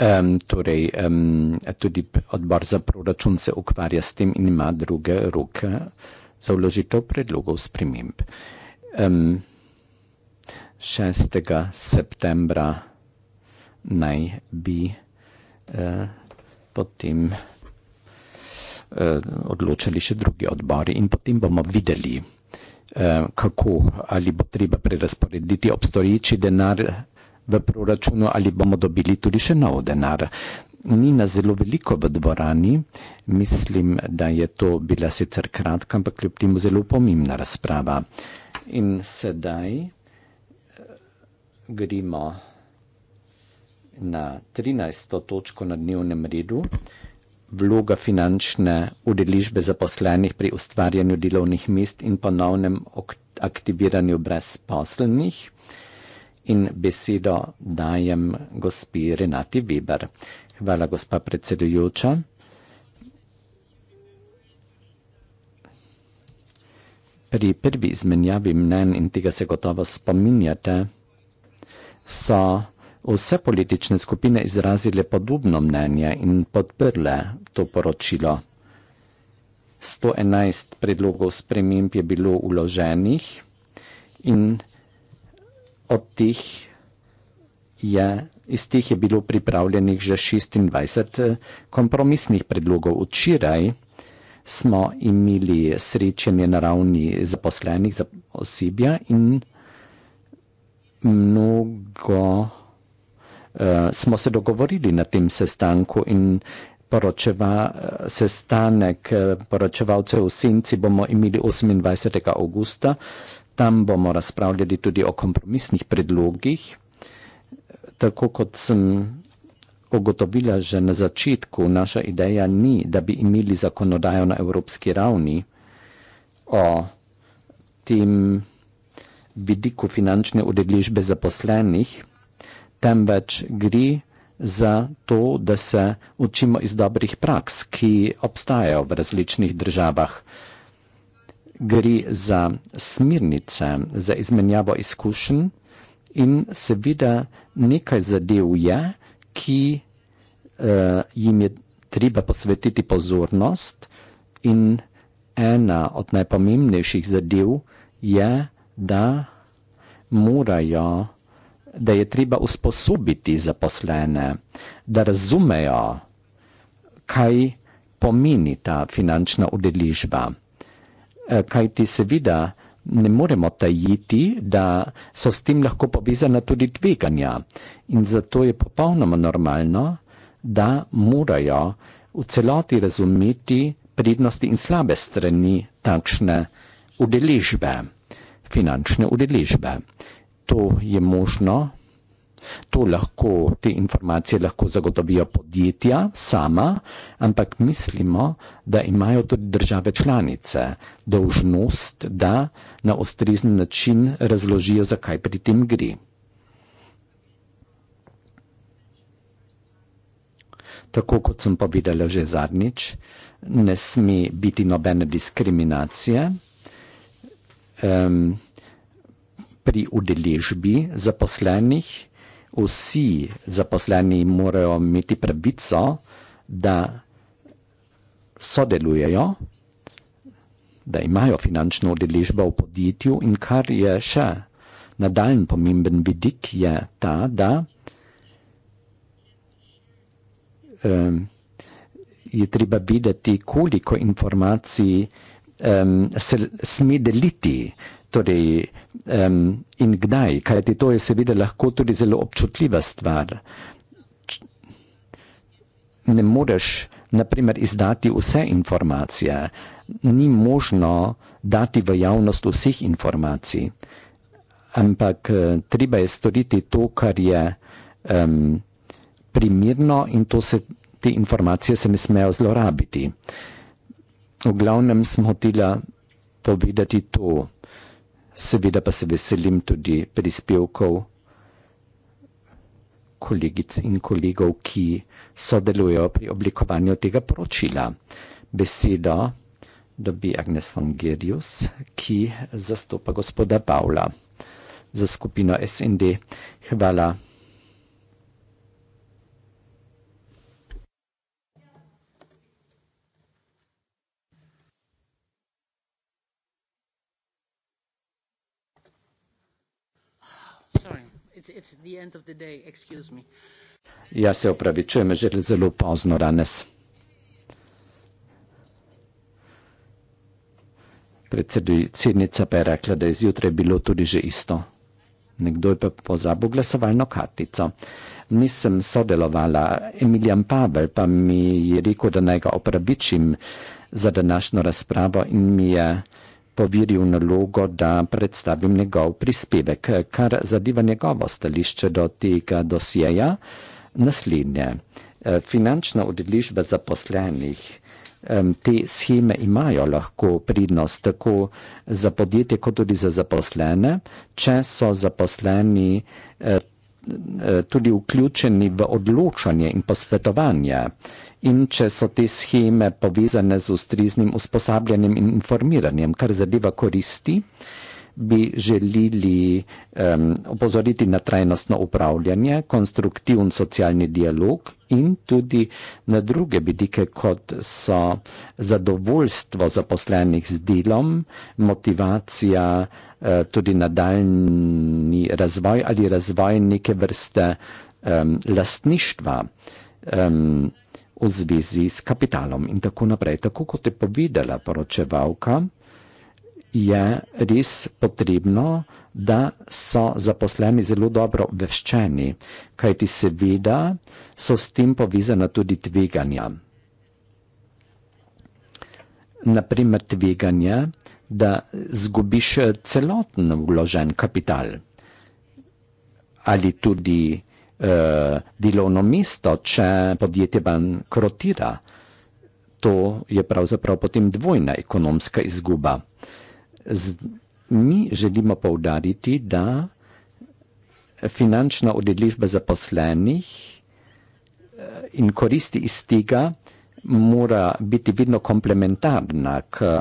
Um, torej, um, tudi odbor za proračun se ukvarja s tem in ima druge roke za vložitev predlogov sprememb. Um, 6. septembra naj bi uh, potem uh, e, odločili še drugi odbori in potem bomo videli, uh, kako ali bo treba prerasporediti obstoječi denar v proračunu, ali bomo dobili tudi še nov denar. Ni nas zelo veliko v dvorani, mislim, da je to bila sicer kratka, ampak kljub temu zelo pomembna razprava. In sedaj eh, gremo na 13. točko na dnevnem redu, vloga finančne udeležbe zaposlenih pri ustvarjanju delovnih mest in ponovnem aktiviranju brezposlenih in besedo dajem gospi Renati Weber. Hvala, gospa predsedujoča. Pri prvi izmenjavi mnen, in tega se gotovo spominjate, so vse politične skupine izrazile podobno mnenje in podprle to poročilo. 111 predlogov sprememb je bilo uloženih in od teh je, iz teh je bilo pripravljenih že 26 eh, kompromisnih predlogov. Včeraj smo imeli srečanje na ravni zaposlenih za osebja in mnogo uh, smo se dogovorili na tem sestanku in poročeva, eh, sestanek poročevalcev v Senci bomo imeli 28. augusta. Uh, Tam bomo razpravljali tudi o kompromisnih predlogih. Tako kot sem ugotovila že na začetku, naša ideja ni, da bi imeli zakonodajo na evropski ravni o tem vidiku finančne udeležbe zaposlenih, temveč gre za to, da se učimo iz dobrih praks, ki obstajajo v različnih državah gre za smirnice, za izmenjavo izkušenj in seveda nekaj zadev je, ki uh, jim je treba posvetiti pozornost in ena od najpomembnejših zadev je, da morajo, da je treba usposobiti zaposlene, da razumejo, kaj pomeni ta finančna udeležba. Eh, kaj ti seveda ne moremo tajiti, da so s tem lahko povezana tudi tveganja. In zato je popolnoma normalno, da morajo v celoti razumeti prednosti in slabe strani takšne udeležbe, finančne udeležbe. To je možno To lahko, te informacije lahko zagotovijo podjetja sama, ampak mislimo, da imajo tudi države članice dolžnost, da na ustrezen način razložijo, zakaj pri tem gre. Tako kot sem povedala že zadnjič, ne sme biti nobene diskriminacije um, pri udeležbi zaposlenih vsi zaposleni morajo imeti pravico, da sodelujejo, da imajo finančno udeležbo v podjetju in kar je še nadaljen pomemben vidik je ta, da um, je treba videti, koliko informacij um, se sme deliti, torej, um, in kdaj, kajti to je seveda lahko tudi zelo občutljiva stvar. Ne moreš, naprimer, izdati vse informacije, ni možno dati v javnost vseh informacij, ampak eh, treba je storiti to, kar je um, primirno in to se, te informacije se ne smejo zlorabiti. V glavnem smo hotela povedati to. Seveda pa se veselim tudi prispevkov kolegic in kolegov, ki sodelujo pri oblikovanju tega poročila. Besedo dobi Agnes von Gerius, ki zastopa gospoda Pavla za skupino SND. Hvala. Ja se opravičujem, že zelo pozno danes. Predsednica pa je rekla, da je zjutraj bilo tudi že isto. Nekdo je pa pozabil glasovalno kartico. Nisem sodelovala, Emilijan Pavel pa mi je rekel, da naj ga opravičim za današnjo razpravo in mi je uh, poviril nalogo, da predstavim njegov prispevek, kar zadeva njegovo stališče do tega dosjeja. Naslednje, e, finančna odeležba zaposlenih. E, te scheme imajo lahko prednost tako za podjetje, kot tudi za zaposlene, če so zaposleni e, tudi vključeni v odločanje in posvetovanje in če so te scheme povezane z ustriznim usposabljanjem in informiranjem, kar zadeva koristi, bi želeli um, opozoriti na trajnostno upravljanje, konstruktivni socialni dialog in tudi na druge vidike, kot so zadovoljstvo zaposlenih z delom, motivacija, uh, tudi nadaljni razvoj ali razvoj neke vrste um, lastništva. Um, v zvezi s kapitalom in tako naprej. Tako kot je povedala poročevalka, je res potrebno, da so zaposleni zelo dobro veščeni, kajti seveda so s tem povezana tudi tveganja. Naprimer tveganje, da zgubiš celoten vložen kapital ali tudi Eh, delovno mesto, če podjetje bankrotira, to je pravzaprav potem dvojna ekonomska izguba. Z, mi želimo povdariti, da finančna odedlišba zaposlenih eh, in koristi iz tega mora biti vedno komplementarna k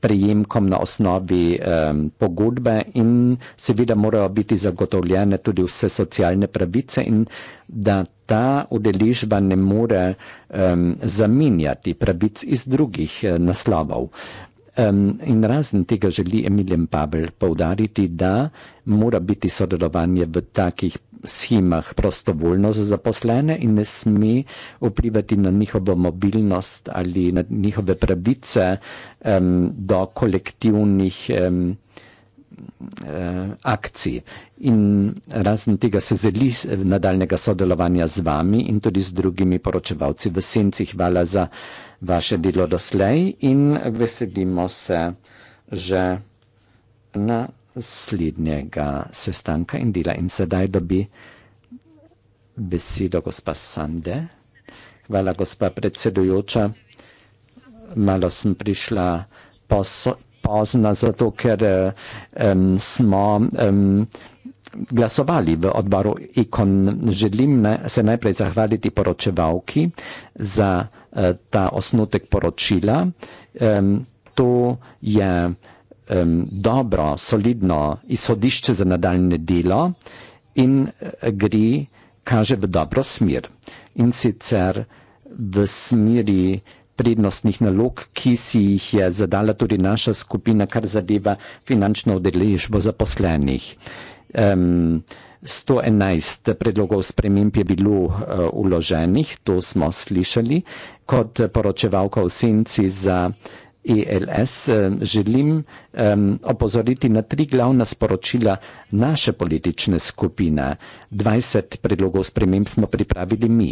prijemkom na osnovi um, pogodbe in seveda morajo biti zagotovljene tudi vse socialne pravice in da ta udeležba ne more um, zamenjati pravic iz drugih uh, naslovov. Uh, Um, in razen tega želi Emilijan Pavel poudariti, da mora biti sodelovanje v takih schemah prostovoljno za zaposlene in ne sme vplivati na njihovo mobilnost ali na njihove pravice um, do kolektivnih um, uh, akcij. In razen tega se želi nadaljnega sodelovanja z vami in tudi z drugimi poročevalci v sencih. Hvala za vaše delo doslej in veselimo se že naslednjega sestanka in dela. In sedaj dobi besedo gospa Sande. Hvala, gospa predsedujoča. Malo sem prišla pozna, zato ker um, smo um, glasovali v odboru ikon. Želim se najprej zahvaliti poročevalki za eh, ta osnutek poročila. To je dobro, solidno izhodišče za nadaljne delo in eh, gre, kaže v dobro smer. In sicer v smeri prednostnih nalog, ki si jih je zadala tudi naša skupina, kar zadeva finančno udeležbo zaposlenih. Um, 111 predlogov sprememb je bilo uh, eh, uloženih, to smo slišali. Kot poročevalka v senci za ELS uh, želim um, opozoriti na tri glavna sporočila naše politične skupine. 20 predlogov sprememb smo pripravili mi.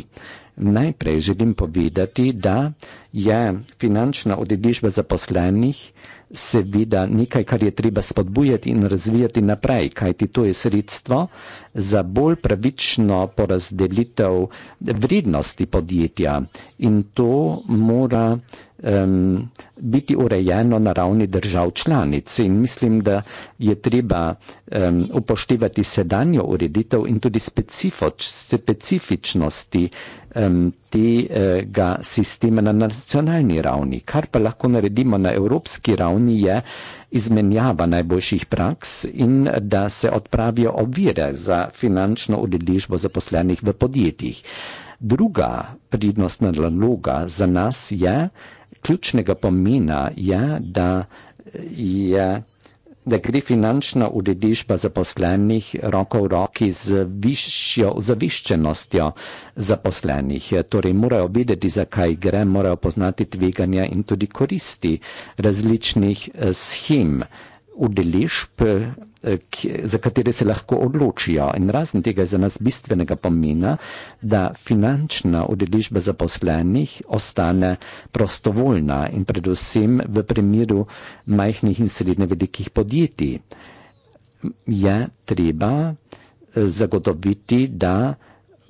Najprej želim povedati, da je finančna odedišba zaposlenih seveda nekaj, kar je treba spodbujati in razvijati naprej, kajti to je sredstvo za bolj pravično porazdelitev vrednosti podjetja in to mora um, biti urejeno na ravni držav članic. In mislim, da je treba um, upoštevati sedanjo ureditev in tudi specifič, specifičnosti um, tega sistema na nacionalni ravni. Kar pa lahko naredimo na evropski ravni, je izmenjava najboljših praks in da se odpravijo ovire za finančno udeležbo zaposlenih v podjetjih. Druga pridnostna naloga za nas je, ključnega pomena je, da, je, da gre finančna urediščba zaposlenih roko v roki z višjo zaviščenostjo zaposlenih. Torej morajo vedeti, zakaj gre, morajo poznati tveganja in tudi koristi različnih eh, schem udeležb, eh, za katere se lahko odločijo. Ja. In razen tega je za nas bistvenega pomena, da finančna udeležba zaposlenih ostane prostovoljna in predvsem v primeru majhnih in srednje velikih podjetij je treba eh, zagotoviti, da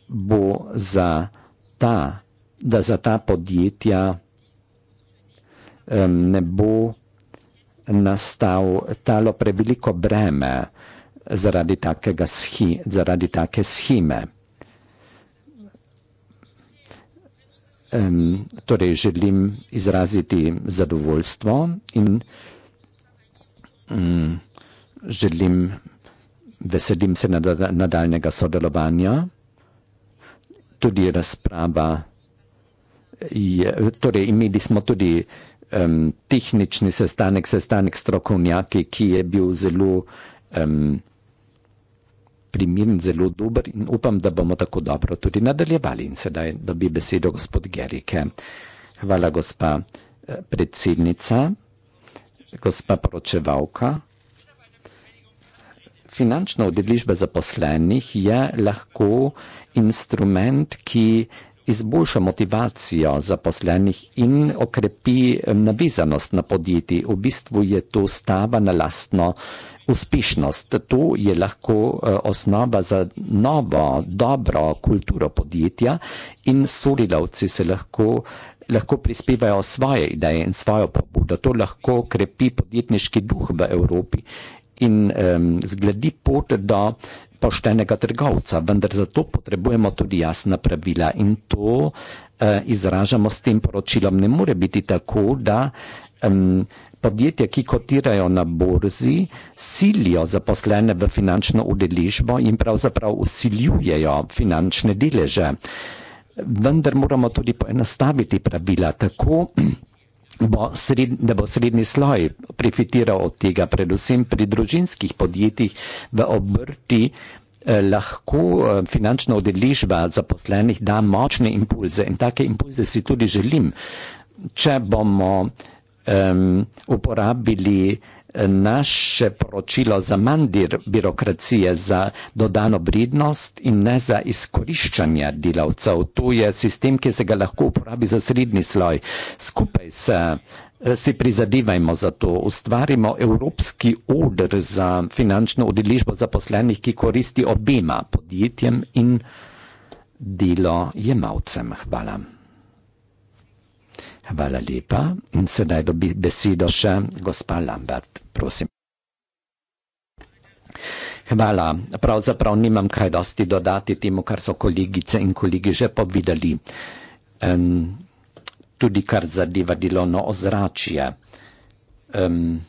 bo za ta, da za ta podjetja um, ne bo nastal talo preveliko breme zaradi, schi, zaradi take schime. Um, torej želim izraziti zadovoljstvo in um, želim, veselim se nad, nadaljnega sodelovanja. Tudi razprava, je, torej imeli smo tudi um, tehnični sestanek, sestanek strokovnjaki, ki je bil zelo um, primern, zelo dober in upam, da bomo tako dobro tudi nadaljevali. In sedaj dobi besedo gospod Gerike. Hvala, gospa eh, predsednica, gospa poročevalka. Finančna odeležba zaposlenih je lahko instrument, ki izboljša motivacijo zaposlenih in okrepi navezanost na podjetji. V bistvu je to stava na lastno uspešnost. To je lahko e, osnova za novo, dobro kulturo podjetja in sodelavci se lahko, lahko prispevajo svoje ideje in svojo pobudo. To lahko krepi podjetniški duh v Evropi. In um, zgledi pot do poštenega trgovca, vendar za to potrebujemo tudi jasna pravila in to eh, izražamo s tem poročilom. Ne more biti tako, da eh, podjetja, ki kotirajo na borzi, silijo zaposlene v finančno udeležbo in pravzaprav usiljujejo finančne deleže. Vendar moramo tudi poenostaviti pravila tako, bo sred, da bo srednji sloj profitiral od tega, predvsem pri družinskih podjetjih v obrti. Eh, lahko eh, finančna odeležba zaposlenih da močne impulze in take impulze si tudi želim. Če bomo um, uporabili naše poročilo za mandir birokracije, za dodano vrednost in ne za izkoriščanje delavcev. To je sistem, ki se ga lahko uporabi za srednji sloj. Skupaj se eh, si prizadevajmo za to, ustvarimo evropski odr za finančno udeležbo zaposlenih, ki koristi obema podjetjem in delo jemalcem. Hvala. Hvala lepa. In sedaj dobi besedo še gospa Lambert, prosim. Hvala. Pravzaprav nimam kaj dosti dodati temu, kar so kolegice in kolegi že povedali. Um, tudi kar zadeva delovno ozračje. Um,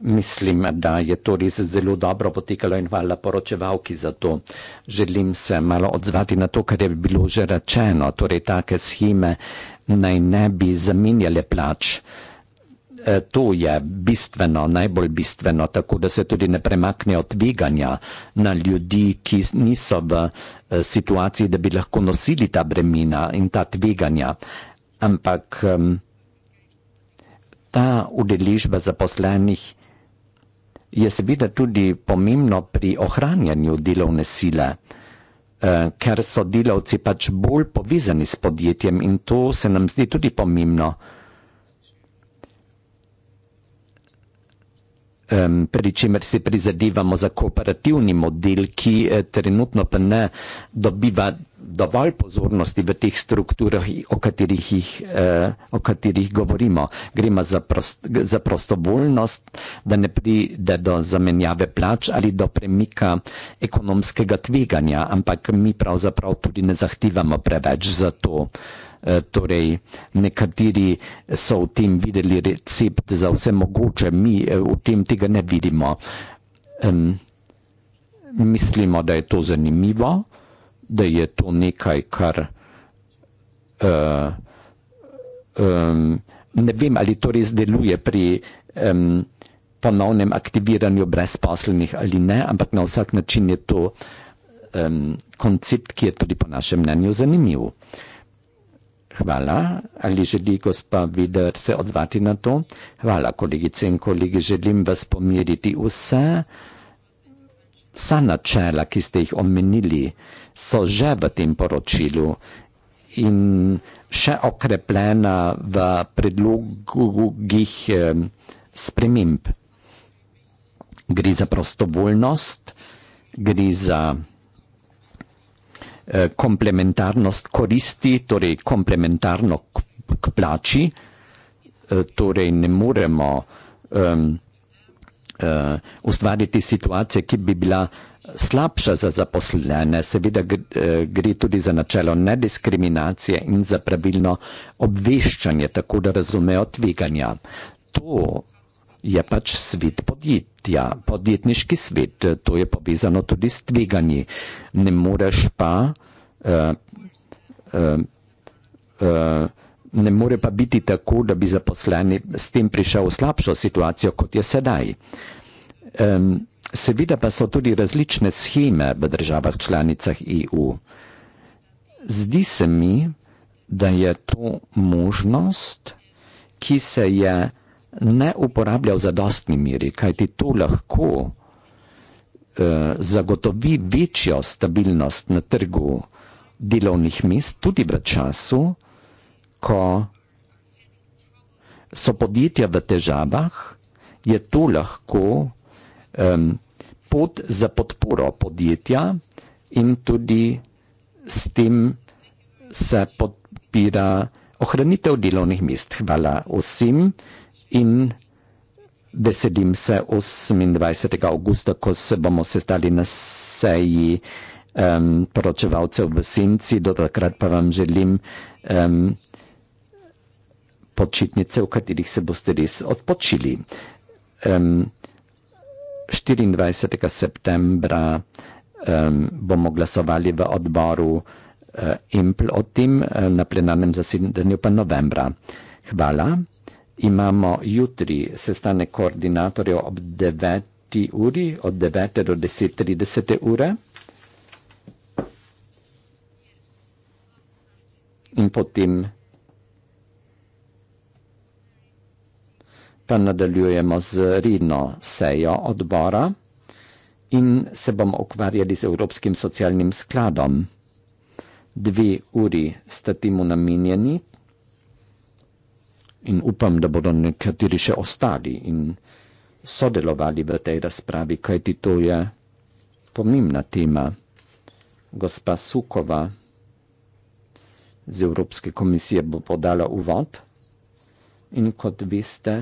mislim, da je to res zelo dobro potekalo in hvala poročevalki za to. Želim se malo odzvati na to, kar je bilo že rečeno, torej take scheme naj ne bi zamenjali plač. E, to je bistveno, najbolj bistveno, tako da se tudi ne premaknejo tveganja na ljudi, ki niso v e, situaciji, da bi lahko nosili ta bremena in ta tveganja. Ampak ta udeležba zaposlenih je seveda tudi pomembno pri ohranjanju delovne sile. Eh, ker so delavci pač bolj povezani s podjetjem in to se nam zdi tudi pomembno. um, pri čemer si prizadevamo za kooperativni model, ki eh, trenutno pa ne dobiva dovolj pozornosti v teh strukturah, o katerih, jih, eh, o katerih govorimo. Gremo za, prost, za prostovoljnost, da ne pride do zamenjave plač ali do premika ekonomskega tveganja, ampak mi pravzaprav tudi ne zahtevamo preveč za to. Eh, Eh, torej nekateri so v tem videli recept za vse mogoče, mi eh, v tem tega ne vidimo. Mislimo, da je to zanimivo, da je to nekaj, kar uh, um, ne vem, ali to res deluje pri um, ponovnem aktiviranju brezposlenih ali ne, ampak na vsak način je to um, koncept, ki je tudi po našem mnenju zanimiv. Uh, Hvala, ali želi gospa Vidar se odzvati na to? Hvala, kolegice in kolegi, želim vas pomiriti vse. Vsa načela, ki ste jih omenili, so že v tem poročilu in še okrepljena v predlogih eh, sprememb. Gre za prostovoljnost, gre za Eh, komplementarnost koristi, torej komplementarno k, k plači, eh, torej ne moremo um, uh, ustvariti situacije, ki bi bila slabša za zaposlene. Seveda gre tudi za načelo nediskriminacije in za pravilno obveščanje, tako da razumejo tveganja. To je pač svet podjetja, podjetniški svet. To je povezano tudi s tveganji. Ne moreš pa. Uh, uh, uh, Ne more pa biti tako, da bi zaposleni s tem prišel v slabšo situacijo, kot je sedaj. Seveda pa so tudi različne scheme v državah članicah EU. Zdi se mi, da je to možnost, ki se je ne uporablja v zadostni meri, kajti to lahko eh, zagotovi večjo stabilnost na trgu delovnih mest, tudi v času, ko so podjetja v težavah, je to lahko eh, pot za podporo podjetja in tudi s tem se podpira ohranitev delovnih mest. Hvala vsem in veselim se 28. augusta, ko se bomo sestali na seji um, poročevalcev v Sinci. Do takrat pa vam želim um, počitnice, v katerih se boste res odpočili. Um, 24. septembra um, bomo glasovali v odboru uh, eh, Impl o tem uh, na plenarnem zasedanju pa novembra. Hvala. Imamo jutri sestanek koordinatorjev ob 9. uri, od 9. do 10.30 ure. In potem pa nadaljujemo z redno sejo odbora in se bomo ukvarjali z Evropskim socialnim skladom. Dve uri sta temu namenjeni, in upam, da bodo nekateri še ostali in sodelovali v tej razpravi, kajti to je pomembna tema. Gospa Sukova z Evropske komisije bo podala uvod in kot veste,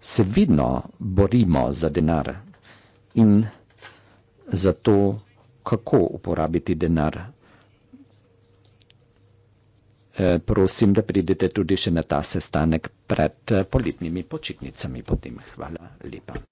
se vedno borimo za denar in za to, kako uporabiti denar. Eh, prosim, da pridete tudi še na ta sestanek pred eh, poletnimi počitnicami. Potem hvala lepa.